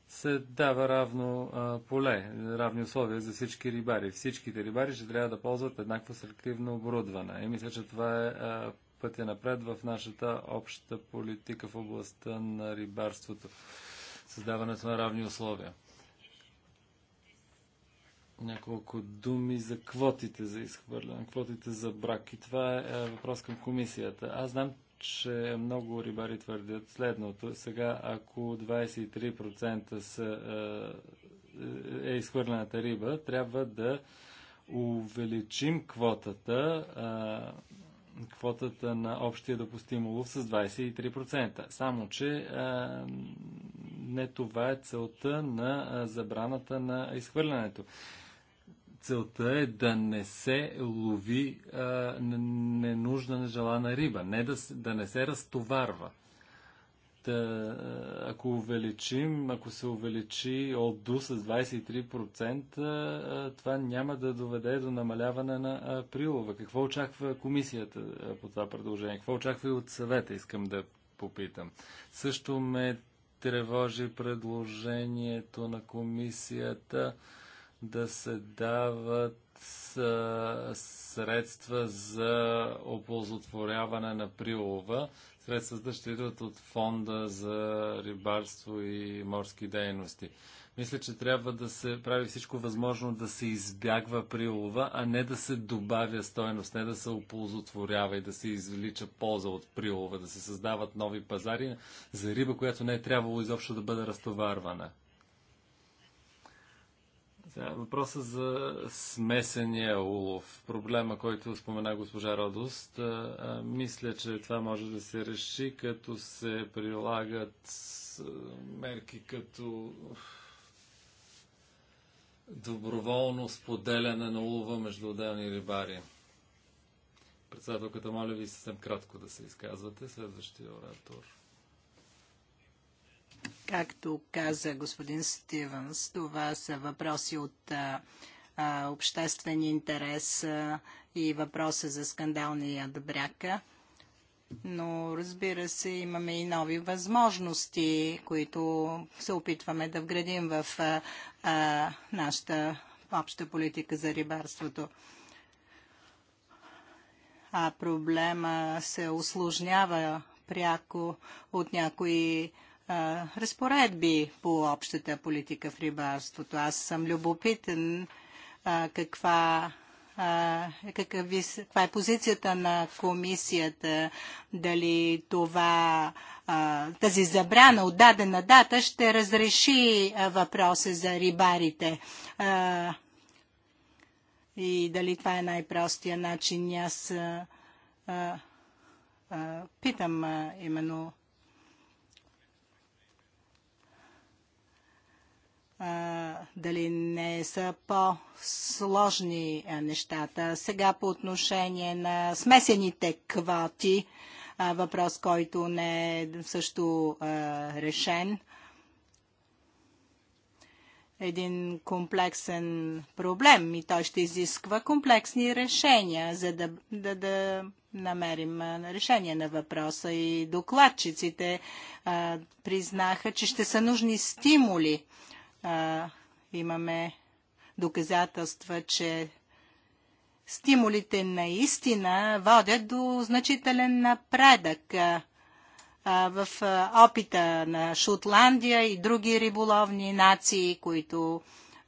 се дава равно а, поле, равни условия за всички рибари. Всичките рибари ще трябва да ползват еднакво селективно оборудване. И мисля, че това е а, пътя напред в нашата обща политика в областта на рибарството. Създаването на равни условия. Няколко думи за квотите за изхвърляне, квотите за брак. И това е, е въпрос към комисията. Аз знам, че много рибари твърдят следното. Сега, ако 23% са, е, е, изхвърлената риба, трябва да увеличим квотата квотата на общия допустим улов с 23%. Само, че а, е, не това е целта на е, забраната на изхвърлянето. Целта е да не се лови а, е, ненужна, нежелана риба, не да, да не се разтоварва Та, е, ако увеличим, ако се увеличи ОДУ с 23%, е, това няма да доведе до намаляване на прилова. Какво очаква комисията е, по това предложение? Какво очаква и от съвета, искам да попитам. Също ме тревожи предложението на комисията да се дават средства за оползотворяване на прилова средствата ще идват от фонда за рибарство и морски дейности. Мисля, че трябва да се прави всичко възможно да се избягва прилова, а не да се добавя стоеност, не да се оползотворява и да се извлича полза от прилова, да се създават нови пазари за риба, която не е трябвало изобщо да бъде разтоварвана въпроса за смесения улов, проблема, който спомена госпожа Родост, мисля, че това може да се реши, като се прилагат мерки като доброволно споделяне на улова между отделни рибари. Председателката, моля ви съвсем кратко да се изказвате. Следващия оратор. Както каза господин Стивенс, това са въпроси от а, обществен интерес а, и въпроса за скандалния бряка. Но разбира се, имаме и нови възможности, които се опитваме да вградим в а, а, нашата обща политика за рибарството. А проблема се осложнява пряко от някои разпоредби по общата политика в рибарството. Аз съм любопитен каква каква е позицията на комисията, дали това, тази забрана от дадена дата ще разреши въпроса за рибарите. И дали това е най-простия начин. Аз питам именно дали не са по-сложни нещата. Сега по отношение на смесените квоти, въпрос, който не е също решен. Един комплексен проблем и той ще изисква комплексни решения, за да, да, да намерим решение на въпроса. И докладчиците а, признаха, че ще са нужни стимули а, имаме доказателства, че стимулите наистина водят до значителен напредък в опита на Шотландия и други риболовни нации, които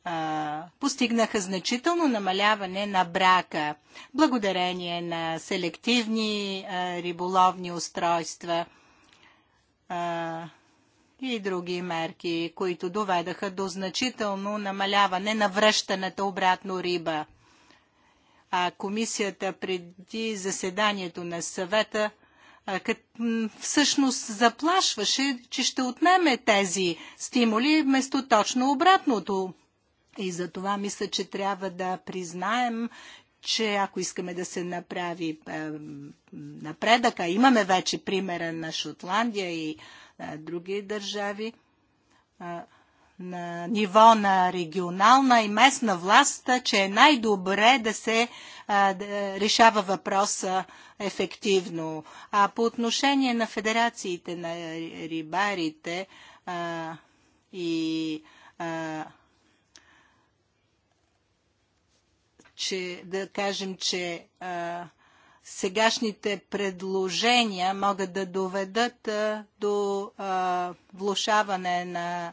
а, постигнаха значително намаляване на брака, благодарение на селективни а, риболовни устройства. А, и други мерки, които доведаха до значително намаляване на връщаната обратно риба. А комисията преди заседанието на съвета всъщност заплашваше, че ще отнеме тези стимули вместо точно обратното. И за това мисля, че трябва да признаем, че ако искаме да се направи напредък, напредъка, имаме вече примера на Шотландия и други държави. На ниво на регионална и местна власт, че е най-добре да се да решава въпроса ефективно. А по отношение на федерациите на рибарите а, и а, че да кажем, че а, сегашните предложения могат да доведат до влушаване на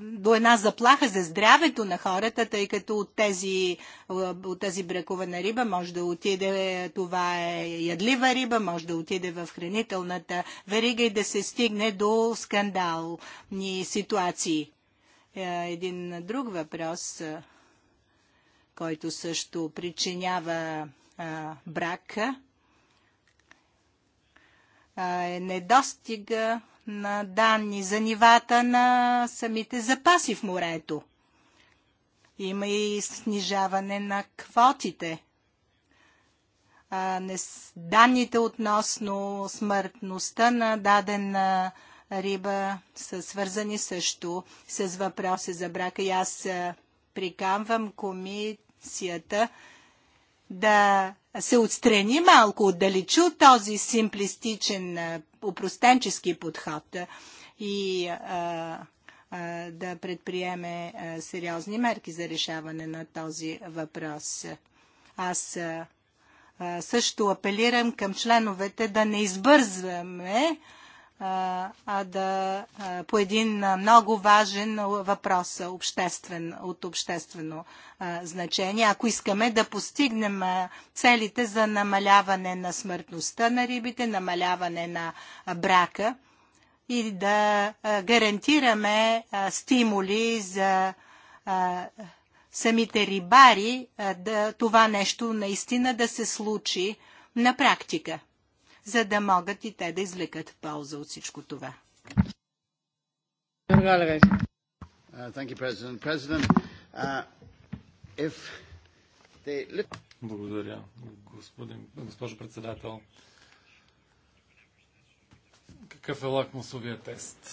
до една заплаха за здравето на хората, тъй като от, тези, от тази бракувана риба може да отиде, това е ядлива риба, може да отиде в хранителната верига и да се стигне до скандални ситуации. Е, един друг въпрос който също причинява а, брака, а, е недостига на данни за нивата на самите запаси в морето. Има и снижаване на квотите. А, не, данните относно смъртността на дадена риба са свързани също с въпроси за брака. И аз приканвам комит комисията да се отстрани малко, отдалечи от този симплистичен, упростенчески подход и а, а, да предприеме а, сериозни мерки за решаване на този въпрос. Аз също апелирам към членовете да не избързваме а да по един много важен въпрос обществен, от обществено значение. Ако искаме да постигнем целите за намаляване на смъртността на рибите, намаляване на брака и да гарантираме стимули за самите рибари да, това нещо наистина да се случи на практика за да могат и те да извлекат полза от всичко това. Uh, Благодаря, господин, госпожо председател. Какъв е лакмусовия тест?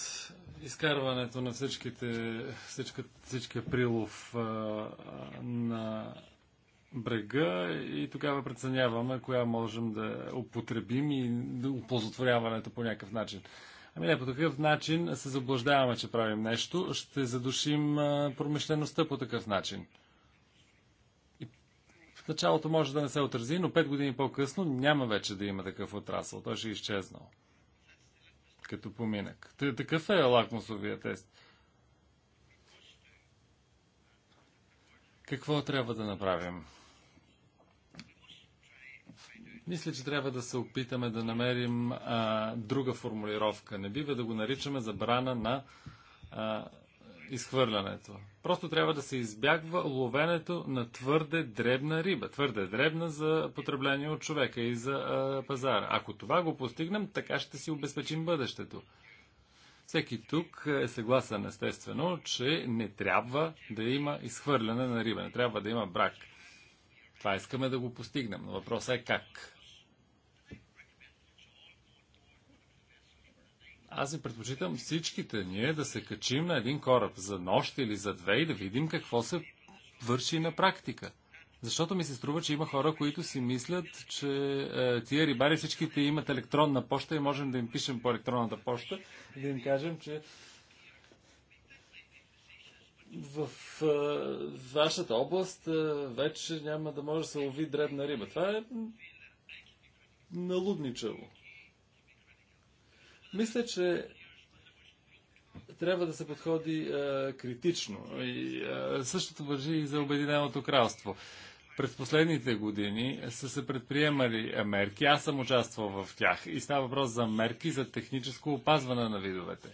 Изкарването на всичките, всичка, всичкия прилов а, на брега и тогава преценяваме коя можем да употребим и да оползотворяването по някакъв начин. Ами не, по такъв начин се заблуждаваме, че правим нещо, ще задушим промишлеността по такъв начин. И в началото може да не се отрази, но пет години по-късно няма вече да има такъв отрасъл. Той ще е изчезнал. Като поминък. Такъв е лакмусовия тест. Какво трябва да направим? Мисля, че трябва да се опитаме да намерим а, друга формулировка. Не бива да го наричаме забрана на а, изхвърлянето. Просто трябва да се избягва ловенето на твърде дребна риба. Твърде дребна за потребление от човека и за а, пазара. Ако това го постигнем, така ще си обезпечим бъдещето. Всеки тук е съгласен, естествено, че не трябва да има изхвърляне на риба, не трябва да има брак. Това искаме да го постигнем, но въпросът е как. Аз ви предпочитам всичките ние да се качим на един кораб за нощ или за две и да видим какво се върши на практика. Защото ми се струва, че има хора, които си мислят, че е, тия рибари всичките имат електронна поща и можем да им пишем по електронната поща и да им кажем, че в е, вашата област е, вече няма да може да се лови дребна риба. Това е налудничаво. Мисля, че трябва да се подходи е, критично. И, е, същото въжи и за Обединеното кралство. През последните години са се предприемали мерки. Аз съм участвал в тях. И става въпрос за мерки за техническо опазване на видовете.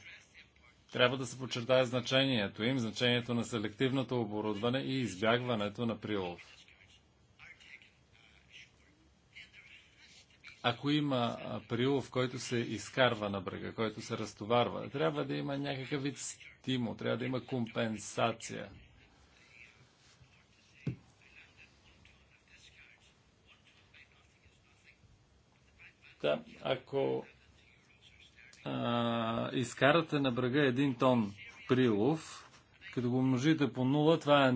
Трябва да се подчертае значението им, значението на селективното оборудване и избягването на прилов. Ако има прилов, който се изкарва на брега, който се разтоварва, трябва да има някакъв вид стимул, трябва да има компенсация. Да, ако а, изкарате на брега един тон прилов, като го множите по 0, това е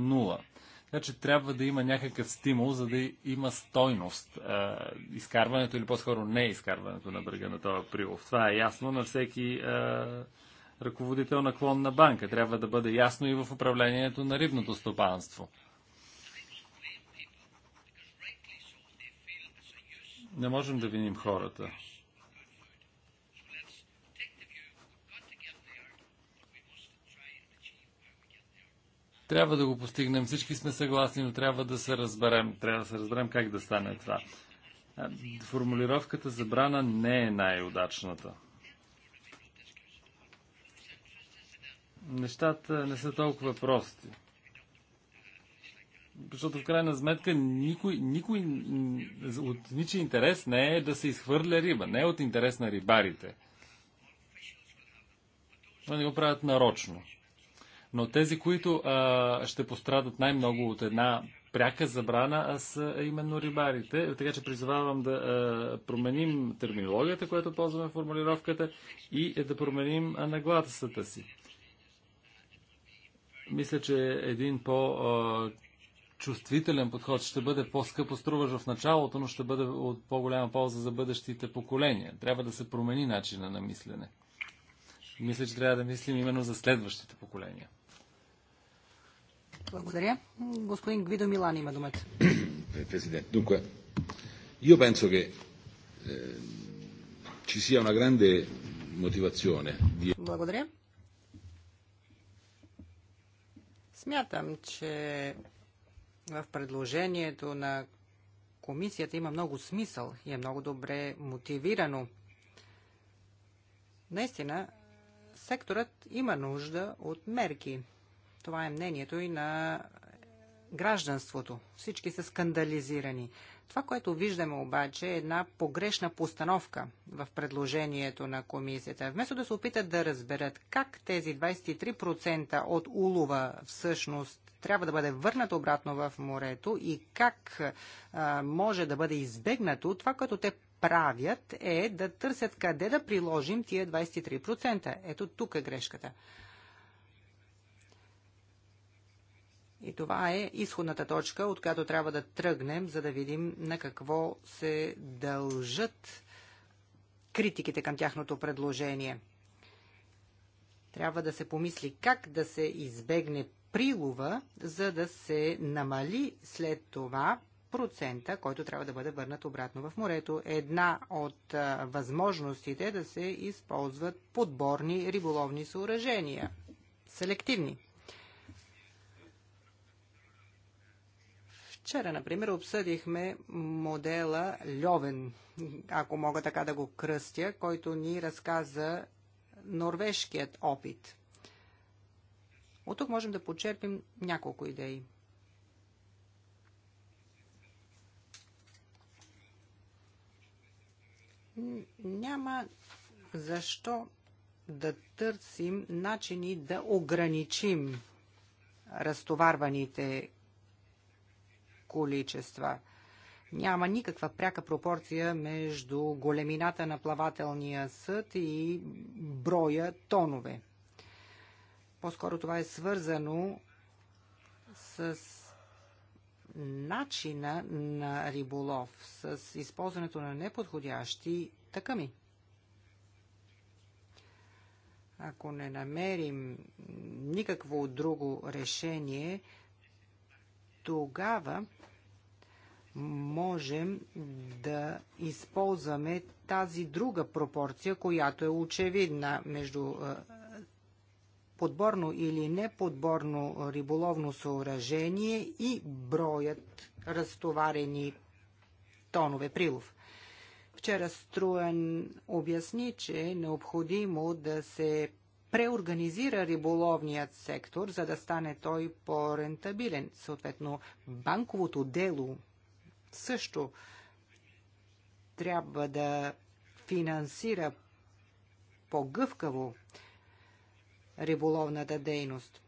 така че трябва да има някакъв стимул, за да има стойност. изкарването или по-скоро не изкарването на брега на това прилов. Това е ясно на всеки ръководител на клон на банка. Трябва да бъде ясно и в управлението на рибното стопанство. Не можем да виним хората. Трябва да го постигнем, всички сме съгласни, но трябва да се разберем, трябва да се разберем как да стане това. Формулировката забрана не е най-удачната. Нещата не са толкова прости. Защото в крайна сметка никой, никой от ничи интерес не е да се изхвърля риба, не е от интерес на рибарите. Но не го правят нарочно но тези, които а, ще пострадат най-много от една пряка забрана, а са именно рибарите. Така че призовавам да а, променим терминологията, която ползваме в формулировката и да променим нагласата си. Мисля, че един по- а, чувствителен подход ще бъде по-скъпо струваш в началото, но ще бъде от по-голяма полза за бъдещите поколения. Трябва да се промени начина на мислене. Мисля, че трябва да мислим именно за следващите поколения. Благодаря. Господин Гвидо Милан има думата. Е, президент, дунка, io penso che е, ci sia una grande motivazione di... Благодаря. Смятам, че в предложението на комисията има много смисъл и е много добре мотивирано. Наистина, секторът има нужда от мерки – това е мнението и на гражданството. Всички са скандализирани. Това, което виждаме обаче е една погрешна постановка в предложението на комисията. Вместо да се опитат да разберат как тези 23% от улова всъщност трябва да бъде върнат обратно в морето и как а, може да бъде избегнато, това, което те правят е да търсят къде да приложим тия 23%. Ето тук е грешката. И това е изходната точка, от която трябва да тръгнем, за да видим на какво се дължат критиките към тяхното предложение. Трябва да се помисли как да се избегне прилова, за да се намали след това процента, който трябва да бъде върнат обратно в морето. Една от възможностите е да се използват подборни риболовни съоръжения. Селективни. Вчера, например, обсъдихме модела Льовен, ако мога така да го кръстя, който ни разказа норвежкият опит. От тук можем да почерпим няколко идеи. Няма защо да търсим начини да ограничим разтоварваните количества. Няма никаква пряка пропорция между големината на плавателния съд и броя тонове. По-скоро това е свързано с начина на риболов, с използването на неподходящи такъми. Ако не намерим никакво друго решение, тогава можем да използваме тази друга пропорция, която е очевидна между е, подборно или неподборно риболовно съоръжение и броят разтоварени тонове прилов. Вчера Струен обясни, че е необходимо да се преорганизира риболовният сектор, за да стане той по-рентабилен. Съответно, банковото дело също трябва да финансира по-гъвкаво риболовната дейност.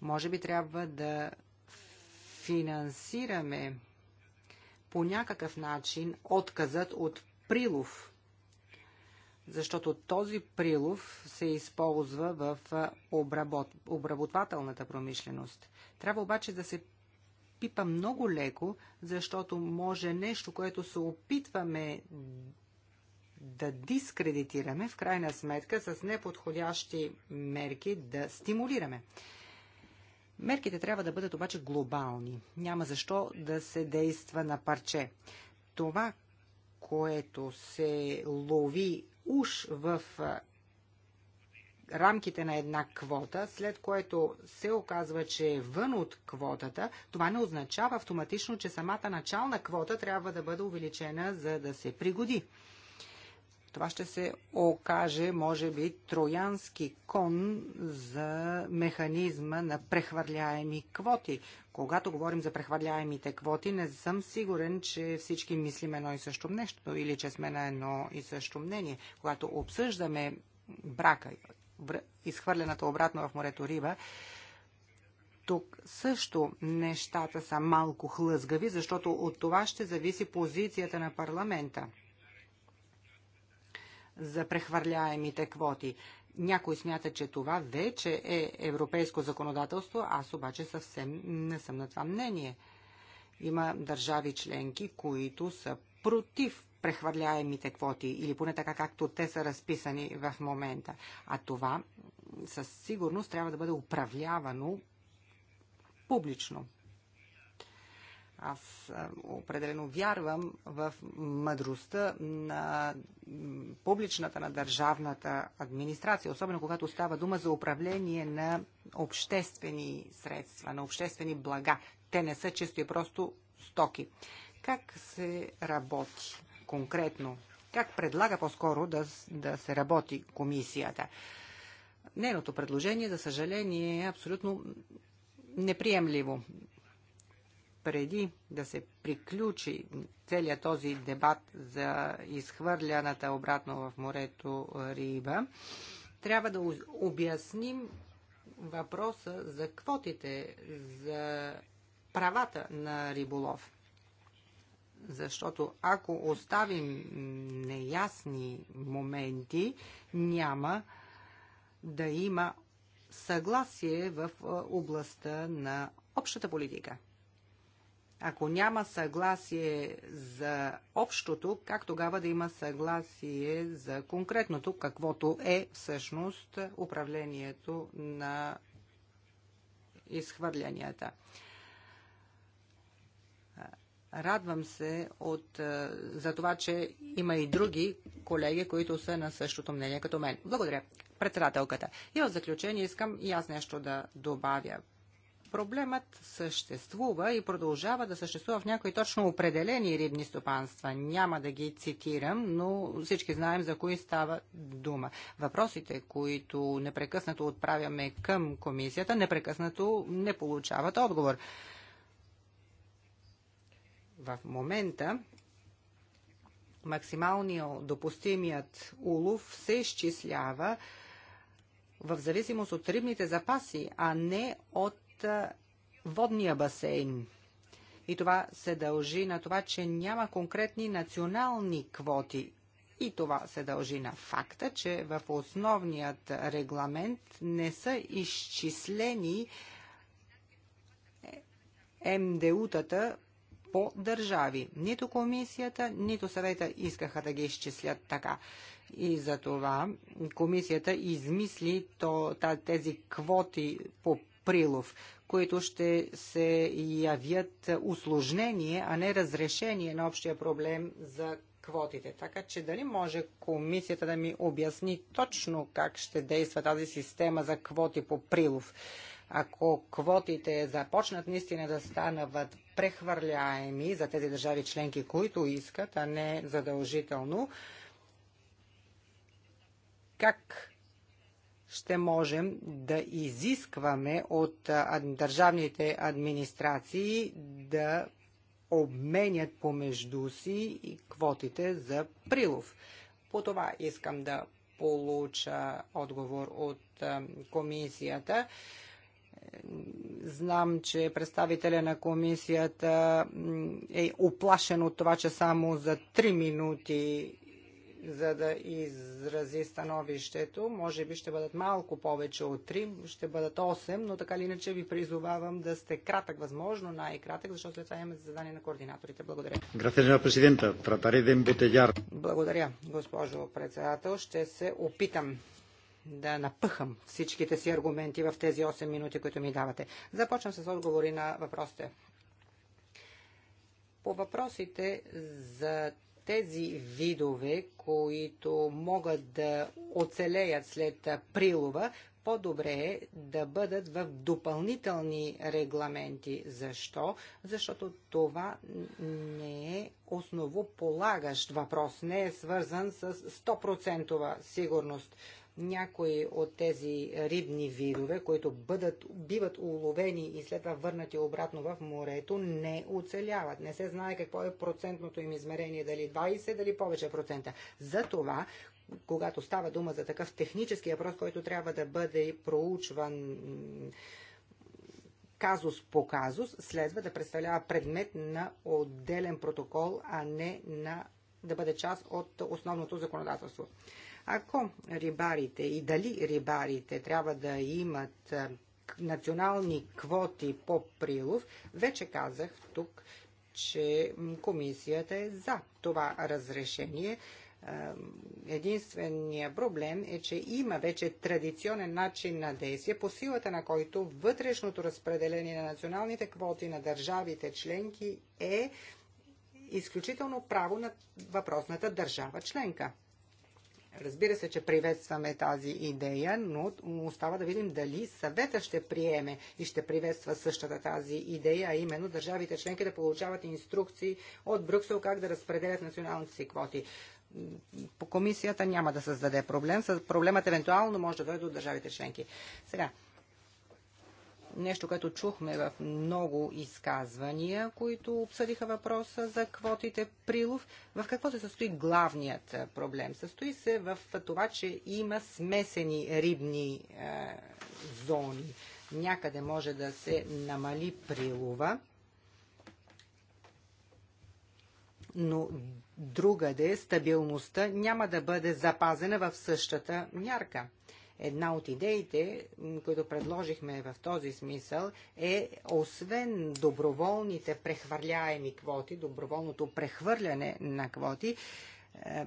Може би трябва да финансираме по някакъв начин отказът от прилов защото този прилов се използва в обработ... обработвателната промишленост. Трябва обаче да се пипа много леко, защото може нещо, което се опитваме да дискредитираме, в крайна сметка с неподходящи мерки да стимулираме. Мерките трябва да бъдат обаче глобални. Няма защо да се действа на парче. Това, което се лови уж в рамките на една квота, след което се оказва, че е вън от квотата, това не означава автоматично, че самата начална квота трябва да бъде увеличена, за да се пригоди това ще се окаже, може би, троянски кон за механизма на прехвърляеми квоти. Когато говорим за прехвърляемите квоти, не съм сигурен, че всички мислим едно и също нещо или че сме на едно и също мнение. Когато обсъждаме брака, изхвърлената обратно в морето риба, тук също нещата са малко хлъзгави, защото от това ще зависи позицията на парламента за прехвърляемите квоти. Някой смята, че това вече е европейско законодателство, аз обаче съвсем не съм на това мнение. Има държави членки, които са против прехвърляемите квоти, или поне така както те са разписани в момента. А това със сигурност трябва да бъде управлявано публично. Аз е, определено вярвам в мъдростта на публичната, на държавната администрация, особено когато става дума за управление на обществени средства, на обществени блага. Те не са чисто и просто стоки. Как се работи конкретно? Как предлага по-скоро да, да се работи комисията? Нейното предложение, за съжаление, е абсолютно неприемливо преди да се приключи целият този дебат за изхвърляната обратно в морето риба, трябва да обясним въпроса за квотите, за правата на риболов. Защото ако оставим неясни моменти, няма да има съгласие в областта на общата политика. Ако няма съгласие за общото, как тогава да има съгласие за конкретното, каквото е всъщност управлението на изхвърлянията? Радвам се от, за това, че има и други колеги, които са на същото мнение като мен. Благодаря, председателката. И в заключение искам и аз нещо да добавя. Проблемът съществува и продължава да съществува в някои точно определени рибни стопанства. Няма да ги цитирам, но всички знаем за кои става дума. Въпросите, които непрекъснато отправяме към комисията, непрекъснато не получават отговор. В момента максималният допустимият улов се изчислява в зависимост от рибните запаси, а не от водния басейн. И това се дължи на това, че няма конкретни национални квоти. И това се дължи на факта, че в основният регламент не са изчислени е, МДУ-тата по държави. Нито комисията, нито съвета искаха да ги изчислят така. И за това комисията измисли то, тези квоти по Прилов, които ще се явят усложнение, а не разрешение на общия проблем за квотите. Така че дали може комисията да ми обясни точно как ще действа тази система за квоти по Прилов? Ако квотите започнат наистина да станават прехвърляеми за тези държави членки, които искат, а не задължително, как ще можем да изискваме от държавните администрации да обменят помежду си квотите за прилов. По това искам да получа отговор от комисията. Знам, че представителя на комисията е оплашен от това, че само за 3 минути за да изрази становището. Може би ще бъдат малко повече от 3, ще бъдат 8, но така или иначе ви призовавам да сте кратък, възможно най-кратък, защото след това имаме задание на координаторите. Благодаря. президента, Благодаря, госпожо председател. Ще се опитам да напъхам всичките си аргументи в тези 8 минути, които ми давате. Започвам с отговори на въпросите. По въпросите за тези видове, които могат да оцелеят след прилова, по-добре е да бъдат в допълнителни регламенти. Защо? Защото това не е основополагащ въпрос, не е свързан с 100% сигурност някои от тези рибни видове, които бъдат, биват уловени и след това върнати обратно в морето, не оцеляват. Не се знае какво е процентното им измерение, дали 20, дали повече процента. Затова, когато става дума за такъв технически въпрос, който трябва да бъде проучван казус по казус, следва да представлява предмет на отделен протокол, а не на да бъде част от основното законодателство. Ако рибарите и дали рибарите трябва да имат национални квоти по прилов, вече казах тук, че комисията е за това разрешение. Единственият проблем е, че има вече традиционен начин на действие, по силата на който вътрешното разпределение на националните квоти на държавите членки е изключително право на въпросната държава членка. Разбира се, че приветстваме тази идея, но остава да видим дали съвета ще приеме и ще приветства същата тази идея, а именно държавите членки да получават инструкции от Брюксел как да разпределят националните си квоти. По комисията няма да създаде проблем. Проблемът евентуално може да дойде от държавите членки. Сега, нещо, което чухме в много изказвания, които обсъдиха въпроса за квотите прилов. В какво се състои главният проблем? Състои се в това, че има смесени рибни е, зони. Някъде може да се намали прилова, но другаде стабилността няма да бъде запазена в същата мярка. Една от идеите, които предложихме в този смисъл, е освен доброволните прехвърляеми квоти, доброволното прехвърляне на квоти, е,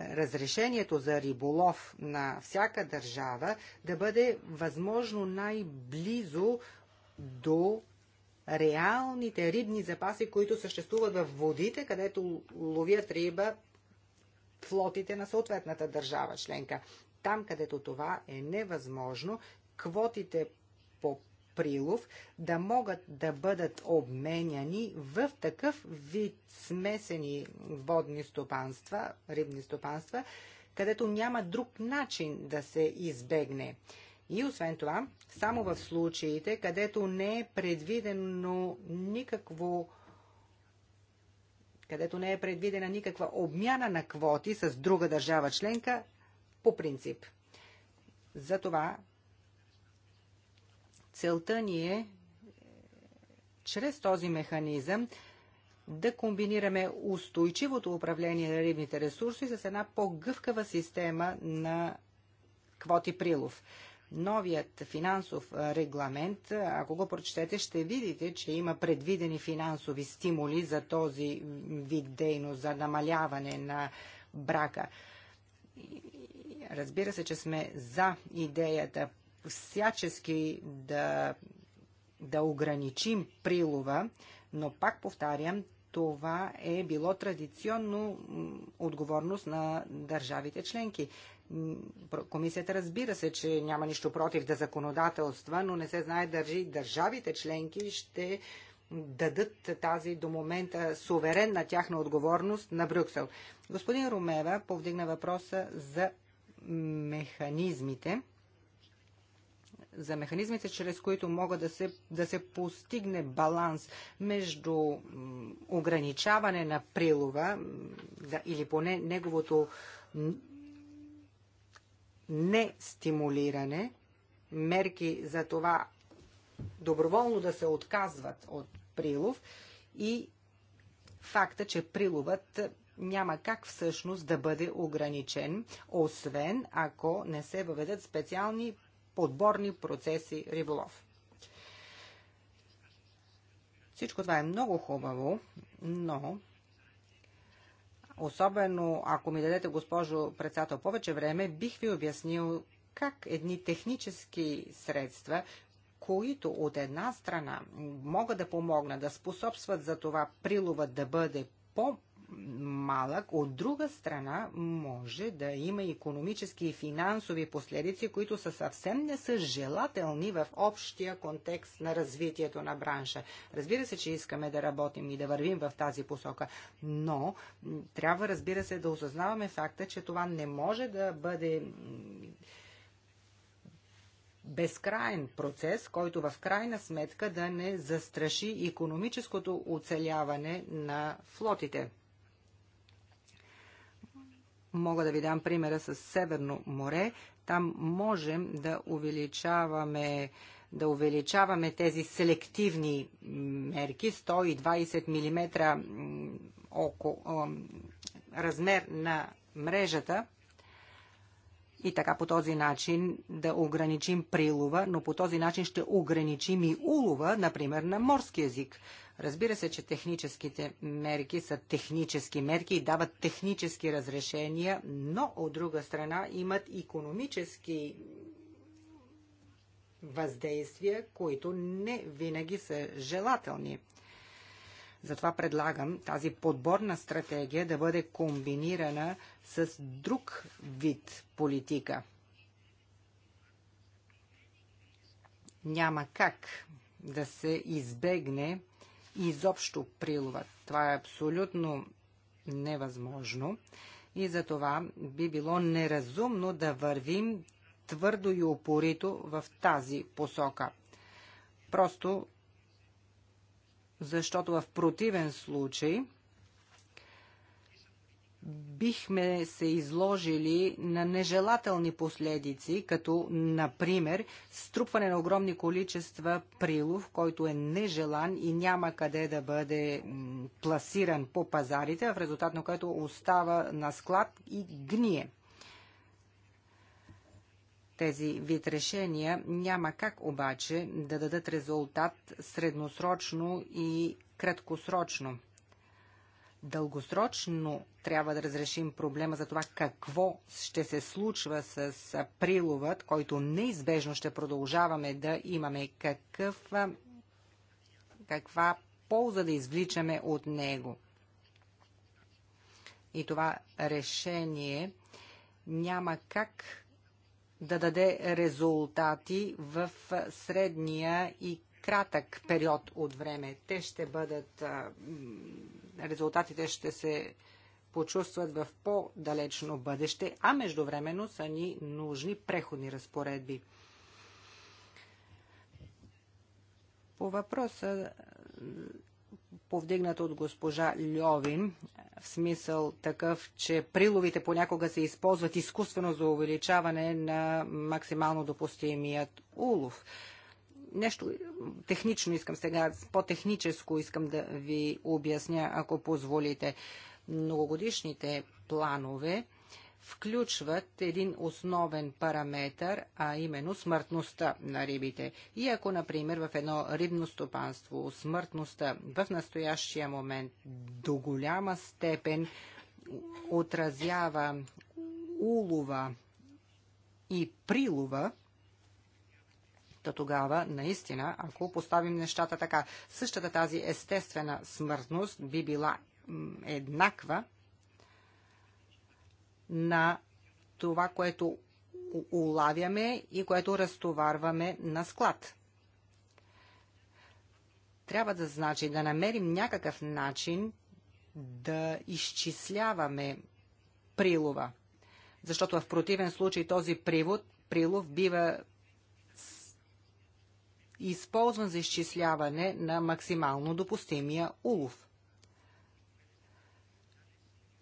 разрешението за риболов на всяка държава да бъде възможно най-близо до реалните рибни запаси, които съществуват в водите, където ловят риба флотите на съответната държава членка там, където това е невъзможно, квотите по прилов да могат да бъдат обменяни в такъв вид смесени водни стопанства, рибни стопанства, където няма друг начин да се избегне. И освен това, само в случаите, където не е предвидено никакво където не е предвидена никаква обмяна на квоти с друга държава членка, по принцип. Затова целта ни е чрез този механизъм да комбинираме устойчивото управление на рибните ресурси с една по-гъвкава система на квоти прилов. Новият финансов регламент, ако го прочетете, ще видите, че има предвидени финансови стимули за този вид дейност, за намаляване на брака. Разбира се, че сме за идеята всячески да, да ограничим прилова, но пак повтарям, това е било традиционно отговорност на държавите членки. Комисията разбира се, че няма нищо против да законодателства, но не се знае държи държавите членки ще дадат тази до момента суверенна тяхна отговорност на Брюксел. Господин Румева повдигна въпроса за механизмите, за механизмите, чрез които могат да се, да се постигне баланс между ограничаване на прилова да, или поне неговото нестимулиране, мерки за това доброволно да се отказват от прилов и факта, че приловът няма как всъщност да бъде ограничен, освен ако не се въведат специални подборни процеси риболов. Всичко това е много хубаво, но особено ако ми дадете, госпожо председател, повече време, бих ви обяснил как едни технически средства, които от една страна могат да помогнат да способстват за това приловът да бъде по малък, от друга страна може да има економически и финансови последици, които са съвсем не са желателни в общия контекст на развитието на бранша. Разбира се, че искаме да работим и да вървим в тази посока, но трябва, разбира се, да осъзнаваме факта, че това не може да бъде безкрайен процес, който в крайна сметка да не застраши економическото оцеляване на флотите. Мога да ви дам примера с Северно море. Там можем да увеличаваме да увеличаваме тези селективни мерки 120 мм око, размер на мрежата и така по този начин да ограничим прилова, но по този начин ще ограничим и улова, например, на морски язик. Разбира се, че техническите мерки са технически мерки и дават технически разрешения, но от друга страна имат економически въздействия, които не винаги са желателни. Затова предлагам тази подборна стратегия да бъде комбинирана с друг вид политика. Няма как да се избегне изобщо прилова. Това е абсолютно невъзможно и за това би било неразумно да вървим твърдо и упорито в тази посока. Просто защото в противен случай бихме се изложили на нежелателни последици, като, например, струпване на огромни количества прилов, който е нежелан и няма къде да бъде пласиран по пазарите, в резултат на което остава на склад и гние тези вид решения няма как обаче да дадат резултат средносрочно и краткосрочно. Дългосрочно трябва да разрешим проблема за това какво ще се случва с приловът, който неизбежно ще продължаваме да имаме, какъв, каква полза да извличаме от него. И това решение няма как да даде резултати в средния и кратък период от време. Те ще бъдат, резултатите ще се почувстват в по-далечно бъдеще, а междувременно са ни нужни преходни разпоредби. По въпроса повдигнат от госпожа Льовин, в смисъл такъв, че приловите понякога се използват изкуствено за увеличаване на максимално допустимият улов. Нещо технично искам сега, по-техническо искам да ви обясня, ако позволите. Многогодишните планове включват един основен параметр, а именно смъртността на рибите. И ако, например, в едно рибно стопанство смъртността в настоящия момент до голяма степен отразява улова и прилова, то тогава, наистина, ако поставим нещата така, същата тази естествена смъртност би била еднаква на това, което улавяме и което разтоварваме на склад. Трябва да значи да намерим някакъв начин да изчисляваме прилова. Защото в противен случай този привод, прилов бива използван за изчисляване на максимално допустимия улов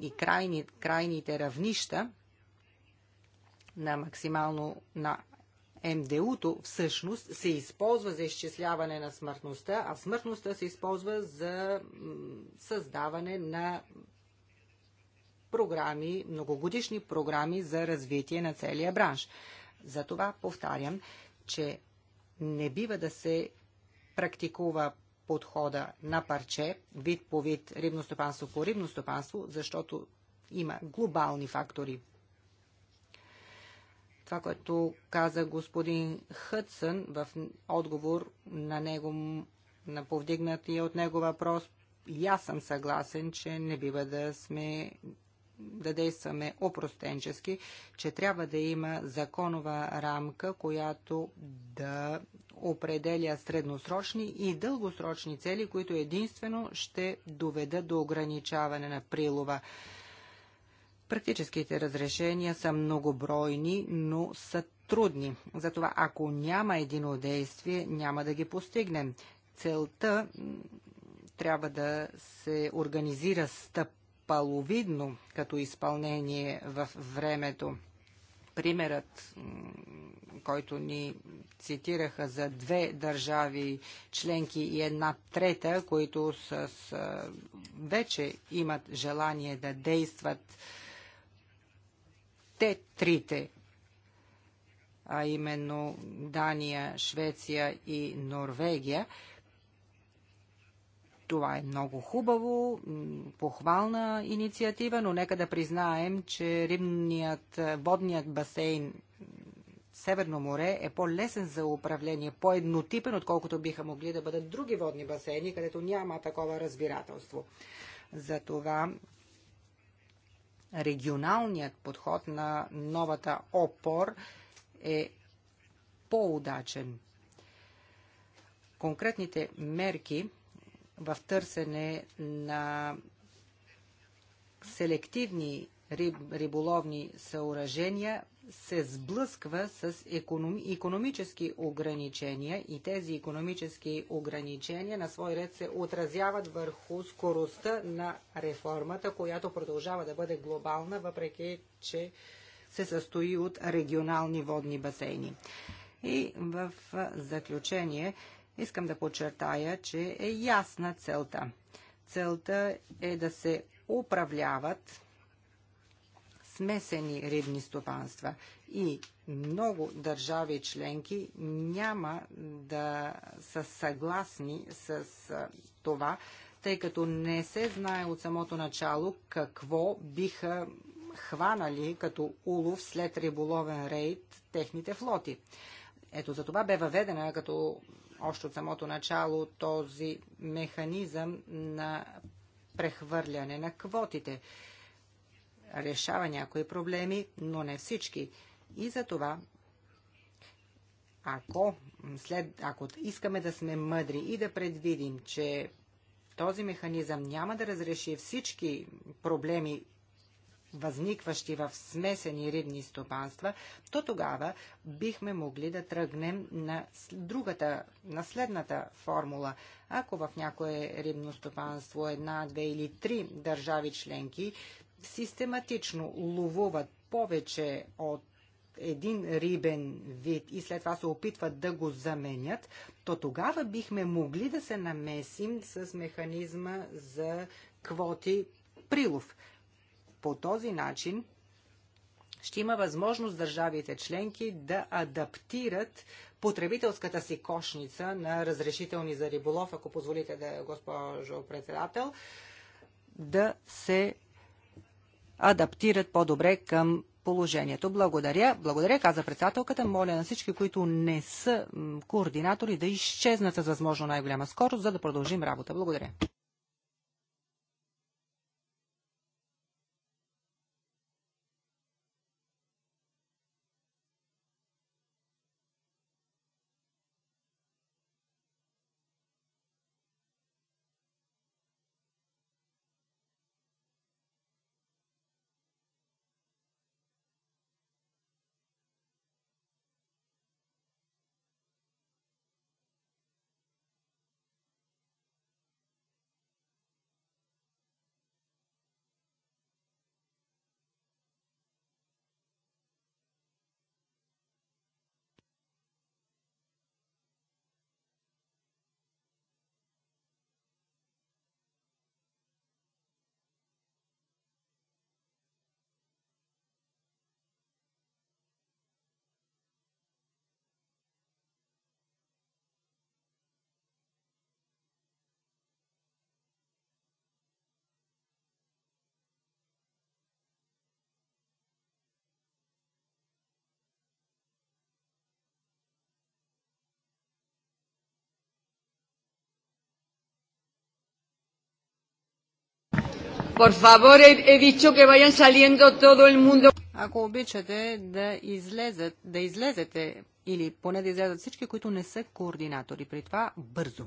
и крайни, крайните равнища на максимално на МДУ-то всъщност се използва за изчисляване на смъртността, а смъртността се използва за създаване на програми, многогодишни програми за развитие на целия бранш. Затова повтарям, че не бива да се практикува подхода на парче, вид по вид, рибно стопанство по рибно стопанство, защото има глобални фактори. Това, което каза господин Хътсън в отговор на, него, на повдигнатия от него въпрос, и аз съм съгласен, че не бива да сме да действаме опростенчески, че трябва да има законова рамка, която да определя средносрочни и дългосрочни цели, които единствено ще доведат до ограничаване на прилова. Практическите разрешения са многобройни, но са трудни. Затова ако няма единодействие, няма да ги постигнем. Целта трябва да се организира стъпаловидно като изпълнение в времето примерът, който ни цитираха за две държави членки и една трета, които с, с, вече имат желание да действат те трите, а именно Дания, Швеция и Норвегия – това е много хубаво, похвална инициатива, но нека да признаем, че рибният е, водният басейн Северно море е по-лесен за управление, по-еднотипен, отколкото биха могли да бъдат други водни басейни, където няма такова разбирателство. Затова регионалният подход на новата ОПОР е по-удачен. Конкретните мерки в търсене на селективни риб, риболовни съоръжения се сблъсква с економи, економически ограничения и тези економически ограничения на свой ред се отразяват върху скоростта на реформата, която продължава да бъде глобална, въпреки че се състои от регионални водни басейни. И в заключение Искам да подчертая, че е ясна целта. Целта е да се управляват смесени рибни стопанства и много държави членки няма да са съгласни с това, тъй като не се знае от самото начало какво биха хванали като улов след риболовен рейд техните флоти. Ето за това бе въведена като още от самото начало този механизъм на прехвърляне на квотите. Решава някои проблеми, но не всички. И за това, ако, след, ако искаме да сме мъдри и да предвидим, че този механизъм няма да разреши всички проблеми възникващи в смесени рибни стопанства, то тогава бихме могли да тръгнем на другата, на следната формула. Ако в някое рибно стопанство една, две или три държави членки систематично ловуват повече от един рибен вид и след това се опитват да го заменят, то тогава бихме могли да се намесим с механизма за квоти прилов. По този начин ще има възможност държавите членки да адаптират потребителската си кошница на разрешителни за риболов, ако позволите да, госпожо председател, да се адаптират по-добре към положението. Благодаря. Благодаря, каза председателката. Моля на всички, които не са координатори, да изчезнат с възможно най-голяма скорост, за да продължим работа. Благодаря. Por favor, he, he dicho que vayan saliendo todo el mundo. Ако обичате да, излезат, да излезете или поне да излезат всички, които не са координатори. При това бързо.